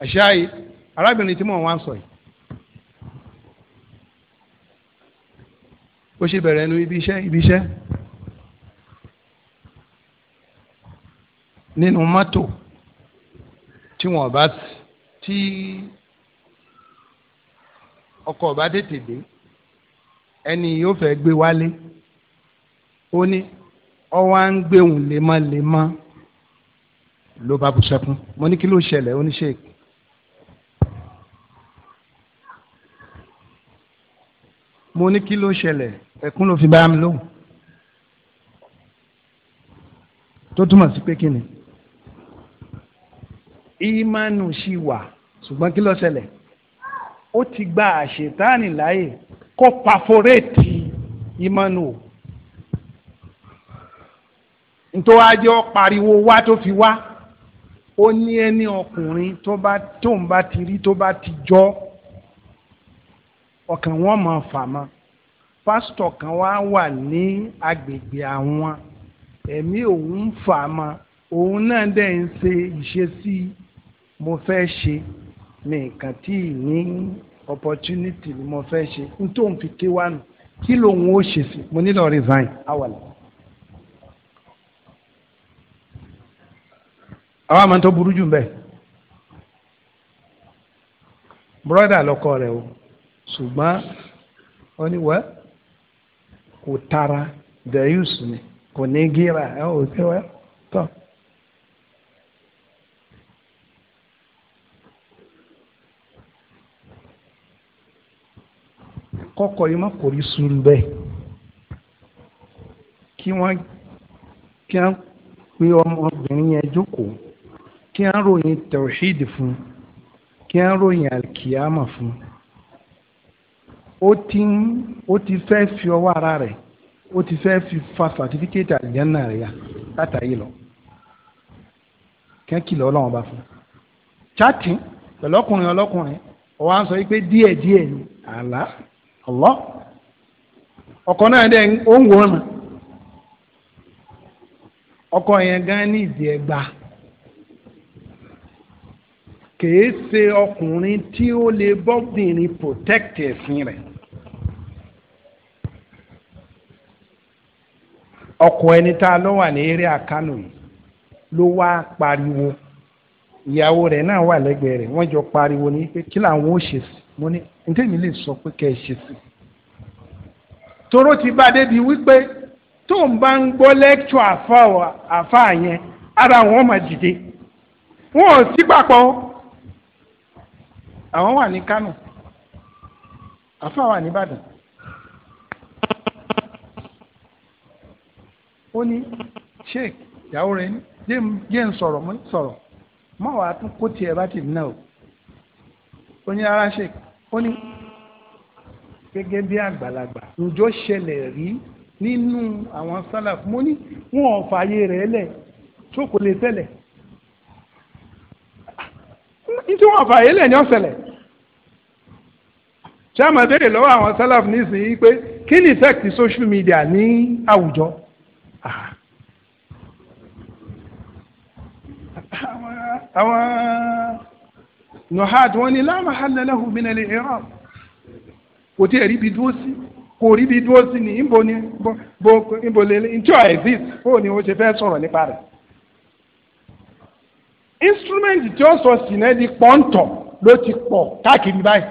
àṣà yìí arábìnrin tí mò ń wá sọ yìí ó ṣe bẹ̀rẹ̀ nu ibi iṣẹ́ ibi iṣẹ́ nínú mọ́tò tí wọ́n bá tí ọkọ̀ bá tètè dé ẹni yóò fẹ́ gbé wálé ó ní ọwọ́ à ń gbéhùn lemọ́lemọ́ ló bá bu sẹ́kún mo ní kí ló ṣẹlẹ̀ ó ní mo ní kí ló ṣẹlẹ̀ ẹkún ló fi bá mi lóhùn tó túmọ̀ sí pé kí ni ìmánu ṣì wà ṣùgbọ́n kí ló ṣẹlẹ̀ ó ti gba àṣetáàní kó pàfóréètì ìmọ̀nù nítorí ọ pariwo wá tó fi wá ó ní ẹni ọkùnrin tó bá tóun bá ti rí tó bá ti jọ ọkàn wọn máa fà mọ́ pásítọ̀ kan wá wà ní agbègbè àwọn ẹ̀mí òun ń fà mọ́ òun náà dẹ̀ ń ṣe ìṣesí mo fẹ́ ṣe ní nǹkan tí ì ní opportunity ni mo fẹ́ ṣe n tó n fi ké wá nù kí lòun ó ṣe sí mo nílò resign awàlà. àwọn àmọ́ tó burú jù bẹ́ẹ̀ broda lọkọ rẹ o ṣùgbọ́n ó ní wẹ́ kò tara the use ni kò ní gíra ẹ ò ṣe wẹ́ tọ́. kọ́kọ́ yìí má kò rí sùúrù bẹ́ẹ̀ kí wọ́n kí wọ́n pe ọmọbìnrin yẹn jókòó kí wọ́n ròyìn tawhid fún kí wọ́n ròyìn alkiyama fún ó ti ń ó ti fẹ́ fi ọwọ́ ara rẹ̀ ó ti fẹ́ fi fa sàtífíkẹ́tì àlìjánná rẹ̀ yá látàyè lọ kí wọ́n kìlọ̀ bá fún chatting pẹ̀lú ọkùnrin ọlọ́kùnrin ọwọ́ à ń sọ yìí pé díẹ̀díẹ̀ ni àlá Allah ọkọ náà dẹ̀ ó ń wọ́n ọkọ yẹn gan ní ìdí ẹgbà kìí ṣe ọkùnrin tí ó lè bọ́bìnrin protect ẹ̀sìn rẹ̀ ọkọ ẹni tá a lọ wà ní eré àkánò yìí ló wá pariwo ìyàwó rẹ̀ náà wà lẹ́gbẹ̀ẹ́ rẹ̀ wọ́n jọ pariwo ní pé kí làwọn ó ṣe sí mo ní ntẹ́mi lè sọ pé kẹ́ ẹ ṣe sí toró ti bá débi wípé tó ń bá ń gbọ́ lẹ́kṣọ̀ àfa yẹn ara wọn máa dìde wọn ò sí papọ̀ àwọn wà ní Kánò àfa wà ní Ìbàdàn ó ní sheik ìyàwó rẹ jẹ́ ń sọ̀rọ̀ mọ́ sọ̀rọ̀ mọ́ wàá tún kó tiẹ̀ bá ti dín náà o ó ní ara sheik ó ní gẹ́gẹ́ bí àgbàlagbà ǹjọ́ ṣẹlẹ̀ rí nínú àwọn sálàf mo ní wọn ò fààyè rẹ̀ lẹ̀ tó kò lè ṣẹlẹ̀ nítorí wọn ò fààyè lẹ̀ ní ọ̀sẹ̀lẹ̀ chairman béèrè lọ́wọ́ àwọn sálàf nísìnyí pé kí ni effect social media ní àwùjọ àwọn àwọn nuhat wọn ni la mahalla lahu min al-i'rab kò tí ẹ̀ rí ibi dúró sí kò rí ibi dúró sí ni ìbò ni ìbò lélẹ̀ ntí ọ̀ exist ó ní o ṣe fẹ́ sọ̀rọ̀ nípa rẹ̀ instrument tí ó sọ sí náà di pọ́ńtọ̀ ló ti pọ̀ káàkiri báyìí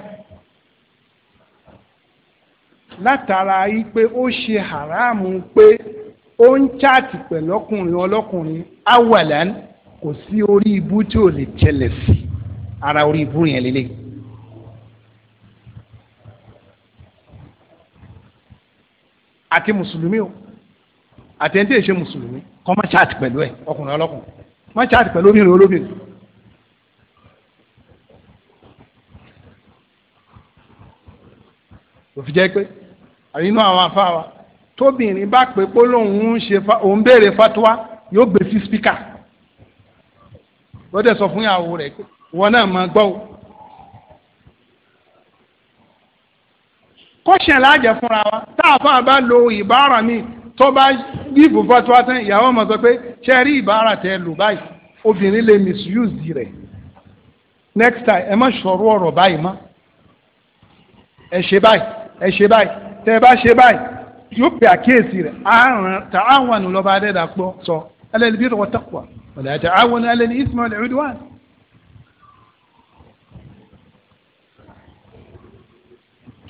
látara yìí pé ó ṣe haramu pé ó ń chaati pẹ̀lú ọkùnrin ọlọ́kùnrin awalan kò sí orí ibú tí ò lè jẹlẹ̀ sí i ara orí ibú yẹn lélẹ̀. àti mùsùlùmí o àti ẹni tí èsè mùsùlùmí kọ́ má chat pẹ̀lú ẹ̀ ọkùnrin ọlọ́kùnrin má chaati pẹ̀lú obìnrin olóbìnrin. òfin jẹ́ pé àyínú àwọn afá wa tóbìnrin bá pé polóhùn ń ṣe òun béèrè fatuwa yóò gbé sí spíkà lọ́dẹ̀ sọ fún ìyàwó rẹ̀ pé wọn náà máa gbọ́ o. kọ́ṣẹ̀ láàjẹ̀ fúnra wa tá a fáà bá lo ìbára mi tó bá gífù fatuwa tán ìyàwó ọmọ sọ pé ṣe rí ìbára tẹ lò báyìí obìnrin lè misuse rẹ̀ next time ẹ má sọ̀rọ̀ ọ̀rọ̀ báyìí mọ́ ẹ ṣe báyìí ẹ ṣe báyìí tẹ bá ṣe báyìí yóò pè àkíyèsí rẹ̀ àrùn tààwọn lọ́ba adẹ́dàpọ̀ sọ alẹ́ níbi ìrọ̀wọ́ taqwa wala ta'awanu alal ismi wal udwan.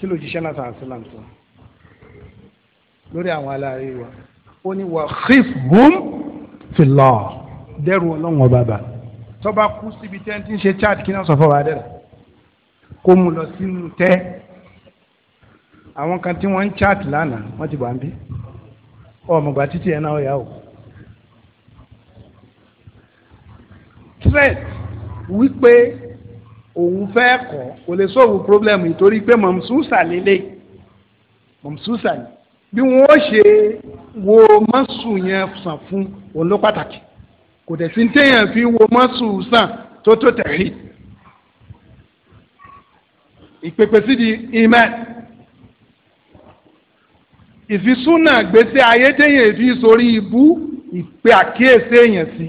kí ló jíṣẹ́ náà sàn sílám sọ lórí àwọn aláàárẹ̀ wa ó ní wà khifhum fillah dẹ́rù ọlọ́run ọba bá tọ́ba kú síbi tẹ́ntì ń ṣe chad kí náà sọ fọ́ wa dẹ́rẹ̀ kó mu lọ sínú tẹ́ àwọn kan tí wọ́n ń chat lánàá wọ́n ti wà ń bí ọmọgbà títí ẹ̀ náà yà ó. threat wípé òun fẹ́ kọ́ kò lè sọ̀rọ̀ pírọ́blẹ́mù nítorí pé mọ̀mùsùsà lélẹ̀ mọ̀mùsùsà ni bí wọ́n ó ṣe wo mọ́sù yẹn sàn fún òun ló pàtàkì kò dẹ̀ sí téèyàn fi wo mọ́sù sàn tó tó tẹ̀rí ìpèpè sí di imẹ́ ìfisúnà gbèsè ayé téèyàn ìfi sórí ibú ìpè àkíyèsí èèyàn sí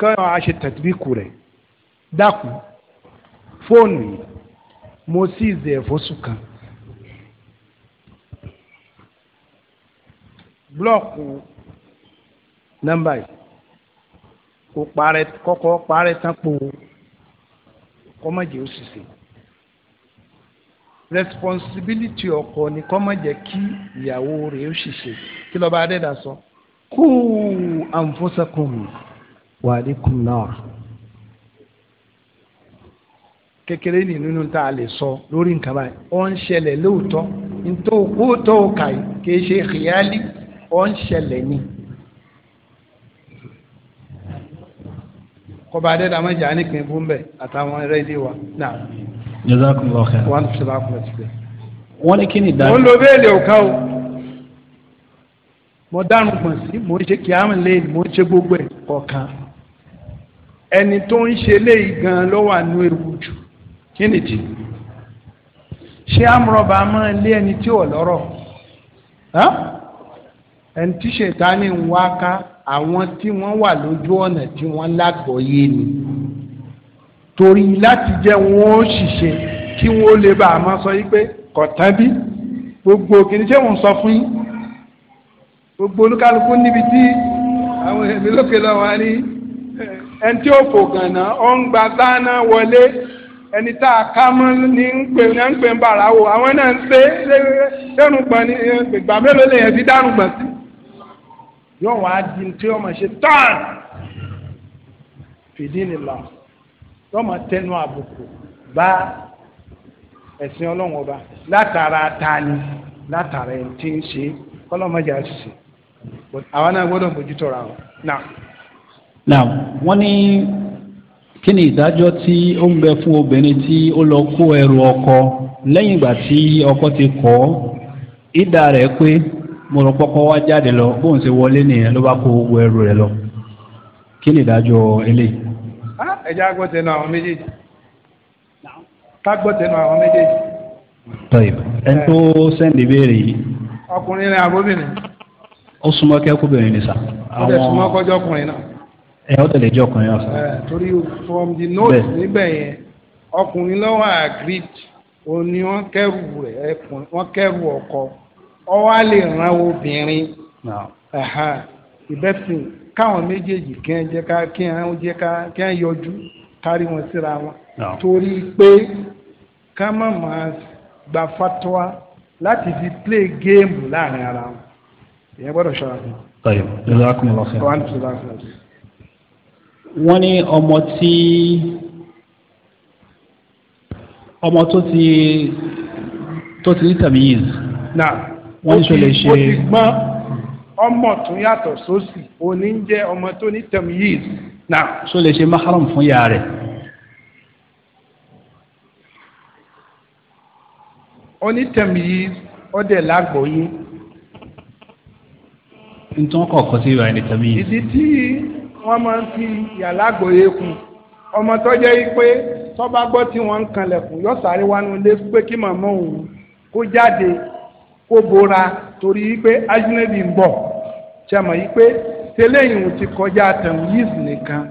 kí wọ́n á ṣe tẹ̀tìbíkù rẹ̀ dákun fóònù yìí mo sì zẹ̀ fóṣù kan blọọkù nọ́mbà yìí kò parẹ́ kọ́kọ́ parẹ́ tán po kọ́mọ̀jì responsibility ọkọ ni kọ́mọ̀jẹ̀ kí ìyàwó rẹ̀ ó sì sè kí lọ́ba adẹ́dà sọ kú anfusakum wa alikum náà kékeré ní nínú tá a lè sọ lórí nǹkan báyìí ó ń ṣẹlẹ̀ lóòótọ́ nítòótọ́ òkà yìí kì í ṣe khiyali ó ṣẹlẹ̀ ni. kọba adé dàmé jà ní kìnnìkú ń bẹ àtàwọn rẹ́dí wa náà. jazakumullahu khair. wọn ti bá kúrò ti bẹ. wọn ní kí ni dáná. mo ń lo béèlì òkà o mo dánù pọ̀ sí mo ń ṣe kíámù lẹ́yìn mo ń ṣe gbogbo ẹ̀ kọ̀ọ̀kan ẹni tó ń ṣe léyìí gan-an ló wà nínú ewu jù kí nìdí ṣé amúrọ̀bà máa lé ẹni tí ò lọ́rọ̀ ẹni tí ṣètánì ń wá ká àwọn tí wọ́n wà lójú ọ̀nà tí wọ́n lágbọ̀ọ́yé ni torí láti jẹ́ wọn ó ṣìṣe kí wọ́n ó lè bá a máa sọ yí pé kọ̀tán bí gbogbo kìíní ṣé wọ́n sọ fún yín gbogbo olúkálukú níbi tí àwọn èmi lókè lọ́wọ́ á ní ẹni tí ó fò gànà ó ń gba sáánà wọlé ẹni tá a ká mọ́ ní ń pè ní ń pè ń bàrà wò àwọn náà ń ṣe dẹrùngbọ̀n ní ìgbà mélòó lè yẹn fi dárùngbọ̀n sí. yóò wá di tí wọ́n máa ṣe tán fìdí nìlá wọ́n máa tẹnu àbùkù bá ẹ̀sìn ọlọ́run ọba látara tani látara ẹ̀ tí ń ṣe kọ́lọ́mọdé àṣìṣe àwọn náà gbọ́dọ̀ bójútó ra wọn. wọ́n ní kí ni ìdájọ́ tí ó ń bẹ fún obìnrin tí ó lọ kó ẹrù ọkọ lẹ́yìn ìgbà tí ọkọ ti kọ̀ ọ́ ìdá rẹ̀ pé mo rọ pọ́kọ́ wá jáde lọ bóun ṣe wọlé nìyẹn ló bá kó gbogbo ẹrù rẹ̀ lọ kí ni ìdájọ́ eléyìí. ẹja gbọ́tẹ̀ náà àwọn méjèèjì ká gbọ́tẹ̀ náà àwọn méjèèjì. tọ́yì ẹ tó sẹ́ndì béèrè yìí. ọkùnrin ni àbóbìnrin. ó súnmọ́ kẹ́kọ̀ọ́ bẹ̀rẹ̀ sà. ó dẹ̀ súnmọ́ kọjọ́ ọkùnrin náà ẹ ó tẹ̀lé jọ ọkùnrin ọ̀sán. torí from the note níbẹ̀ yẹn ọkùnrin lọ́wọ́ agreed òní wọ́n kẹ́rù rẹ̀ wọ́n kẹ́rù ọkọ ọ wá lè ran obìnrin ìbẹ́sìn káwọn méjèèjì kí wọ́n jẹ́ ká kí wọ́n jẹ́ ká kí wọ́n yọjú kárí wọn síra wọn torí pé ká má máa gba fatwa láti fi play game láàrin ara wọn ìyẹn gbọ́dọ̀ ṣọ́ra fún un. طيب جزاكم الله خير wọ́n ní ọmọ tí ọmọ tó ti tó ti ní tamiz. na wọ́n ní sọlẹ̀ ṣe. mo ti gbọ́n ọmọ tún yàtọ̀ sósì òní ń jẹ́ ọmọ tó ní tamiz. na sọlẹ̀ ṣe maharam fún yàrá rẹ̀. onítẹ̀míyí ọdẹ lágbóyún. ntọ́ kọ̀ọ̀kan sí ìwà ẹni tẹ̀míyí. ìdí tí wọ́n máa ń fi yàlágbòye kun ọmọ tó jẹ́ pé tó bá gbọ́ tí wọ́n ń kanlẹ̀kùn yọ sáré wánú ilé pé kí màmá òun kó jáde kó bora torí pé ajínẹ́bì ń bọ̀ ṣe mọ̀ yí pé tẹ́lẹ̀yìn ti kọjá tẹ̀hún yìí nìkan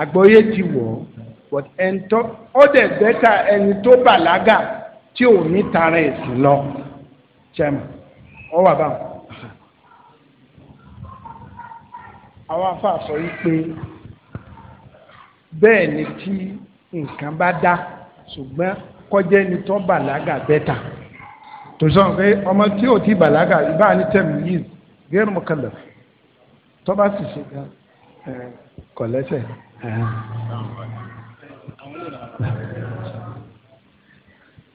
àgbọ́yé ti wọ̀ ọ́ but ẹni tó ó dẹ̀ bẹ́tà ẹni tó bàlágà tí ò ní tara ẹ̀sìn lọ ṣe ọ wà báwọn. àwọn afáà sọ yìí pé bẹ́ẹ̀ ni tí nǹkan bá dá ṣùgbọ́n kọjá ẹni tó bàlágà bẹ́tà tó sọ pé ọmọ tí ò ti bàlágà ìbá ní tẹ̀mí yìí gẹ́rù mọ́kànlá tó bá sì ṣe gan kọ̀ lẹ́sẹ̀.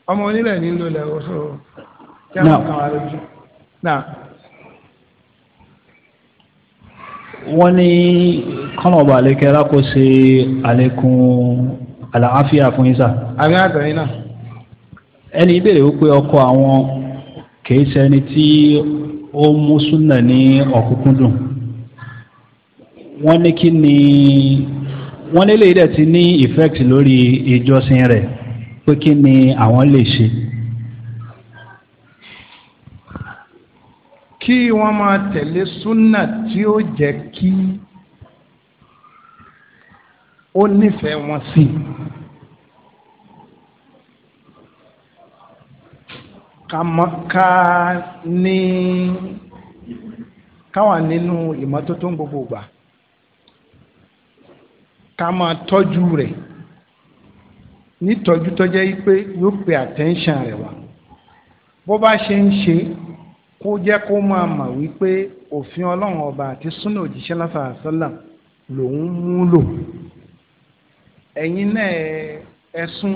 ọmọ onílẹ̀ ní ló lẹ́wọ́ sọ. náà. wọ́n ní kọ́nọ̀bà àlékẹ́ alákòóso àlékún àlàáfíà fún yín sà. àmì àtẹ̀yìn náà. ẹni ìbéèrè wípé ọkọ àwọn kìí ṣẹni tí ó mú súnà ní ọ̀kúnkúndùn wọ́n ní kí ni wọ́n nílé ìdẹ̀ ti ní effect lórí ìjọsìn rẹ̀ pé kí ni àwọn lè ṣe. kí wọ́n máa tẹ̀lé súnà tí ó jẹ́ kí ó nífẹ̀ẹ́ wọn sí i. ká ní káwà nínú ìmọ́tótó ń gbogbo gbà ká máa tọ́jú rẹ̀ nítọ́jú tó jẹ́ pé yóò pe attention rẹ̀ wá bó bá ṣe ń ṣe kó jẹ́ kó máa mọ̀ wípé òfin ọlọ́run ọba àti súnà òjíṣẹ́ lásà àṣálàm mú lò ẹ̀yin náà ẹ̀sùn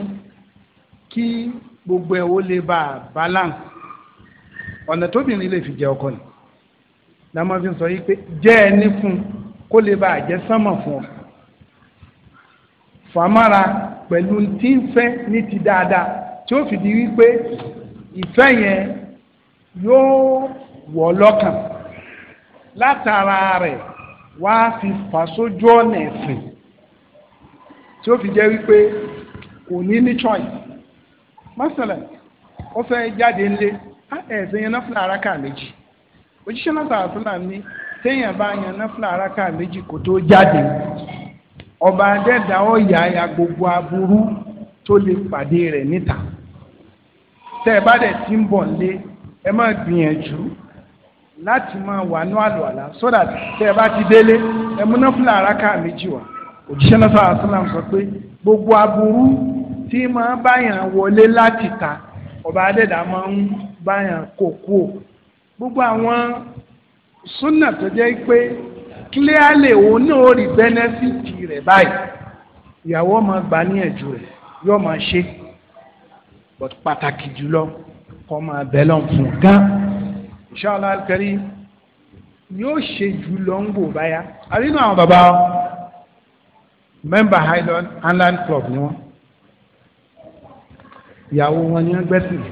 kí gbogbo ẹ̀ ó lè bá a balance ọ̀nà tóbìnrin lè fi jẹ ọkọ ni lámọ́ fi sọ wípé jẹ́ ẹni fún kó lè bá a jẹ́ sánmọ̀ fún ọ fàmárà pẹ̀lú tí ń fẹ́ ní ti dáadáa tí ó fìdí wípé ìfẹ́ yẹn yóò wọ̀ lọ́kàn látara rẹ̀ wá fi fà sójú ọ̀nà ẹ̀sìn tí ó fi jẹ́ wípé kò ní ní choice mọ́sálà ó fẹ́ jáde ńlé ẹ̀sìn yẹn náà fúnra ká méjì òjíṣẹ́ náà sàrà fúnra ní téèyàn bá yan náà fúnra méjì kò ọba ọ̀yà ya gbogbo aburú tó lè pàdé rẹ̀ níta tẹ́ ẹ bá ti ń ẹ máa gbìyànjú láti máa wà ní àlùwàlà so that tẹ́ ẹ bá ti délé ẹ múná fúlà àràkà méjì wá òjíṣẹ́ náà sọ̀rọ̀ sọ́làm sọ pé gbogbo aburú tí máa báyàn wọlé láti ta ọba adẹ́dà máa ń báyàn kó kú o gbogbo àwọn súnà tó jẹ́ pé clearly òun náà rí benefit rẹ̀ báyìí ìyàwó máa gbà níyànjú rẹ̀ yóò máa ṣe pàtàkì jùlọ kọ́ máa bẹ́ lọ́n fún gán inshallah alkarim yóò ṣe jù lọ ń gbò báyà àrínú àwọn bàbá mẹ́mbà Highland Highland Club ni wọ́n ìyàwó wọn ni wọ́n gbẹ́sìn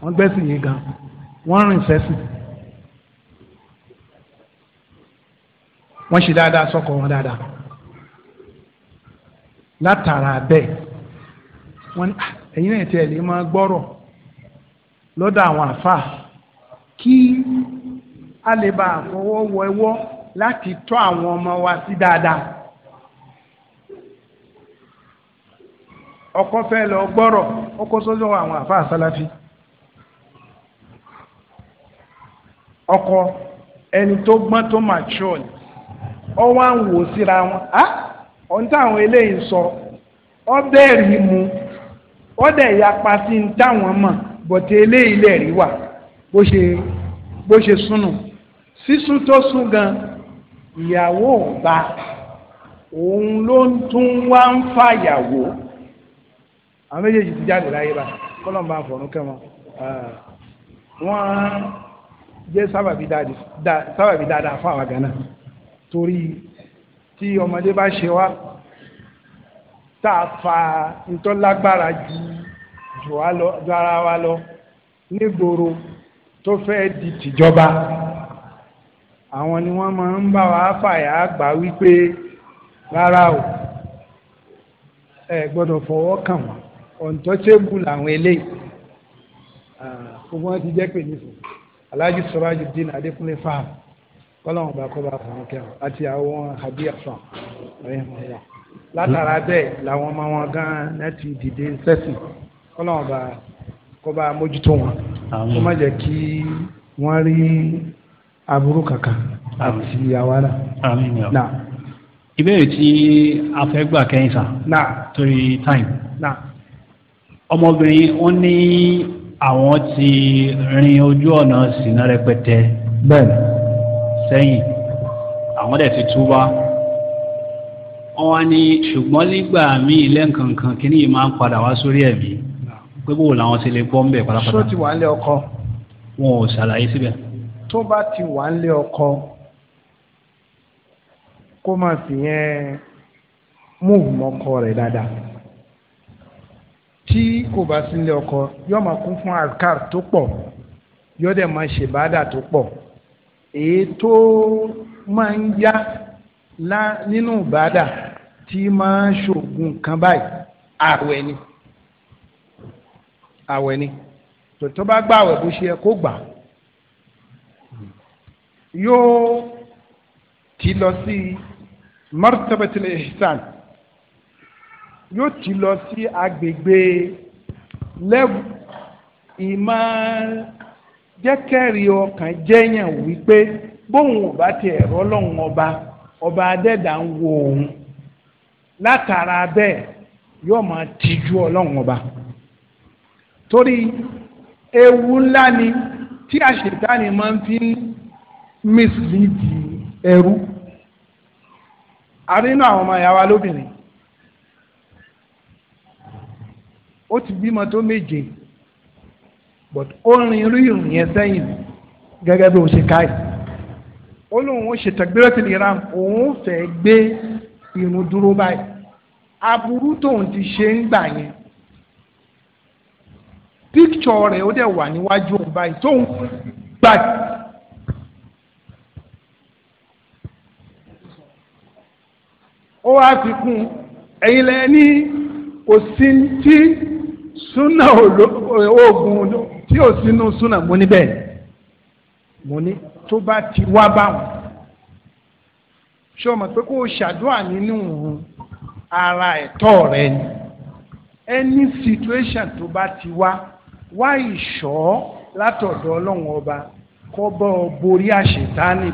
wọ́n gbẹ́sìn yìí gan wọ́n rìn sẹ́sìn. wọ́n ṣe dáadáa sọ́kọ wọn dáadáa látara bẹ́ẹ̀ wọ́n ní ah, ẹ̀yin náà tiẹ̀ lè máa gbọ́rọ̀ lọ́dọ̀ àwọn àfa kí a lè bá àfọwọ́ wọ ẹwọ́ láti tọ́ àwọn ọmọ wa sí dáadáa. ọkọ fẹ́ lọ gbọrọ ọkọ sọ́jọ́ àwọn àfa sáláfí ọkọ ẹni tó gbọn tó mature ni ọwọ́ àwọn wò síra wọn ọ ọ̀n táwọn eléyìí sọ ọ bẹ́ẹ̀ rí mu. ó dẹ̀ yapa sí ní táwọn mọ̀ bọ̀tẹ́ eléyìí lẹ̀ rí wà bó ṣe bó ṣe súnù sísún tó sún gan ìyàwó ọba òun ló tún wá ń fàyàwó àwọn méjèèjì ti jáde láyé bá kọ́lọ́mbà àfọ̀rún kẹ́wọ́n wọ́n jẹ́ sábàbí dáadáa fún àwọn àgànà torí tí ọmọdé bá ṣe wá tá a fa nítorí lágbára ju ju ara wa lọ nígboro tó fẹ́ di tìjọba àwọn ni wọ́n máa ń bá wa fàyà gbà wípé rárá o ẹ gbọ́dọ̀ fọwọ́ kàn wọ́n ọ̀ǹtọ́tẹ́bù làwọn eléyìí gbogbo wọn ti jẹ́ pé nífò Alhaji Surajuddin Adékúnlé fáàmù kọ́lọ́mù bá bá fàwọn àti àwọn àbí àfàm ọ̀yẹ́ mọ̀ ọ́ látara bẹ́ẹ̀ làwọn ọmọ wọn gan láti dìde sẹ́sìn kọ́lọ́wọ́n bá kó bá mójútó wọn kó má jẹ́ kí wọ́n rí aburú kankan àti àwa náà. ìbéèrè tí a fẹ́ gbà kẹ́yìn sá torí time ọmọbìnrin wọn ní àwọn ti rin ojú ọ̀nà sínú rẹpẹtẹ bẹ́ẹ̀ sẹ́yìn àwọn dẹ̀ ti túbá wọ́n ní ṣùgbọ́n nígbà míì lẹ́ǹkankan kíní yìí máa ń padà wá sórí ẹ̀mí pé bó làwọn ṣe lè bọ́ ń bẹ̀ pátápátá. ṣó ti wà ń lé ọkọ. wọn ò ṣàlàyé síbẹ̀. tó bá ti wà ń lé ọkọ kó má fi yẹn múùmù ọkọ rẹ̀ dáadáa tí kò bá sí ilé ọkọ yóò máa kún fún alkar tó pọ̀ yóò dẹ̀ máa ṣèbádà tó pọ̀ èyí tó máa ń yá nínú ìbádà tí máa ń ṣògùn kan báyìí àwẹ̀ ni àwẹ̀ ni tòtò bá gbà àwẹ̀ bó ṣe yẹ kó gbà yóò ti lọ sí martabatul ihsan yóò ti lọ sí agbègbè lẹ́wù ìmọ̀ jẹ́kẹ̀rì ọkàn jẹ́yàn wípé bóun ò bá ti ẹ̀rọ ọba ọba adẹ́dà ń wo òun látara bẹ́ẹ̀ yóò máa tijú ọlọ́run ọba torí ewu ńlá ni tí àṣetánì máa ń fi mísìlìdì ẹrú àrínú àwọn ọmọ ìyá wa lóbìnrin ó ti bímọ tó méje but ó rin irú ìrìn yẹn sẹ́yìn gẹ́gẹ́ bí o ṣe káyìí ó lóun ó ṣe takbiratul ihram òun fẹ́ gbé irun dúró báyìí aburú tóun ti ṣe ń gbà yẹn píkṣọ rẹ̀ ó dẹ̀ wà níwájú òun báyìí tóun gbà ó wá fi kún ẹ̀yin lẹ́yìn ní kò tí súnà oògùn tí ò sínú súnà mọ́ níbẹ̀ mo ní tó bá ti wá báwọn ṣé o mọ̀ pé kó o ṣàdúrà nínú òun ara ẹ̀tọ́ rẹ ni any situation tó bá ti wá wá ìṣọ́ látọ̀dọ̀ ọlọ́run ọba kọ́ bọ́ ọ borí àṣetánì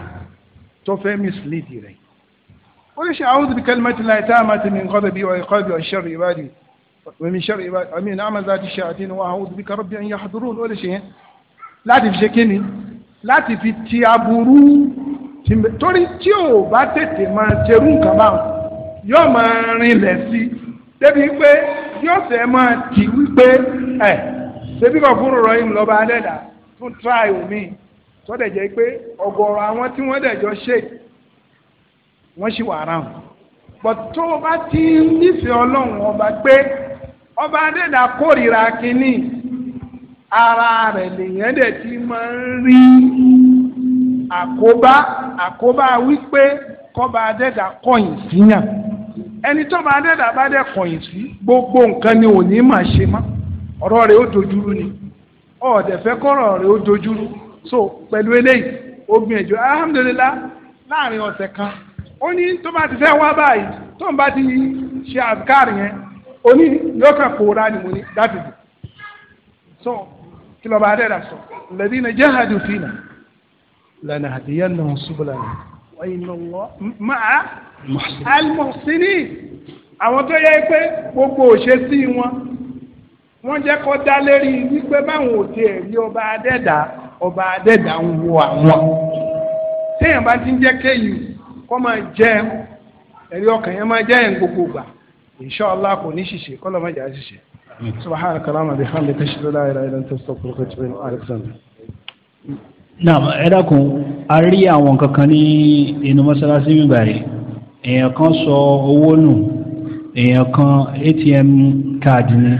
tó fẹ́ mislead rẹ̀ ó lè ṣe a'udhu bi kalimati llahi tammati min ghadabi wa iqabi wa sharri ibadi wa min sharri ibadi wa min hamazati shayatin wa a'udhu bika rabbi an yahdurun ó lè ṣe yẹn láti fi ṣe kí ni láti fi ti aburú torí tí ò bá tètè máa ṣerú nǹkan báwọn yóò máa rinlẹ̀ sí i débi pé yóò sẹ́ máa tì wípé ẹ̀ ṣebí kò fúnra rọ yìí lọ́ba adẹ́dà tún tíráì omi tọ́dẹ̀ jẹ́ pé ọ̀gọ̀ọ̀rọ̀ àwọn tí wọ́n dẹ̀ jọ ṣe wọ́n ṣì wà ara wọn but tó o bá ti ń nífẹ̀ẹ́ ọlọ́run ọba pé ọba adẹ́dà kórìíra kínní ara rẹ̀ lèyàn ti máa ń rí àkóbá àkóbá wípé kọ́ba adẹ́dà kọ̀yìn síyàn ẹni tọ́ba adẹ́dà bá dẹ̀ sí gbogbo nǹkan ni òní máa ṣe mọ́ ọ̀rọ̀ rẹ̀ ó dojúrú ni ọ̀ọ́dẹ̀ fẹ́ kọ́rọ̀ ó dojúrú so pẹ̀lú eléyìí ó gbìyànjú alhamdulillah láàrin ọ̀sẹ̀ kan ó ní tó bá ti fẹ́ wá báyìí tó ń bá ti ṣe ni mo so kí lọ́ba adẹ́dà sọ alladhina jahadu fina lanahdiyannahum subulana wa inna Allah ma'a al-muhsinin àwọn tó yẹ pé gbogbo òṣèṣì wọn wọ́n jẹ́ kó dá lérí wípé báwọn ò tiẹ̀ rí ọba adẹ́dà ọba adẹ́dà ń wo àwọn téèyàn bá ti ń jẹ́ kéyìí kó máa jẹ́ ẹ̀rí ọkàn yẹn máa jẹ́ ẹ̀ ń gbogbo gbà insha kò ní ṣìṣe kọ́ lọ́mọdé سبحانك اللهم بحمدك اشهد لا اله الا انت استغفرك واتوب اليك naam ẹ a àwọn kankan ní inú mọ́sálásí mi báyìí èèyàn kan sọ owó nù èèyàn kan atm card ni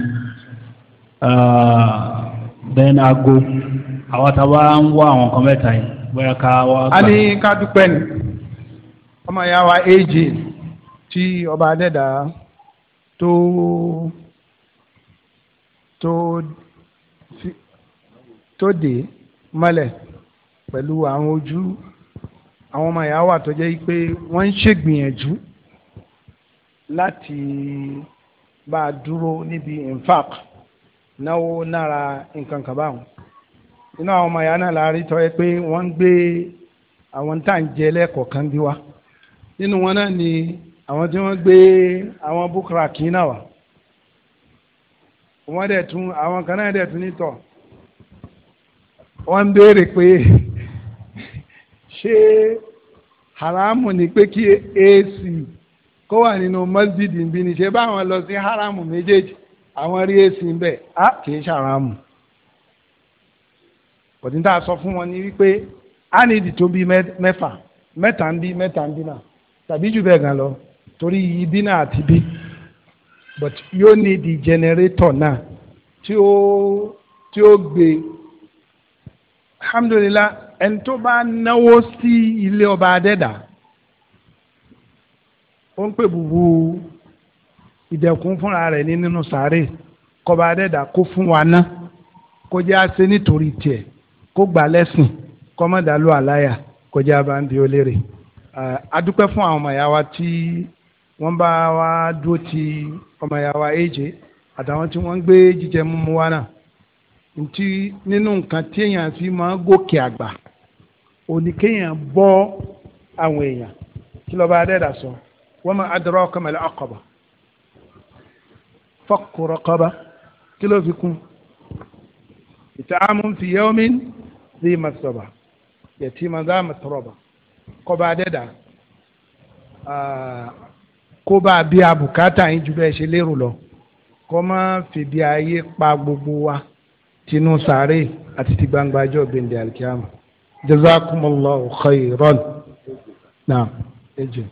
ben ah, ago àwọn táwa ń wá àwọn kan mẹ́ta yìí bóyá ká wá. a ní ká ni ọmọ ìyá wa ag tí ọba tó tó dé mọ́lẹ̀ pẹ̀lú àwọn ojú àwọn ọmọ ìyá wa tó jẹ́ pé wọ́n ń ṣègbìyànjú láti bá a dúró níbi infaq náwó nára nǹkan kan báwọn inú àwọn ọmọ ìyá náà la rí tó jẹ́ pé wọ́n ń gbé àwọn tá à ń jẹ lẹ́kọ̀ọ́ kan bí wa nínú wọn náà ni àwọn tí wọ́n gbé àwọn búkúrà kì í náà wà. wọ́n dẹ̀ tún àwọn kan náà dẹ̀ tún nítọ̀ wọ́n béèrè pé ṣé haramu ni pé kí ac kó wà nínú masjid bí ni ṣe báwọn lọ sí haramu méjèèjì àwọn rí ac ń a sọ fún wọn ni wípé a ní ń bí ń bí náà tàbí jù but yóò ní di generator náà tí ó tí ó gbé alhamdulilah ẹni tó bá náwó sí ilé ọba adẹ́dà ó ń pè bubu ìdẹ̀kùn fúnra rẹ̀ ní nínú sàárè kọba adẹ́dà kó fún wa ná kó jẹ́ àṣẹ nítorí tiẹ̀ kó gbà lẹ́sìn kọ́mọ̀dálù àláyà kó jẹ́ abáǹdì ó lérè a fún àwọn ọmọ ìyá wa tí wọ́n bá wa dúró ti ọmọ ìyá wa èjè àtàwọn tí wọ́n ń gbé jíjẹ mímu wa náà ntí nínú nǹkan tí èèyàn fi máa gòkè àgbà òní kéèyàn bọ́ àwọn èèyàn kí lọ́ba adẹ́dà sọ wọ́n máa adọ́rọ́ ọkọ mẹ́lẹ́ ọkọ̀bọ̀ fọkùrọ̀kọ̀bọ̀ kí ló fi kún ìtààmú fi yẹ́wọ́mí sí màsọ̀bà yẹtí màsọ̀bà kọ́ba adẹ́dà kó bá a bí abùkátà yín ju bẹ́ẹ̀ ṣe lérò lọ kó má fìdí ayé pa gbogbo wa tinú sàárè àti ti gbangba ọjọ́ gbèndé alikiyama jazakumullahu khairan naam ejò.